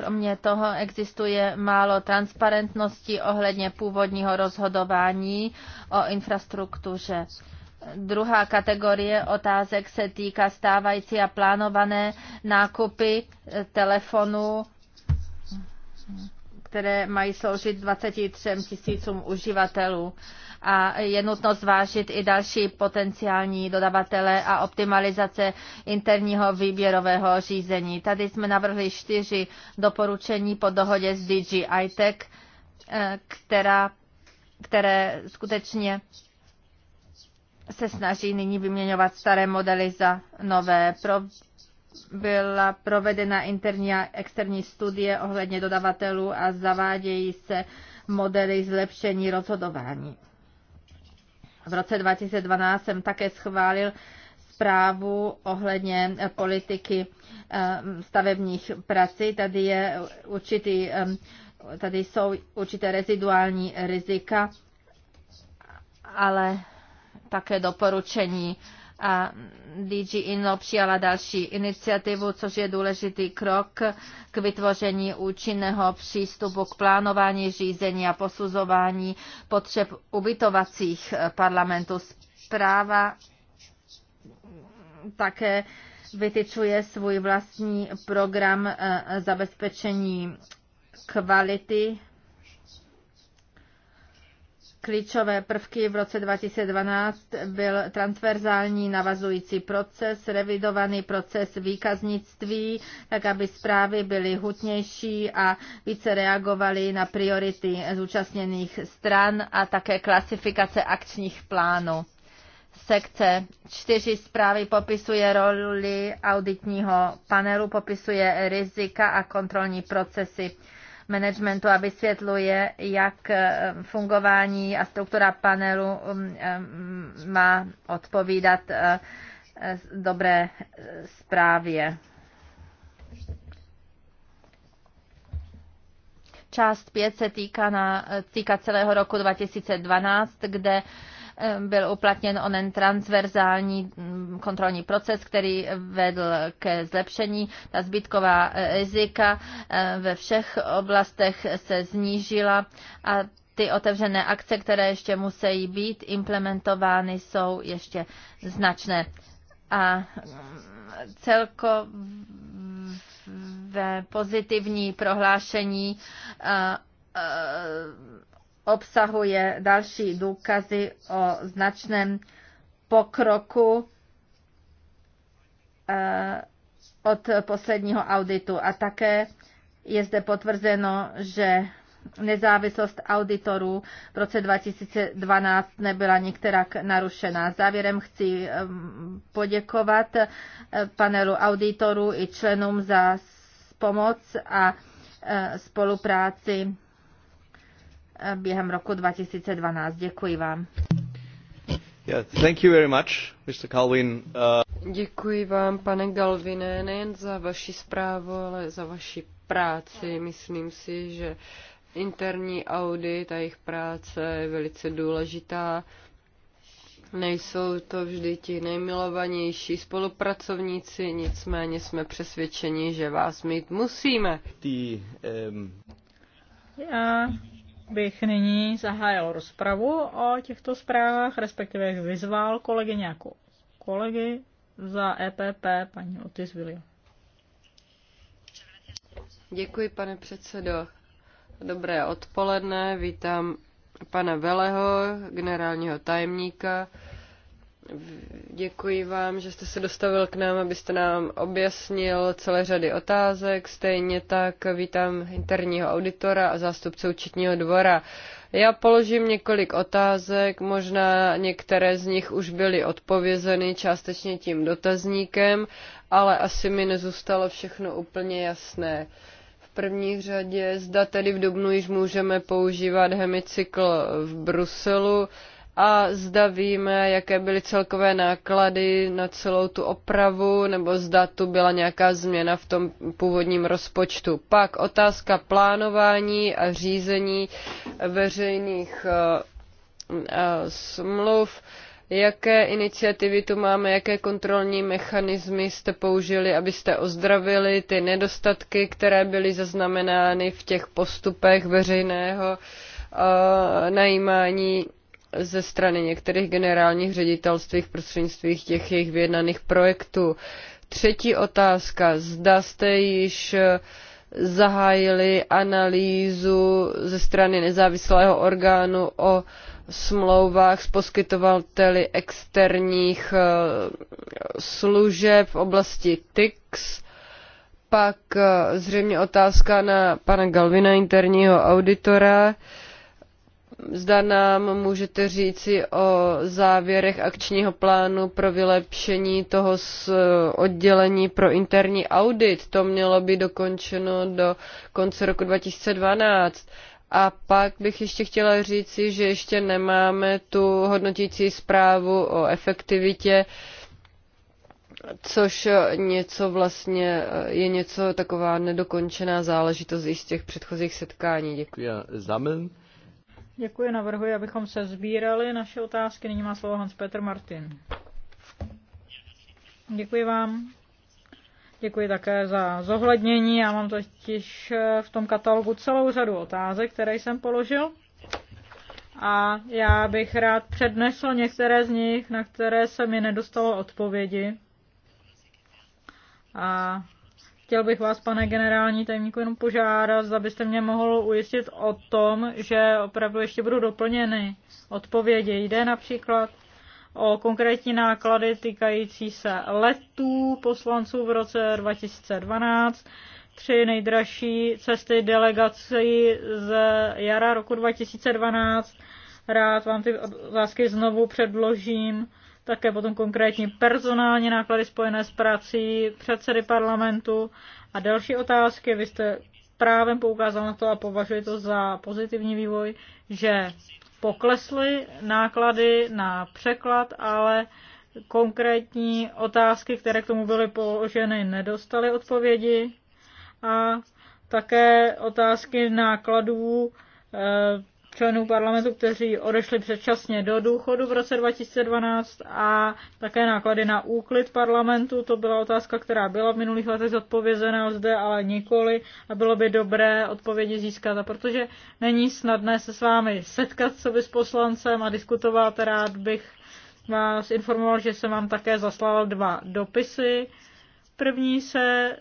Kromě toho existuje málo transparentnosti ohledně původního rozhodování o infrastruktuře. Druhá kategorie otázek se týká stávající a plánované nákupy eh, telefonů, které mají sloužit 23 tisícům uživatelů a je nutno zvážit i další potenciální dodavatele a optimalizace interního výběrového řízení. Tady jsme navrhli čtyři doporučení po dohodě s DG ITEC, eh, která, které skutečně se snaží nyní vyměňovat staré modely za nové. Pro, byla provedena interní a externí studie ohledně dodavatelů a zavádějí se modely zlepšení rozhodování. V roce 2012 jsem také schválil zprávu ohledně politiky ehm, stavebních prací. Tady je určitý, ehm, tady jsou určité reziduální rizika, ale také doporučení a DG Inlo přijala další iniciativu, což je důležitý krok k vytvoření účinného přístupu k plánování, řízení a posuzování potřeb ubytovacích parlamentů. Zpráva také vytyčuje svůj vlastní program eh, zabezpečení kvality klíčové prvky v roce 2012 byl transverzální navazující proces, revidovaný proces výkaznictví, tak aby zprávy byly hutnější a více reagovaly na priority zúčastněných stran a také klasifikace akčních plánů. Sekce 4 zprávy popisuje roli auditního panelu, popisuje rizika a kontrolní procesy managementu a vysvětluje, jak eh, fungování a struktura panelu mm, eh, má odpovídat eh, dobré zprávě. Část 5 se týká, na, týká celého roku 2012, kde byl uplatněn onen transverzální mm, kontrolní proces, který vedl ke zlepšení. Ta zbytková e, rizika e, ve všech oblastech se znížila a ty otevřené akce, které ještě musí být implementovány, jsou ještě značné. A mm, celkové pozitivní prohlášení obsahuje další důkazy o značném pokroku eh, od posledního auditu. A také je zde potvrzeno, že nezávislost auditorů v roce 2012 nebyla některak narušena. Závěrem chci ehm, poděkovat eh, panelu auditorů i členům za pomoc a eh, spolupráci během roku 2012. Děkuji vám. Yeah, thank you very much, Mr. Uh, Děkuji vám, pane Galvine, nejen za vaši zprávu, ale za vaši práci. Myslím si, že interní audit a jejich práce je velice důležitá. Nejsou to vždy ti nejmilovanější spolupracovníci, nicméně jsme přesvědčeni, že vás mít musíme. Ty, um... Já bych nyní zahájil rozpravu o těchto zprávách, respektive vyzval kolegy jako kolegy za EPP, paní Otis William. Děkuji, pane předsedo. Dobré odpoledne, vítám pana Veleho, generálního tajemníka. Děkuji vám, že jste se dostavil k nám, abyste nám objasnil celé řady otázek. Stejně tak vítám interního auditora a zástupce účetního dvora. Já položím několik otázek, možná některé z nich už byly odpovězeny částečně tím dotazníkem, ale asi mi nezůstalo všechno úplně jasné V první řadě, zda tedy v Dubnu již můžeme používat hemicykl v Bruselu, a zda víme, jaké byly celkové náklady na celou tu opravu, nebo zda tu byla nějaká změna v tom původním rozpočtu. Pak otázka plánování a řízení veřejných eh, eh, smluv. Jaké iniciativy tu máme, jaké kontrolní mechanismy jste použili, abyste ozdravili ty nedostatky, které byly zaznamenány v těch postupech veřejného uh, najímání ze strany některých generálních ředitelství v prostřednictvím těch jejich vyjednaných projektů. Třetí otázka. Zda jste již eh, zahájili analýzu ze strany nezávislého orgánu o smlouvách s poskytovateli externích eh, služeb v oblasti TIX. Pak eh, zřejmě otázka na pana Galvina, interního auditora. Uh, zda nám můžete říci o závěrech akčního plánu pro vylepšení toho z eh, oddělení pro interní audit. To mělo být dokončeno do konce roku 2012. A pak bych ještě chtěla říci, že ještě nemáme tu hodnotící zprávu o efektivitě, což něco vlastně eh, je něco taková nedokončená záležitost i z těch předchozích setkání. Děkuji. Zamen. Děkuji, navrhuji, abychom se sbírali naše otázky. Nyní má slovo Hans Petr Martin. Děkuji vám. Děkuji také za zohlednění. Já mám totiž eh, v tom katalogu celou řadu otázek, které jsem položil. A já bych rád přednesl některé z nich, na které se mi nedostalo odpovědi. A Chtěl bych vás, pane generální tajemníku, jenom požádat, abyste mě mohl ujistit o tom, že opravdu ještě budou doplněny odpovědi. Jde například o konkrétní náklady týkající se letů poslanců v roce 2012, tři nejdražší cesty delegací z jara roku 2012. Rád vám ty otázky znovu předložím také potom konkrétní personální náklady spojené s prací předsedy parlamentu a další otázky. Vy jste právě poukázal na to a považuji to za pozitivní vývoj, že poklesly náklady na překlad, ale konkrétní otázky, které k tomu byly položeny, nedostaly odpovědi. A také otázky nákladů eh, členů parlamentu, kteří odešli předčasně do důchodu v roce 2012 a také náklady na úklid parlamentu. To byla otázka, která byla v minulých letech zodpovězená zde, ale nikoli a bylo by dobré odpovědi získat, a protože není snadné se s vámi setkat co s poslancem a diskutovat. Rád bych vás informoval, že jsem vám také zaslal dva dopisy. První se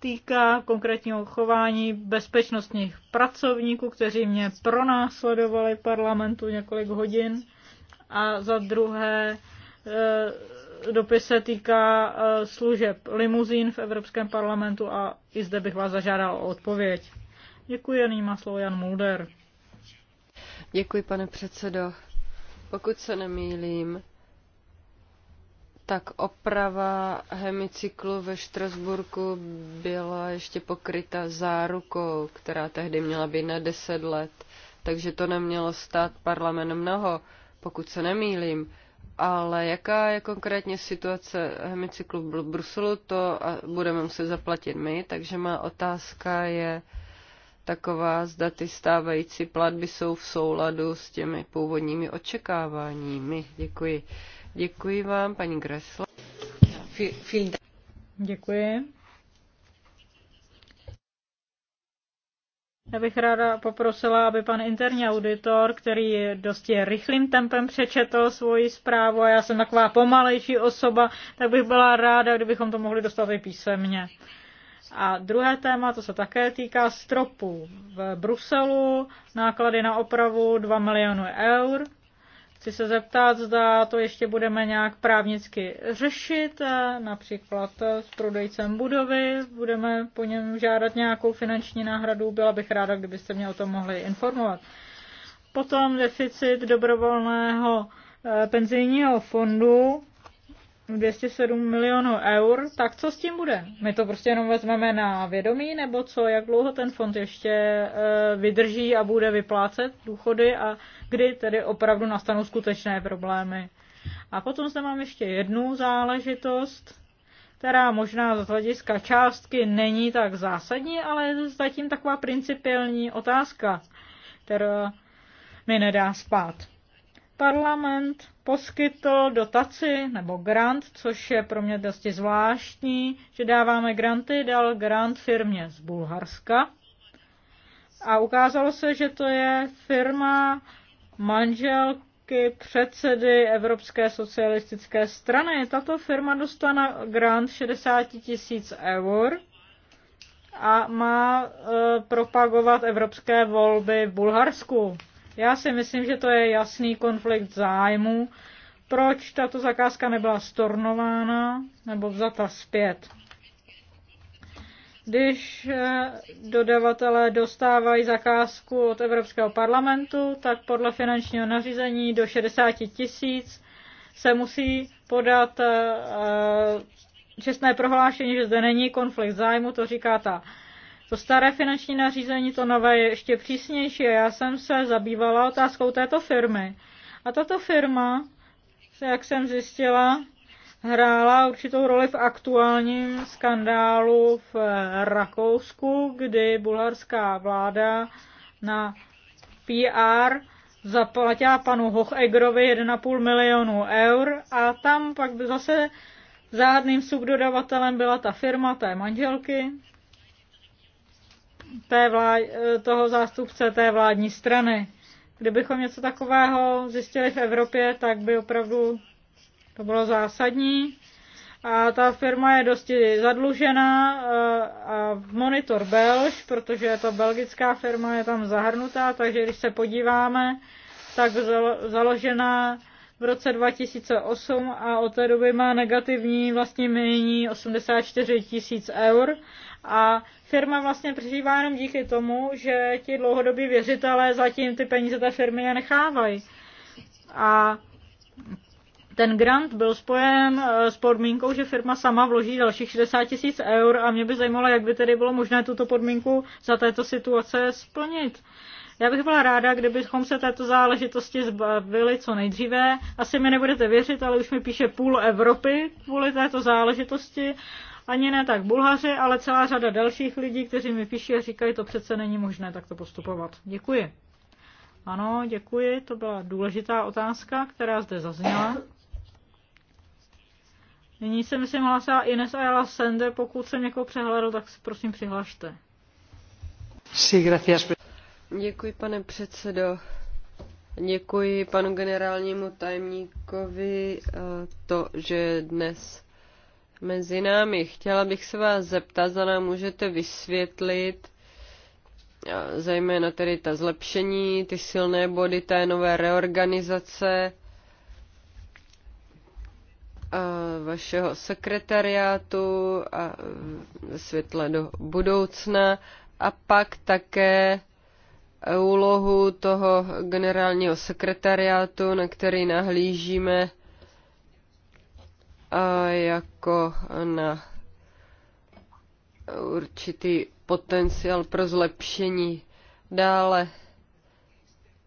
týká konkrétního chování bezpečnostních pracovníků, kteří mě pronásledovali v parlamentu několik hodin. A za druhé eh, dopis se týká eh, služeb limuzín v Evropském parlamentu a i zde bych vás zažádal o odpověď. Děkuji, nyní má slovo Jan Mulder. Děkuji, pane předsedo. Pokud se nemýlím, tak oprava hemicyklu ve Štrasburku byla ještě pokryta zárukou, která tehdy měla být na 10 let, takže to nemělo stát parlament mnoho, pokud se nemýlím. Ale jaká je konkrétně situace hemicyklu v Bruselu, to budeme muset zaplatit my, takže má otázka je taková, zda ty stávající platby jsou v souladu s těmi původními očekáváními. Děkuji. Děkuji vám, paní Gresla. Děkuji. Já bych ráda poprosila, aby pan interní auditor, který dosti rychlým tempem přečetl svoji zprávu a já jsem taková pomalejší osoba, tak bych byla ráda, kdybychom to mohli dostat i písemně. A druhé téma, to se také týká stropu V Bruselu náklady na opravu 2 miliony eur Chci se zeptat, zda to ještě budeme nějak právnicky řešit, například s prodejcem budovy, budeme po něm žádat nějakou finanční náhradu, byla bych ráda, kdybyste mě o tom mohli informovat. Potom deficit dobrovolného eh, penzijního fondu 207 milionů eur, tak co s tím bude? My to prostě jenom vezmeme na vědomí, nebo co, jak dlouho ten fond ještě eh, vydrží a bude vyplácet důchody a kdy tedy opravdu nastanou skutečné problémy. A potom zde mám ještě jednu záležitost, která možná z hlediska částky není tak zásadní, ale je zatím taková principiální otázka, která mi nedá spát. Parlament poskytl dotaci nebo grant, což je pro mě dosti zvláštní, že dáváme granty, dal grant firmě z Bulharska. A ukázalo se, že to je firma manželky předsedy Evropské socialistické strany. Tato firma dostala grant 60 tisíc eur a má e, propagovat evropské volby v Bulharsku. Já si myslím, že to je jasný konflikt zájmu, proč tato zakázka nebyla stornována nebo vzata zpět. Když eh, dodavatelé dostávají zakázku od Evropského parlamentu, tak podle finančního nařízení do 60 tisíc se musí podat eh, eh, čestné prohlášení, že zde není konflikt zájmu, to říká ta to staré finanční nařízení, to nové je ještě přísnější a já jsem se zabývala otázkou této firmy. A tato firma, jak jsem zjistila, hrála určitou roli v aktuálním skandálu v Rakousku, kdy bulharská vláda na PR zaplatila panu Hochegrovi 1,5 milionu eur a tam pak zase záhadným subdodavatelem byla ta firma té manželky, té vlá- toho zástupce té vládní strany. Kdybychom něco takového zjistili v Evropě, tak by opravdu to bylo zásadní. A ta firma je dosti zadlužená eh, a Monitor Belž, protože je to belgická firma, je tam zahrnutá, takže když se podíváme, tak založená v roce 2008 a od té doby má negativní vlastní mění 84 tisíc eur a firma vlastně přežívá jenom díky tomu, že ti dlouhodobí věřitelé zatím ty peníze té firmy je nechávají. A ten grant byl spojen eh, s podmínkou, že firma sama vloží dalších 60 tisíc eur a mě by zajímalo, jak by tedy bylo možné tuto podmínku za této situace splnit. Já bych byla ráda, kdybychom se této záležitosti zbavili co nejdříve. Asi mi nebudete věřit, ale už mi píše půl Evropy kvůli této záležitosti ani ne tak Bulhaři, ale celá řada dalších lidí, kteří mi píší a říkají, to přece není možné takto postupovat. Děkuji. Ano, děkuji, to byla důležitá otázka, která zde zazněla. Nyní se myslím hlásila Ines Jala Sende, pokud jsem někoho přehledl, tak se prosím přihlašte. Děkuji, pane předsedo. Děkuji panu generálnímu tajemníkovi eh, to, že dnes mezi námi. Chtěla bych se vás zeptat, zda nám můžete vysvětlit, zejména tedy ta zlepšení, ty silné body té nové reorganizace a vašeho sekretariátu a světle do budoucna a pak také úlohu toho generálního sekretariátu, na který nahlížíme a jako na určitý potenciál pro zlepšení. Dále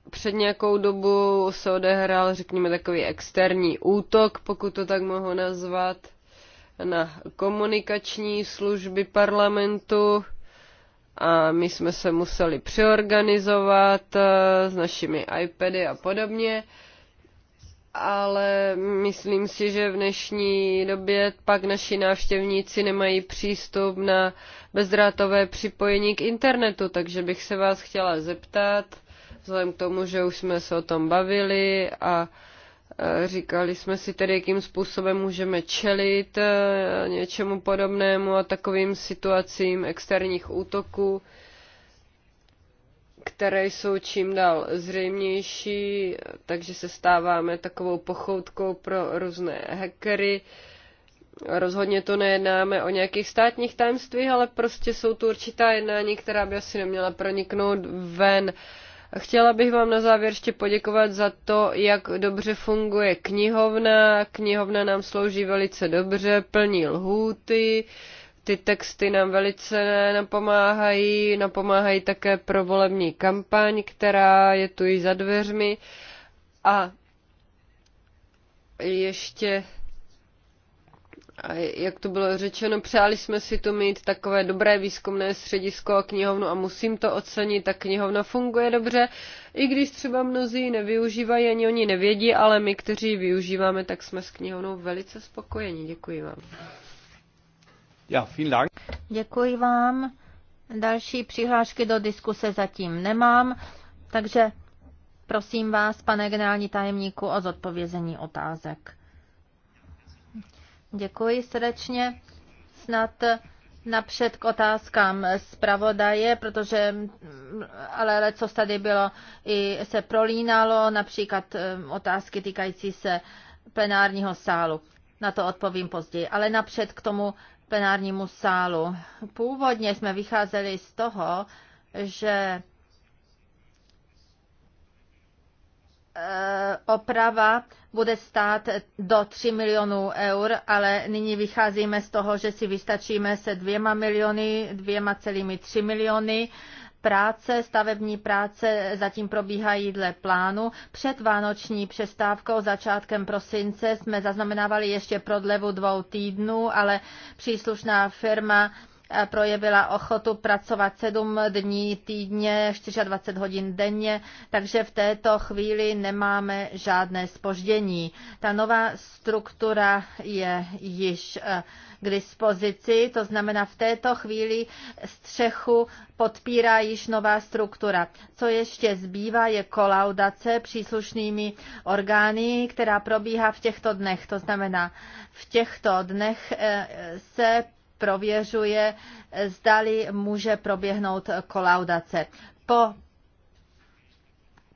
před nějakou dobu se odehrál, řekněme, takový externí útok, pokud to tak mohu nazvat, na komunikační služby parlamentu a my jsme se museli přeorganizovat eh, s našimi iPady a podobně ale myslím si, že v dnešní době pak naši návštěvníci nemají přístup na bezdrátové připojení k internetu, takže bych se vás chtěla zeptat, vzhledem k tomu, že už jsme se o tom bavili a e, říkali jsme si tedy, jakým způsobem můžeme čelit e, něčemu podobnému a takovým situacím externích útoků které jsou čím dál zřejmější, takže se stáváme takovou pochoutkou pro různé hackery. Rozhodně to nejednáme o nějakých státních tajemstvích, ale prostě jsou tu určitá jednání, která by asi neměla proniknout ven. Chtěla bych vám na závěr ještě poděkovat za to, jak dobře funguje knihovna. Knihovna nám slouží velice dobře, plní lhůty. Uh, ty texty nám velice napomáhají, napomáhají také pro volební kampaň, která je tu i za dveřmi. A ještě a jak to bylo řečeno, přáli jsme si tu mít takové dobré výzkumné středisko a knihovnu a musím to ocenit, ta knihovna funguje dobře, i když třeba mnozí nevyužívají, ani oni nevědí, ale my, kteří využíváme, tak jsme s knihovnou velice spokojeni. Děkuji vám. Ja, vielen Dank. Děkuji vám. Další přihlášky do diskuse zatím nemám, takže prosím vás, pane generální tajemníku, o zodpovězení otázek. Děkuji srdečně. Snad napřed k otázkám zpravodaje, protože ale co tady bylo, i se prolínalo, například um, otázky týkající se plenárního sálu. Na to odpovím později. Ale napřed k tomu plenárnímu sálu. Původně jsme vycházeli z toho, že eh, oprava bude stát do 3 milionů eur, ale nyní vycházíme z toho, že si vystačíme se dvěma miliony, dvěma celými 3 miliony práce, stavební práce zatím probíhají dle plánu. Před vánoční přestávkou začátkem prosince jsme zaznamenávali ještě prodlevu dvou týdnů, ale příslušná firma eh, projevila ochotu pracovat 7 dní týdně, 24 hodin denně, takže v této chvíli nemáme žádné spoždění. Ta nová struktura je již eh, k dispozici, to znamená v této chvíli střechu podpírá již nová struktura. Co ještě zbývá, je kolaudace příslušnými orgány, která probíhá v těchto dnech. To znamená, v těchto dnech eh, se prověřuje, zdali může proběhnout kolaudace. Po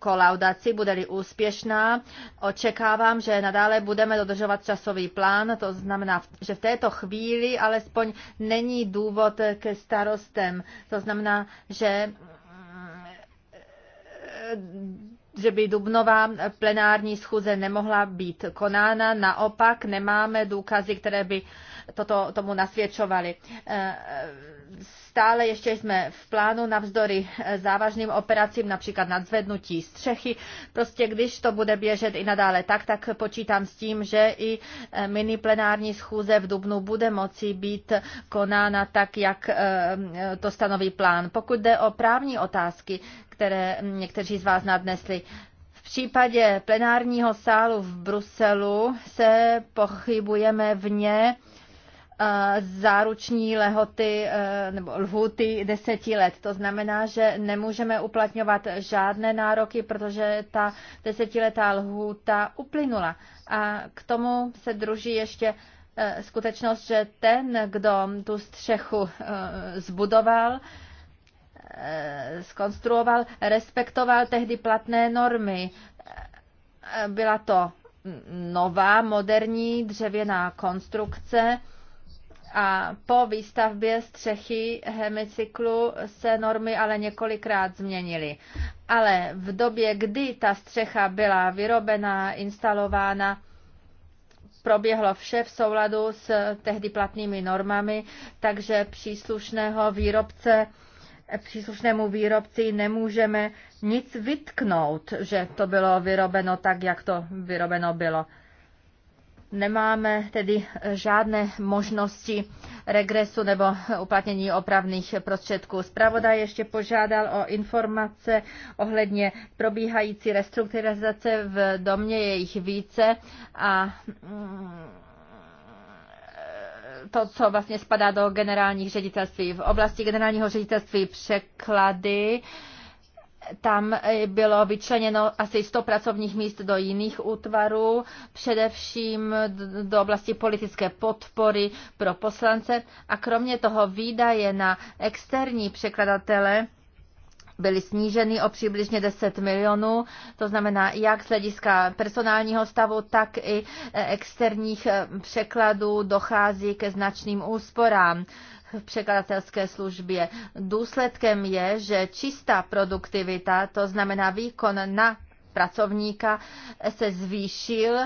kolaudaci, jako bude-li úspěšná, očekávám, že nadále budeme dodržovat časový plán, to znamená, že v této chvíli alespoň není důvod ke starostem. To znamená, že že by dubnová plenární schůze nemohla být konána. Naopak nemáme důkazy, které by toto, tomu nasvědčovaly. Stále ještě jsme v plánu navzdory závažným operacím, například nadzvednutí střechy. Prostě když to bude běžet i nadále tak, tak počítám s tím, že i mini plenární schůze v Dubnu bude moci být konána tak, jak to stanoví plán. Pokud jde o právní otázky, které někteří z vás nadnesli. V případě plenárního sálu v Bruselu se pochybujeme vně eh, záruční lehoty eh, nebo lhuty deseti let. To znamená, že nemůžeme uplatňovat žádné nároky, protože ta desetiletá lhůta uplynula. A k tomu se druží ještě eh, skutečnost, že ten, kdo tu střechu zbudoval, Eh, skonstruoval, respektoval tehdy platné normy. Eh, byla to nová, moderní dřevěná konstrukce a po výstavbě střechy hemicyklu se normy ale několikrát změnily. Ale v době, kdy ta střecha byla vyrobená, instalována, proběhlo vše v souladu s tehdy platnými normami, takže příslušného výrobce příslušnému výrobci nemůžeme nic vytknout, že to bylo vyrobeno tak, jak to vyrobeno bylo. Nemáme tedy žádné možnosti regresu nebo uplatnění opravných prostředků. Zpravodaj ještě požádal o informace ohledně probíhající restrukturalizace v domě, je jich více a mm, to, co vlastně spadá do generálních ředitelství. V oblasti generálního ředitelství překlady tam eh, bylo vyčleněno asi 100 pracovních míst do jiných útvarů, především do oblasti politické podpory pro poslance a kromě toho výdaje na externí překladatele byly sníženy o přibližně 10 milionů, to znamená jak z hlediska personálního stavu, tak i eh, externích eh, překladů dochází ke značným úsporám v překladatelské službě. Důsledkem je, že čistá produktivita, to znamená výkon na pracovníka, se zvýšil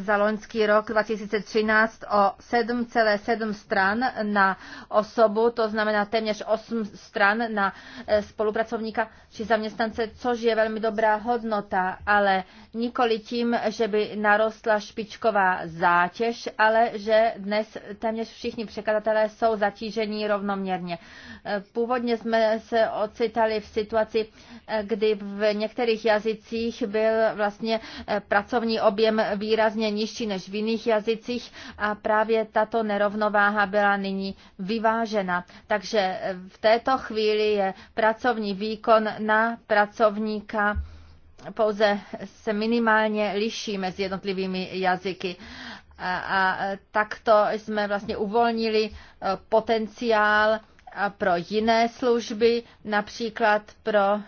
za loňský rok 2013 o 7,7 stran na osobu, to znamená téměř 8 stran na e, spolupracovníka či zaměstnance, což je velmi dobrá hodnota, ale nikoli tím, že by narostla špičková zátěž, ale že dnes téměř všichni překladatelé jsou zatížení rovnoměrně. E, původně jsme se ocitali v situaci, e, kdy v některých jazycích byl vlastně pracovní objem výrazně výrazně nižší než v jiných jazycích a právě tato nerovnováha byla nyní vyvážena. Takže eh, v této chvíli je pracovní výkon na pracovníka pouze se minimálně liší mezi jednotlivými jazyky. A, a eh, takto jsme vlastně uvolnili eh, potenciál pro jiné služby, například pro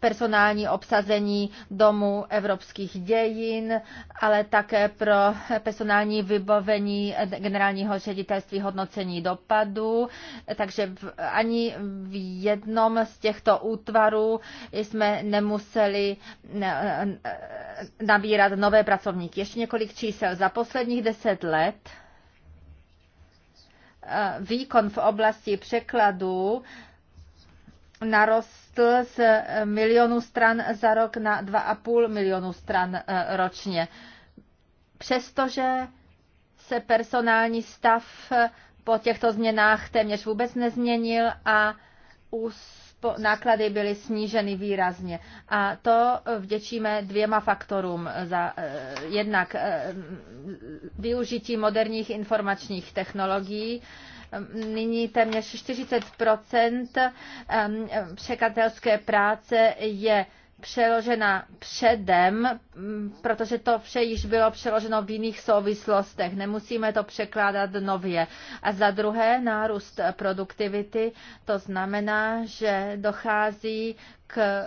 personální obsazení Domu evropských dějin, ale také pro personální vybavení generálního ředitelství hodnocení dopadů. Takže v, ani v jednom z těchto útvarů jsme nemuseli nabírat nové pracovníky. Ještě několik čísel. Za posledních deset let eh, výkon v oblasti překladů narostl z milionu stran za rok na 2,5 milionu stran eh, ročně. Přestože se personální stav eh, po těchto změnách téměř vůbec nezměnil a náklady byly sníženy výrazně. A to eh, vděčíme dvěma faktorům. Za, jednak využití moderních informačních technologií nyní téměř 40 překatelské práce je přeložena předem, protože to vše již bylo přeloženo v jiných souvislostech. Nemusíme to překládat nově. A za druhé, nárůst produktivity, to znamená, že dochází k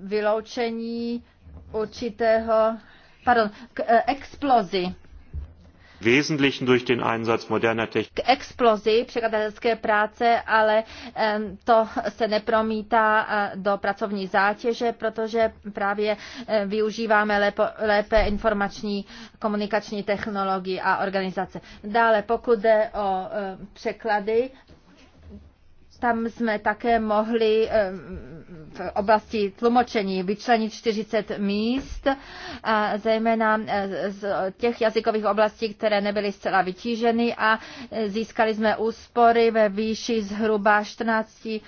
vyloučení určitého, pardon, k e, explozi Wesentlichen durch den Einsatz moderner Technik. K explozi překladatelské práce, ale to se nepromítá eh, do pracovní zátěže, protože právě eh, využíváme lépe, lépe informační komunikační technologii a organizace. Dále, pokud jde o eh, překlady, tam jsme také mohli v oblasti tlumočení vyčlenit 40 míst, a zejména e, z těch jazykových oblastí, které nebyly zcela vytíženy a získali jsme úspory ve výši zhruba 14-15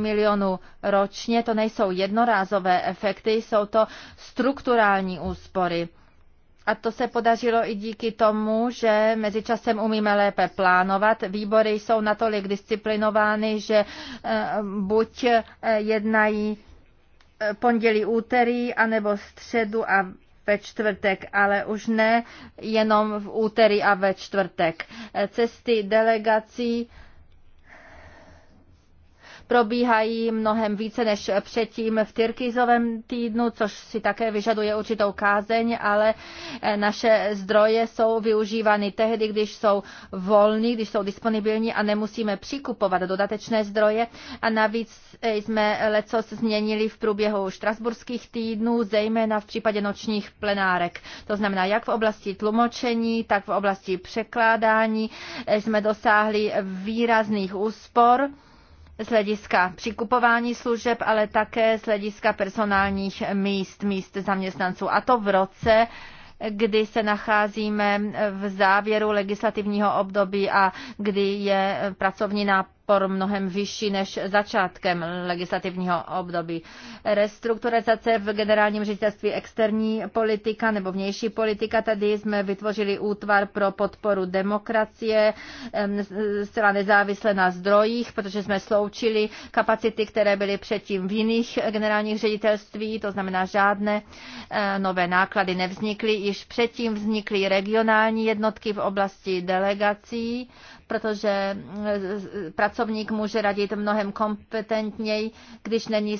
milionů ročně. To nejsou jednorázové efekty, jsou to strukturální úspory. A to se podařilo i díky tomu, že mezi časem umíme lépe plánovat. Výbory jsou natolik disciplinovány, že eh, buď eh, jednají eh, pondělí, úterý, anebo středu a ve čtvrtek, ale už ne jenom v úterý a ve čtvrtek. Cesty delegací probíhají mnohem více než předtím v Tyrkizovém týdnu, což si také vyžaduje určitou kázeň, ale eh, naše zdroje jsou využívány tehdy, když jsou volní, když jsou disponibilní a nemusíme přikupovat dodatečné zdroje. A navíc eh, jsme lecos změnili v průběhu štrasburských týdnů, zejména v případě nočních plenárek. To znamená, jak v oblasti tlumočení, tak v oblasti překládání eh, jsme dosáhli výrazných úspor z hlediska přikupování služeb, ale také z hlediska personálních míst, míst zaměstnanců. A to v roce, kdy se nacházíme v závěru legislativního období a kdy je pracovní odpor mnohem vyšší než začátkem legislativního období. Restrukturizace v generálním ředitelství externí politika nebo vnější politika. Tady jsme vytvořili útvar pro podporu demokracie, zcela nezávisle na zdrojích, protože jsme sloučili kapacity, které byly předtím v jiných generálních ředitelství, to znamená žádné eh, nové náklady nevznikly. Již předtím vznikly regionální jednotky v oblasti delegací, protože eh, pracovník může radit mnohem kompetentněji, když není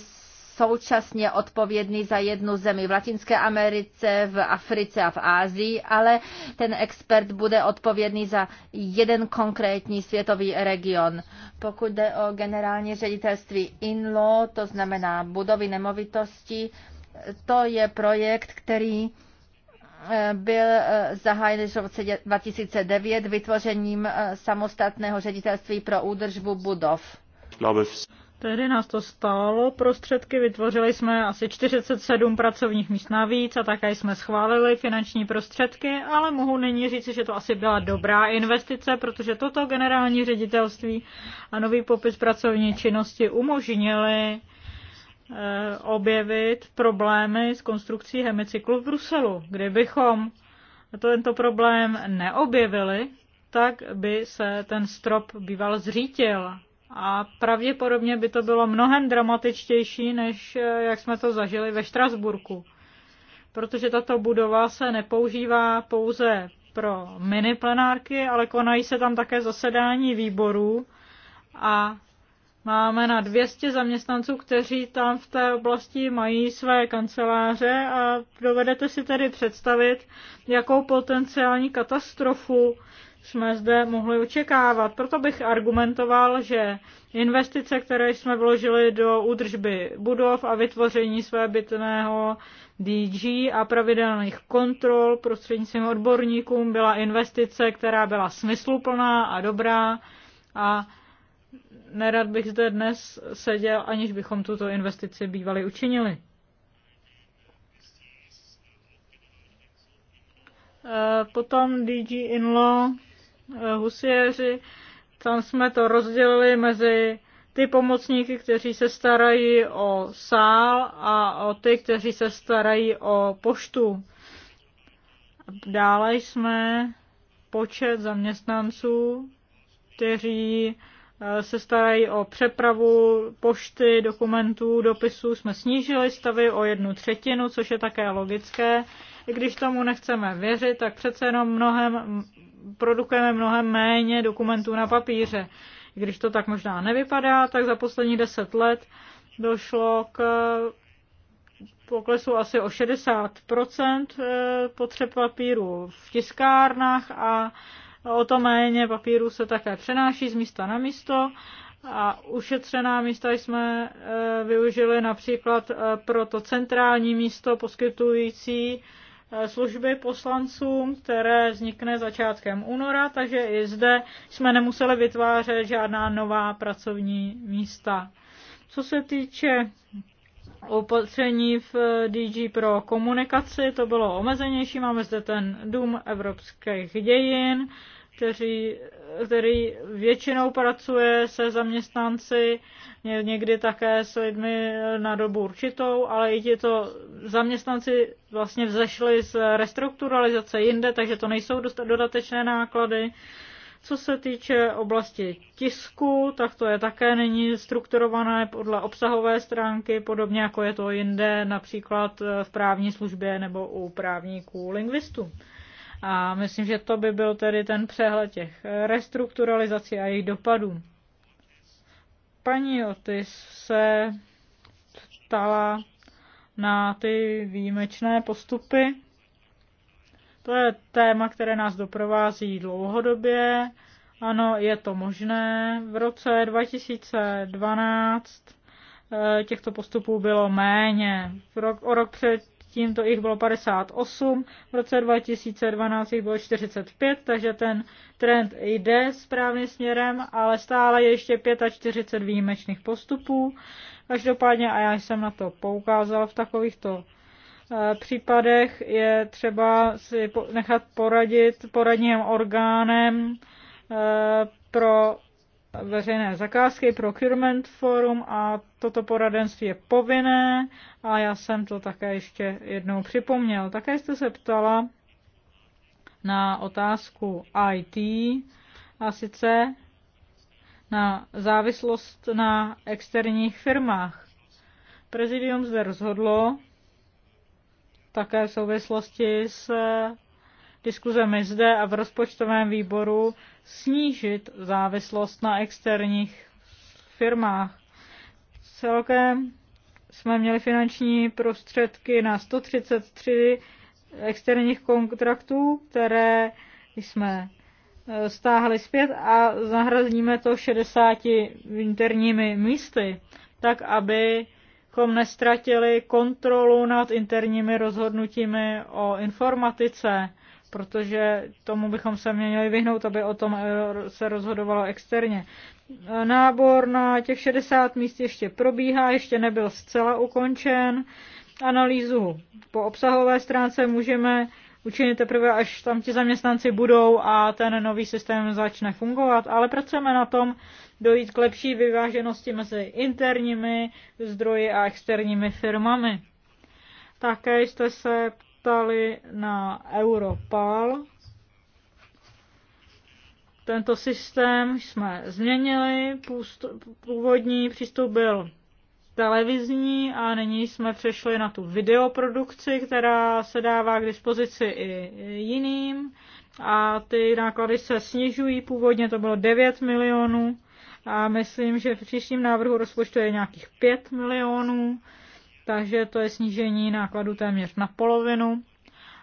současně odpovědný za jednu zemi v Latinské Americe, v Africe a v Ázii, ale ten expert bude odpovědný za jeden konkrétní světový region. Pokud jde o generální ředitelství INLO, to znamená budovy nemovitosti, to je projekt, který byl eh, zahájen již v roce 2009 vytvořením eh, samostatného ředitelství pro údržbu budov. No, Tehdy nás to stálo prostředky, vytvořili jsme asi 47 pracovních míst navíc a také jsme schválili finanční prostředky, ale mohu nyní říci, že to asi byla dobrá investice, protože toto generální ředitelství a nový popis pracovní činnosti umožnili Eh, objevit problémy s konstrukcí hemicyklu v Bruselu. Kdybychom tento problém neobjevili, tak by se ten strop býval zřítil. A pravděpodobně by to bylo mnohem dramatičtější, než eh, jak jsme to zažili ve Štrasburku. Protože tato budova se nepoužívá pouze pro mini plenárky, ale konají se tam také zasedání výborů a Máme na 200 zaměstnanců, kteří tam v té oblasti mají své kanceláře a dovedete si tedy představit, jakou potenciální katastrofu jsme zde mohli očekávat. Proto bych argumentoval, že investice, které jsme vložili do údržby budov a vytvoření své bytného DG a pravidelných kontrol prostřednictvím odborníkům, byla investice, která byla smysluplná a dobrá a nerad bych zde dnes seděl, aniž bychom tuto investici bývali učinili. Eh, potom DG Inlo, eh, husieři, tam jsme to rozdělili mezi ty pomocníky, kteří se starají o sál a o ty, kteří se starají o poštu. Dále jsme počet zaměstnanců, kteří Eh, se starají o přepravu pošty, dokumentů, dopisů. Jsme snížili stavy o jednu třetinu, což je také logické. I když tomu nechceme věřit, tak přece jenom mnohem, produkujeme mnohem méně dokumentů na papíře. I když to tak možná nevypadá, tak za poslední deset let došlo k eh, poklesu asi o 60 eh, potřeb papíru v tiskárnách a o to méně papíru se také přenáší z místa na místo a ušetřená místa jsme e, využili například e, pro to centrální místo poskytující e, služby poslancům, které vznikne začátkem února, takže i zde jsme nemuseli vytvářet žádná nová pracovní místa. Co se týče opatření v eh, DG pro komunikaci, to bylo omezenější. Máme zde ten Dům evropských dějin, který který většinou pracuje se zaměstnanci, někdy také s lidmi eh, na dobu určitou, ale i tito zaměstnanci vlastně vzešli z restrukturalizace jinde, takže to nejsou dodatečné náklady. Co se týče oblasti tisku, tak to je také není strukturované podle obsahové stránky, podobně jako je to jinde, například eh, v právní službě nebo u právníků lingvistů. A myslím, že to by byl tedy ten přehled těch restrukturalizací a jejich dopadů. Paní Otis se ptala na ty výjimečné postupy to je téma, které nás doprovází dlouhodobě. Ano, je to možné. V roce 2012 eh, těchto postupů bylo méně. Rok, o rok předtím to jich bylo 58, v roce 2012 jich bylo 45, takže ten trend jde správným směrem, ale stále je ještě 45 výjimečných postupů. Každopádně, a já jsem na to poukázal v takovýchto Eh, případech je třeba si nechat poradit poradním orgánem eh, pro veřejné zakázky, procurement forum a toto poradenství je povinné a já jsem to také ještě jednou připomněl. Také jste se ptala na otázku IT a sice na závislost na externích firmách. Prezidium zde rozhodlo, také v souvislosti s eh, diskuzemi zde a v rozpočtovém výboru snížit závislost na externích firmách. Celkem jsme měli finanční prostředky na 133 externích kontraktů, které jsme eh, stáhli zpět a zahradíme to 60 interními místy, tak aby abychom nestratili kontrolu nad interními rozhodnutími o informatice, protože tomu bychom se měli vyhnout, aby o tom eh, se rozhodovalo externě. Nábor na těch 60 míst ještě probíhá, ještě nebyl zcela ukončen. Analýzu po obsahové stránce můžeme učinit teprve, až tam ti zaměstnanci budou a ten nový systém začne fungovat, ale pracujeme na tom dojít k lepší vyváženosti mezi interními zdroji a externími firmami. Také jste se ptali na Europal. Tento systém jsme změnili, původní přístup byl televizní a nyní jsme přešli na tu videoprodukci, která se dává k dispozici i jiným a ty náklady se snižují. Původně to bylo 9 milionů a myslím, že v příštím návrhu rozpočtu je nějakých 5 milionů, takže to je snížení nákladu téměř na polovinu.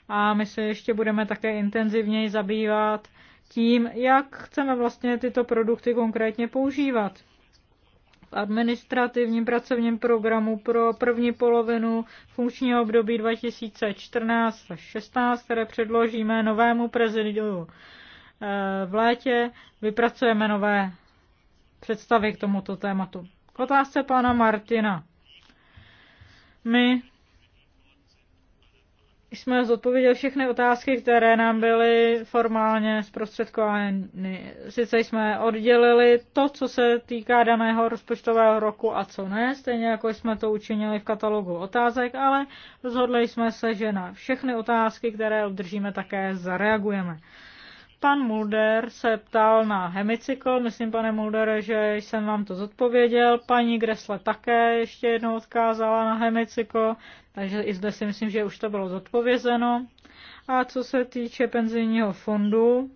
A my se ještě budeme také intenzivněji zabývat tím, jak chceme vlastně tyto produkty konkrétně používat administrativním pracovním programu pro první polovinu funkčního období 2014 až 16, které předložíme novému prezidiu eh, v létě. Vypracujeme nové představy k tomuto tématu. K otázce pana Martina. My jsme zodpověděli všechny otázky, které nám byly formálně zprostředkovány. Sice jsme oddělili to, co se týká daného rozpočtového roku a co ne, stejně jako jsme to učinili v katalogu otázek, ale rozhodli jsme se, že na všechny otázky, které obdržíme, také zareagujeme. Pan Mulder se ptal na hemicykl, myslím, pane Muldere, že jsem vám to zodpověděl. Paní Gresle také ještě jednou odkázala na hemicykl, takže i zde si myslím, že už to bylo zodpovězeno. A co se týče penzijního fondu,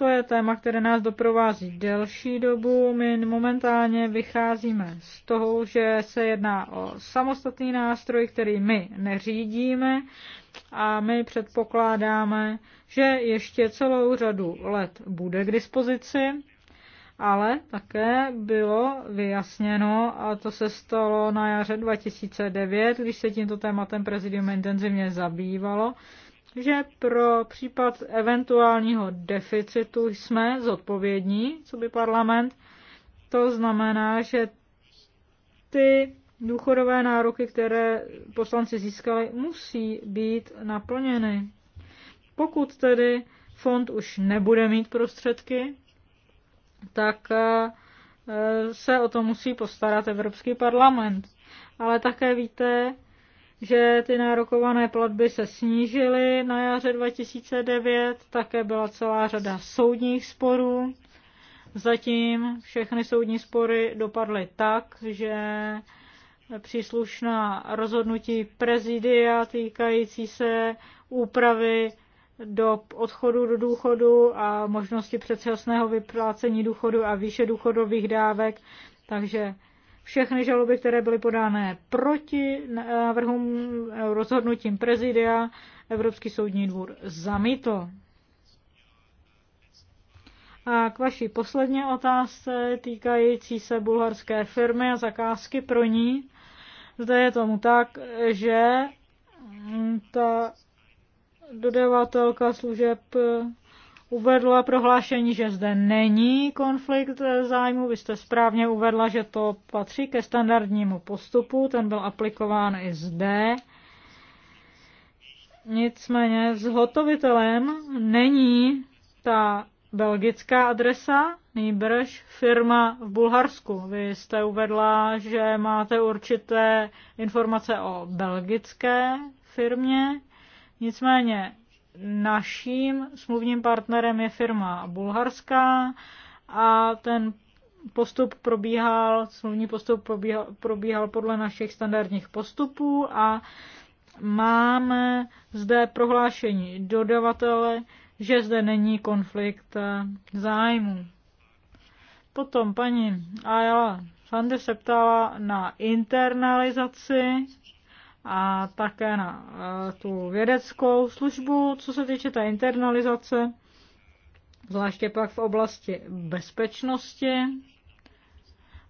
to je téma, které nás doprovází delší dobu. My momentálně vycházíme z toho, že se jedná o samostatný nástroj, který my neřídíme a my předpokládáme, že ještě celou řadu let bude k dispozici, ale také bylo vyjasněno, a to se stalo na jaře 2009, když se tímto tématem prezidium intenzivně zabývalo, že pro případ eventuálního deficitu jsme zodpovědní, co by parlament. To znamená, že ty důchodové nároky, které poslanci získali, musí být naplněny. Pokud tedy fond už nebude mít prostředky, tak eh, se o to musí postarat Evropský parlament. Ale také víte, že ty nárokované platby se snížily na jaře 2009, také byla celá řada soudních sporů. Zatím všechny soudní spory dopadly tak, že příslušná rozhodnutí prezidia týkající se úpravy do odchodu do důchodu a možnosti předčasného vyplácení důchodu a výše důchodových dávek. Takže všechny žaloby, které byly podány proti návrhům rozhodnutím prezidia, Evropský soudní dvůr zamítl. A k vaší poslední otázce týkající se bulharské firmy a zakázky pro ní. Zde je tomu tak, že ta dodavatelka služeb uvedla prohlášení, že zde není konflikt eh, zájmu. Vy jste správně uvedla, že to patří ke standardnímu postupu, ten byl aplikován i zde. Nicméně zhotovitelem není ta belgická adresa, nýbrž firma v Bulharsku. Vy jste uvedla, že máte určité informace o belgické firmě, nicméně naším smluvním partnerem je firma bulharská a ten postup probíhal, smluvní postup probíhal, probíhal podle našich standardních postupů a máme zde prohlášení dodavatele, že zde není konflikt zájmu. Potom paní Ayala Sande se ptala na internalizaci a také na eh, tu vědeckou službu, co se týče té internalizace, zvláště pak v oblasti bezpečnosti.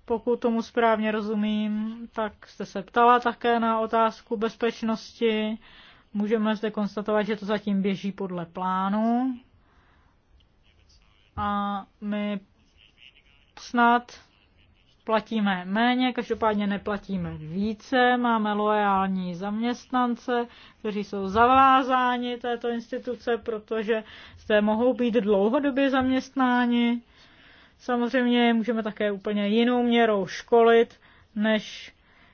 Pokud tomu správně rozumím, tak jste se ptala také na otázku bezpečnosti. Můžeme zde konstatovat, že to zatím běží podle plánu. A my snad platíme méně, každopádně neplatíme více, máme loajální zaměstnance, kteří jsou zavázáni této instituce, protože zde mohou být dlouhodobě zaměstnáni. Samozřejmě můžeme také úplně jinou měrou školit, než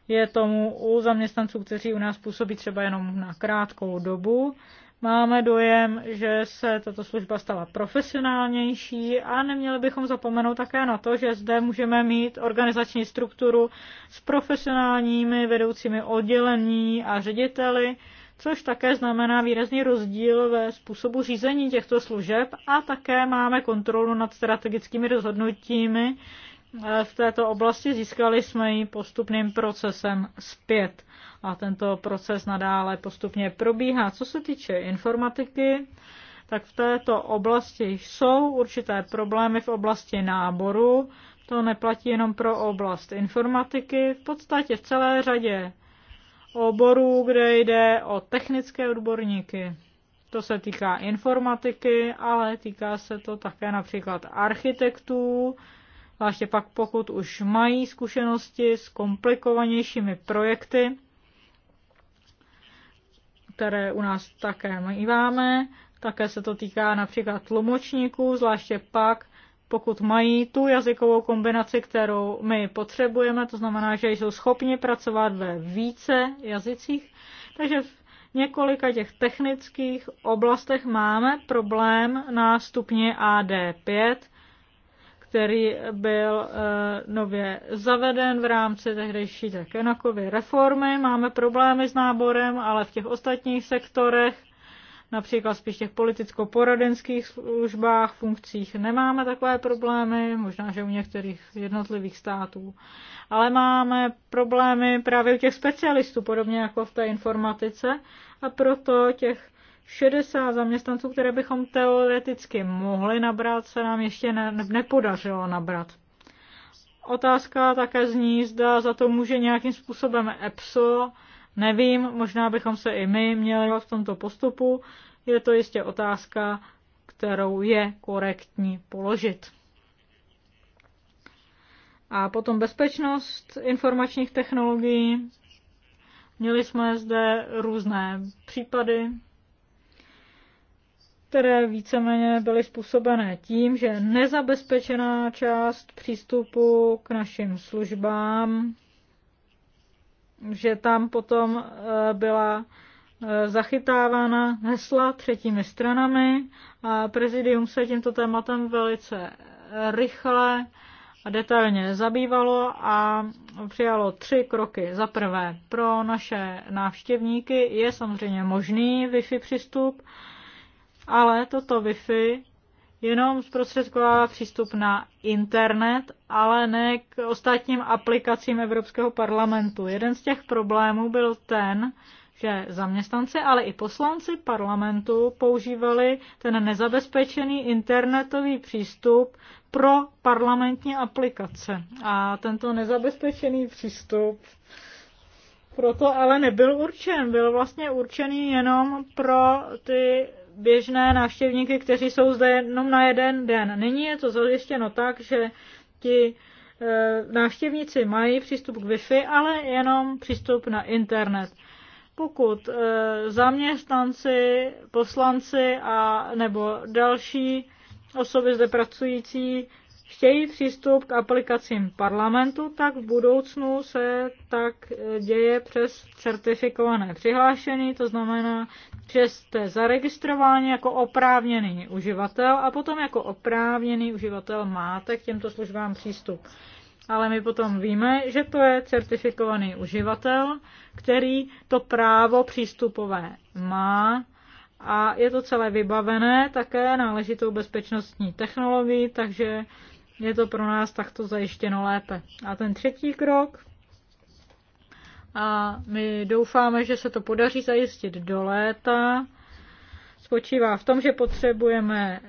je tomu u zaměstnanců, kteří u nás působí třeba jenom na krátkou dobu. Máme dojem, že se tato služba stala profesionálnější a neměli bychom zapomenout také na to, že zde můžeme mít organizační strukturu s profesionálními vedoucími oddělení a řediteli, což také znamená výrazný rozdíl ve způsobu řízení těchto služeb a také máme kontrolu nad strategickými rozhodnutími, v této oblasti, získali jsme ji postupným procesem zpět. A tento proces nadále postupně probíhá. Co se týče informatiky, tak v této oblasti jsou určité problémy v oblasti náboru. To neplatí jenom pro oblast informatiky. V podstatě v celé řadě oborů, kde jde o technické odborníky. To se týká informatiky, ale týká se to také například architektů, zvláště pak pokud už mají zkušenosti s komplikovanějšími projekty, které u nás také máme. Také se to týká například tlumočníků, zvláště pak, pokud mají tu jazykovou kombinaci, kterou my potřebujeme, to znamená, že jsou schopni pracovat ve více jazycích. Takže v několika těch technických oblastech máme problém na stupni AD5, který byl eh, nově zaveden v rámci tehdejší Kenakovy reformy. Máme problémy s náborem, ale v těch ostatních sektorech, například spíš těch politicko-poradenských službách, funkcích nemáme takové problémy, možná, že u některých jednotlivých států. Ale máme problémy právě u těch specialistů, podobně jako v té informatice, a proto těch 60 zaměstnanců, které bychom teoreticky mohli nabrat, se nám ještě ne, nepodařilo nabrat. Otázka také zní, zda za to může nějakým způsobem EPSO. Nevím, možná bychom se i my měli v tomto postupu. Je to jistě otázka, kterou je korektní položit. A potom bezpečnost informačních technologií. Měli jsme zde různé případy, které víceméně byly způsobené tím, že nezabezpečená část přístupu k našim službám, že tam potom eh, byla eh, zachytávána hesla třetími stranami a prezidium se tímto tématem velice eh, rychle a detailně zabývalo a přijalo tři kroky. Za prvé, pro naše návštěvníky je samozřejmě možný Wi-Fi přístup, ale toto Wi-Fi jenom zprostředkovává přístup na internet, ale ne k ostatním aplikacím Evropského parlamentu. Jeden z těch problémů byl ten, že zaměstnanci, ale i poslanci parlamentu používali ten nezabezpečený internetový přístup pro parlamentní aplikace. A tento nezabezpečený přístup proto ale nebyl určen, byl vlastně určený jenom pro ty běžné návštěvníky, kteří jsou zde jenom na jeden den. Nyní je to zajištěno tak, že ti e, návštěvníci mají přístup k Wi-Fi, ale jenom přístup na internet. Pokud e, zaměstnanci, poslanci a nebo další osoby zde pracující chtějí přístup k aplikacím parlamentu, tak v budoucnu se tak eh, děje přes certifikované přihlášení, to znamená, že jste zaregistrováni jako oprávněný uživatel a potom jako oprávněný uživatel máte k těmto službám přístup. Ale my potom víme, že to je certifikovaný uživatel, který to právo přístupové má a je to celé vybavené také náležitou bezpečnostní technologií, takže je to pro nás takto zajištěno lépe. A ten třetí krok, a my doufáme, že se to podaří zajistit do léta, spočívá v tom, že potřebujeme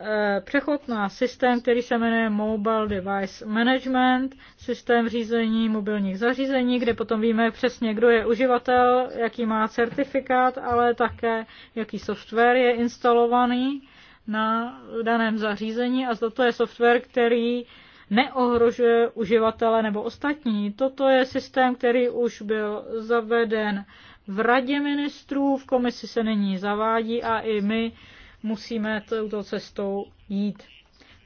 e, přechod na systém, který se jmenuje Mobile Device Management, systém řízení mobilních zařízení, kde potom víme přesně, kdo je uživatel, jaký má certifikát, ale také jaký software je instalovaný na daném zařízení a toto je software, který neohrožuje uživatele nebo ostatní. Toto je systém, který už byl zaveden v radě ministrů, v komisi se nyní zavádí a i my musíme touto cestou jít.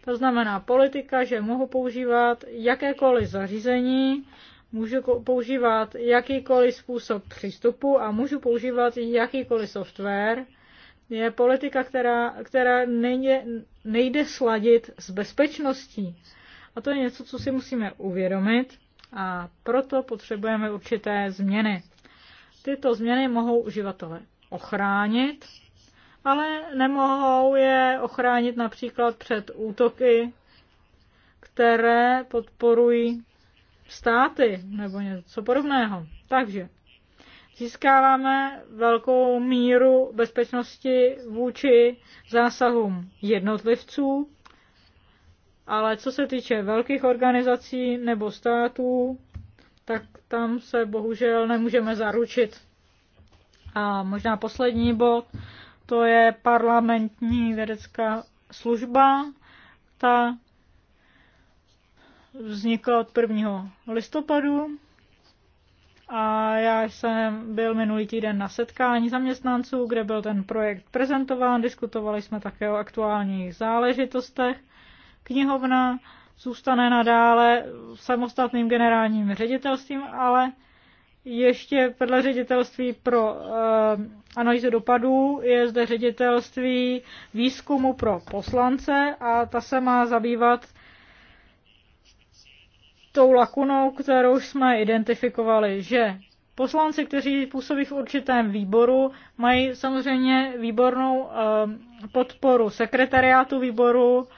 To znamená politika, že mohu používat jakékoliv zařízení, můžu používat jakýkoliv způsob přístupu a můžu používat jakýkoliv software, je politika, která, která nejde, nejde sladit s bezpečností. A to je něco, co si musíme uvědomit a proto potřebujeme určité změny. Tyto změny mohou uživatele ochránit, ale nemohou je ochránit například před útoky, které podporují státy nebo něco podobného. Takže získáváme velkou míru bezpečnosti vůči zásahům jednotlivců, ale co se týče velkých organizací nebo států, tak tam se bohužel nemůžeme zaručit. A možná poslední bod, to je parlamentní vědecká služba. Ta vznikla od 1. listopadu a já jsem byl minulý týden na setkání zaměstnanců, kde byl ten projekt prezentován, diskutovali jsme také o aktuálních záležitostech. Knihovna zůstane nadále samostatným generálním ředitelstvím, ale ještě vedle ředitelství pro uh, analýzu dopadů je zde ředitelství výzkumu pro poslance a ta se má zabývat tou lakunou, kterou jsme identifikovali, že poslanci, kteří působí v určitém výboru, mají samozřejmě výbornou eh, podporu sekretariátu výboru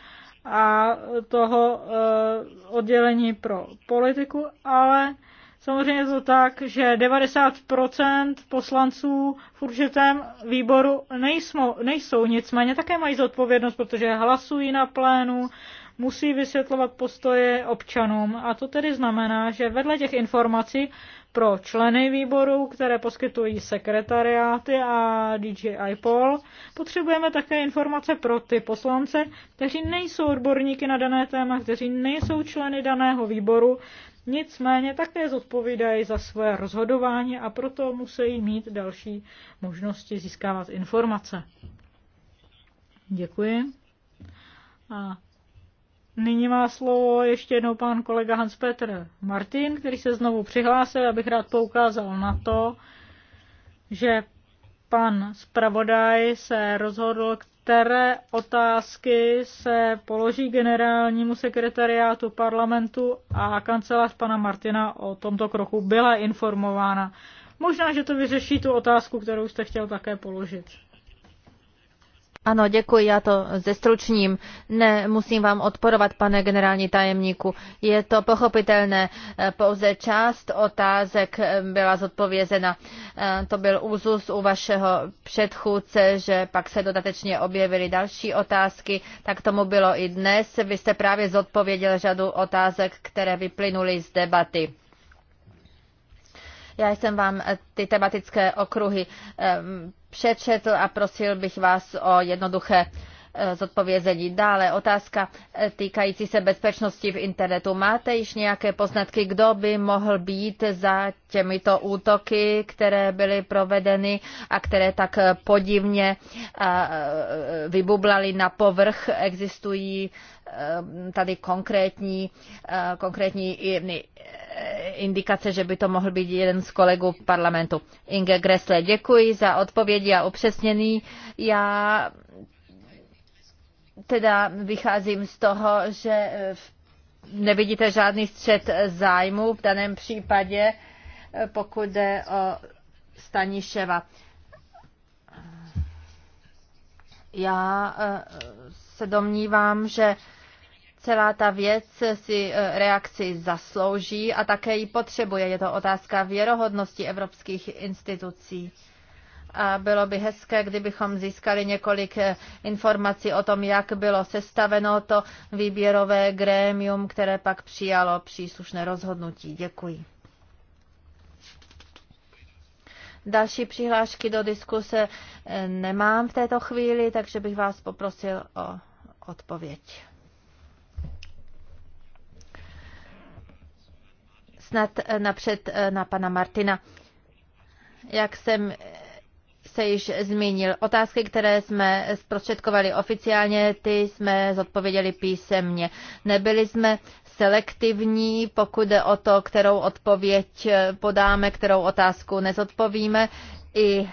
a toho eh, oddělení pro politiku, ale samozřejmě je to tak, že 90% poslanců v určitém výboru nejsou, nejsou, nicméně také mají zodpovědnost, protože hlasují na plénu, musí vysvětlovat postoje občanům. A to tedy znamená, že vedle těch informací pro členy výboru, které poskytují sekretariáty a DJI Pol, potřebujeme také informace pro ty poslance, kteří nejsou odborníky na dané téma, kteří nejsou členy daného výboru, nicméně také zodpovídají za své rozhodování a proto musí mít další možnosti získávat informace. Děkuji. A Nyní má slovo ještě jednou pan kolega Hans-Petr Martin, který se znovu přihlásil, abych rád poukázal na to, že pan zpravodaj se rozhodl, které otázky se položí generálnímu sekretariátu parlamentu a kancelář pana Martina o tomto kroku byla informována. Možná, že to vyřeší tu otázku, kterou jste chtěl také položit. Ano, děkuji, já to zestručním. Ne, musím vám odporovat, pane generální tajemníku. Je to pochopitelné, pouze část otázek byla zodpovězena. To byl úzus u vašeho předchůdce, že pak se dodatečně objevily další otázky, tak tomu bylo i dnes. Vy jste právě zodpověděl řadu otázek, které vyplynuly z debaty. Já jsem vám eh, ty tematické okruhy eh, přečetl a prosil bych vás o jednoduché eh, zodpovězení. Dále otázka týkající se bezpečnosti v internetu. Máte již nějaké poznatky, kdo by mohl být za těmito útoky, které byly provedeny a které tak podivně vybublaly na povrch? Existují Eh, tady konkrétní, eh, konkrétní eh, indikace, že by to mohl být jeden z kolegů parlamentu. Inge Gressle, děkuji za odpovědi a upřesnění. Já teda vycházím z toho, že nevidíte žádný střed zájmu v daném případě, pokud jde o Staniševa. Já se domnívám, že celá ta věc si eh, reakci zaslouží a také ji potřebuje. Je to otázka věrohodnosti evropských institucí. A bylo by hezké, kdybychom získali několik eh, informací o tom, jak bylo sestaveno to výběrové grémium, které pak přijalo příslušné rozhodnutí. Děkuji. Další přihlášky do diskuse eh, nemám v této chvíli, takže bych vás poprosil o odpověď. snad eh, napřed eh, na pana Martina. Jak jsem eh, se již zmínil. Otázky, které jsme zprostředkovali oficiálně, ty jsme zodpověděli písemně. Nebyli jsme selektivní, pokud jde o to, kterou odpověď podáme, kterou otázku nezodpovíme. I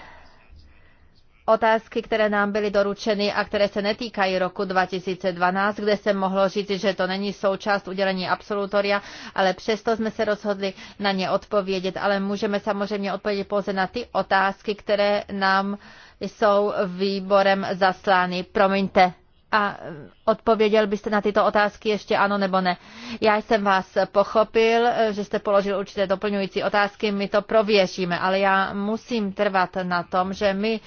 otázky, které nám byly doručeny a které se netýkají roku 2012, kde se mohlo říct, že to není součást udělení absolutoria, ale přesto jsme se rozhodli na ně odpovědět. Ale můžeme samozřejmě odpovědět pouze na ty otázky, které nám jsou výborem zaslány. Promiňte, a odpověděl byste na tyto otázky ještě ano nebo ne. Já jsem vás pochopil, že jste položil určité doplňující otázky, my to prověříme, ale já musím trvat na tom, že my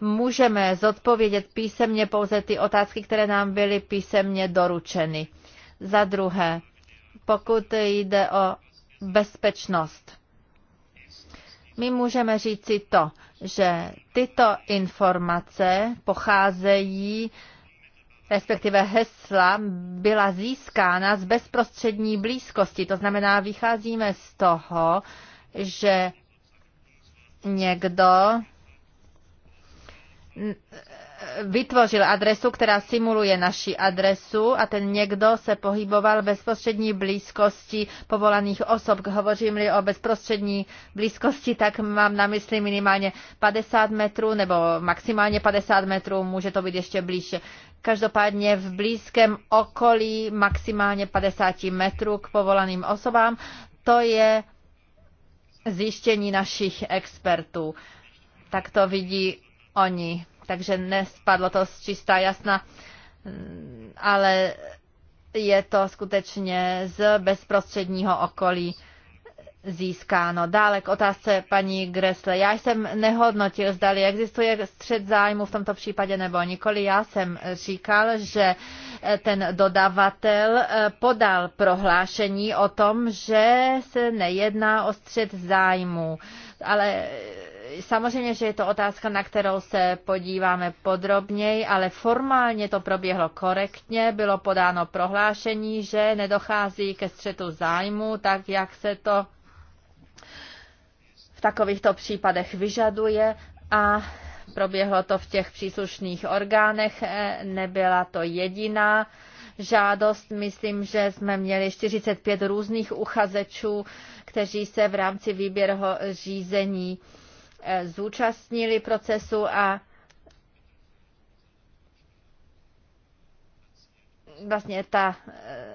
můžeme zodpovědět písemně pouze ty otázky, které nám byly písemně doručeny. Za druhé, pokud jde o bezpečnost, my můžeme říci to, že tyto informace pocházejí respektive hesla byla získána z bezprostřední blízkosti. To znamená, vycházíme z toho, že někdo vytvořil adresu, která simuluje naši adresu a ten někdo se pohyboval v bezprostřední blízkosti povolaných osob. Hovořím-li o bezprostřední blízkosti, tak mám na mysli minimálně 50 metrů nebo maximálně 50 metrů, může to být ještě blíže. Každopádně v blízkém okolí maximálně 50 metrů k povolaným osobám, to je zjištění našich expertů. Tak to vidí oni. Takže nespadlo to z čistá jasna, ale je to skutečně z bezprostředního okolí získáno. Dále k otázce paní Gresle. Já jsem nehodnotil, zdali existuje střed zájmu v tomto případě nebo nikoli. Já jsem říkal, že ten dodavatel eh, podal prohlášení o tom, že se nejedná o střed zájmu. Ale eh, Samozřejmě, že je to otázka, na kterou se podíváme podrobněji, ale formálně to proběhlo korektně. Bylo podáno prohlášení, že nedochází ke střetu zájmu, tak jak se to v takovýchto případech vyžaduje a proběhlo to v těch příslušných orgánech. Nebyla to jediná žádost. Myslím, že jsme měli 45 různých uchazečů, kteří se v rámci výběrho řízení zúčastnili procesu a vlastně ta, eh,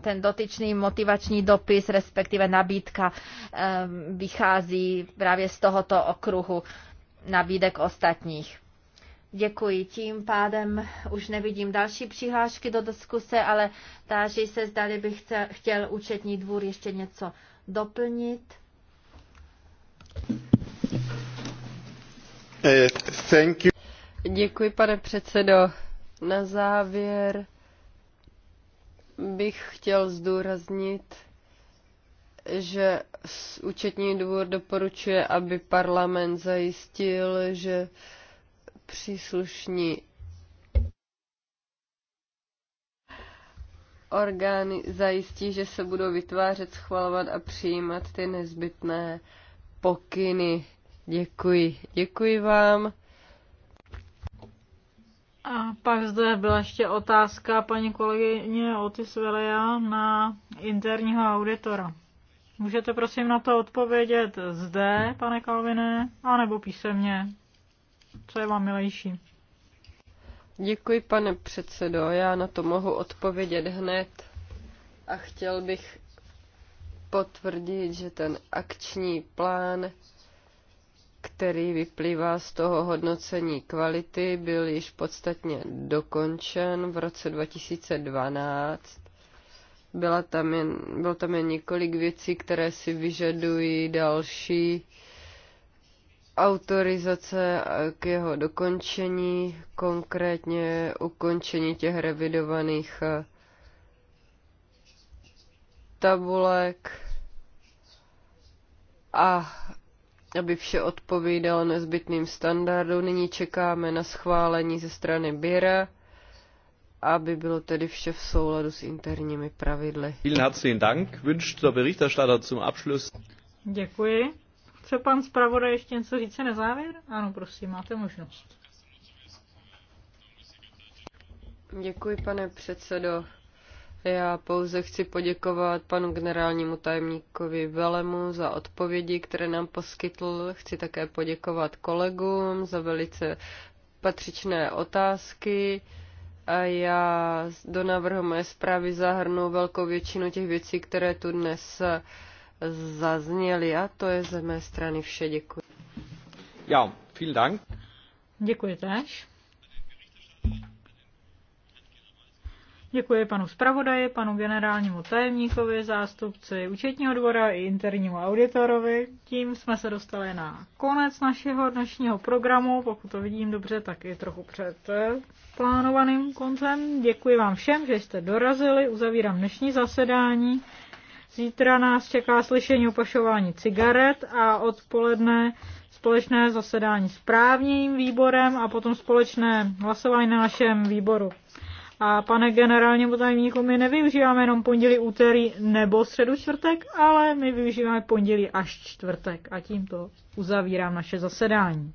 ten dotyčný motivační dopis, respektive nabídka, eh, vychází právě z tohoto okruhu nabídek ostatních. Děkuji. Tím pádem už nevidím další přihlášky do diskuse, ale táží se, zdali bych chtěl účetní dvůr ještě něco doplnit. Děkuji, pane předsedo. Na závěr bych chtěl zdůraznit, že účetní dvůr doporučuje, aby parlament zajistil, že příslušní orgány zajistí, že se budou vytvářet, schvalovat a přijímat ty nezbytné pokyny Děkuji, děkuji vám. A pak zde byla ještě otázka paní kolegyně Otis Velia na interního auditora. Můžete prosím na to odpovědět zde, pane Kalvine, anebo písemně? Co je vám milejší? Děkuji, pane předsedo. Já na to mohu odpovědět hned. A chtěl bych potvrdit, že ten akční plán který vyplývá z toho hodnocení kvality, byl již podstatně dokončen v roce 2012. Byla tam jen, bylo tam jen několik věcí, které si vyžadují další autorizace k jeho dokončení, konkrétně ukončení těch revidovaných eh, tabulek a aby vše odpovídalo nezbytným standardům. Nyní čekáme na schválení ze strany Bira, aby bylo tedy vše v souladu s interními pravidly. Vielen herzlichen Dank. der Berichterstatter zum Abschluss. Děkuji. Chce pan zpravodaj ještě něco říct na závěr? Ano, prosím, máte možnost. Děkuji, pane předsedo. Já pouze chci poděkovat panu generálnímu tajemníkovi Velemu za odpovědi, které nám poskytl. Chci také poděkovat kolegům za velice patřičné otázky. A já do návrhu mé zprávy zahrnu velkou většinu těch věcí, které tu dnes zazněly. A to je ze mé strany vše. Děkuji. Já, vielen Dank. Děkuji tež. Děkuji panu zpravodaji, panu generálnímu tajemníkovi, zástupci účetního dvora i internímu auditorovi. Tím jsme se dostali na konec našeho dnešního programu, pokud to vidím dobře, tak i trochu před plánovaným koncem. Děkuji vám všem, že jste dorazili, uzavírám dnešní zasedání. Zítra nás čeká slyšení o pašování cigaret a odpoledne společné zasedání s právním výborem a potom společné hlasování na našem výboru. A pane generálnímu tajemníku, my nevyužíváme jenom pondělí, úterý nebo středu, čtvrtek, ale my využíváme pondělí až čtvrtek. A tímto uzavírám naše zasedání.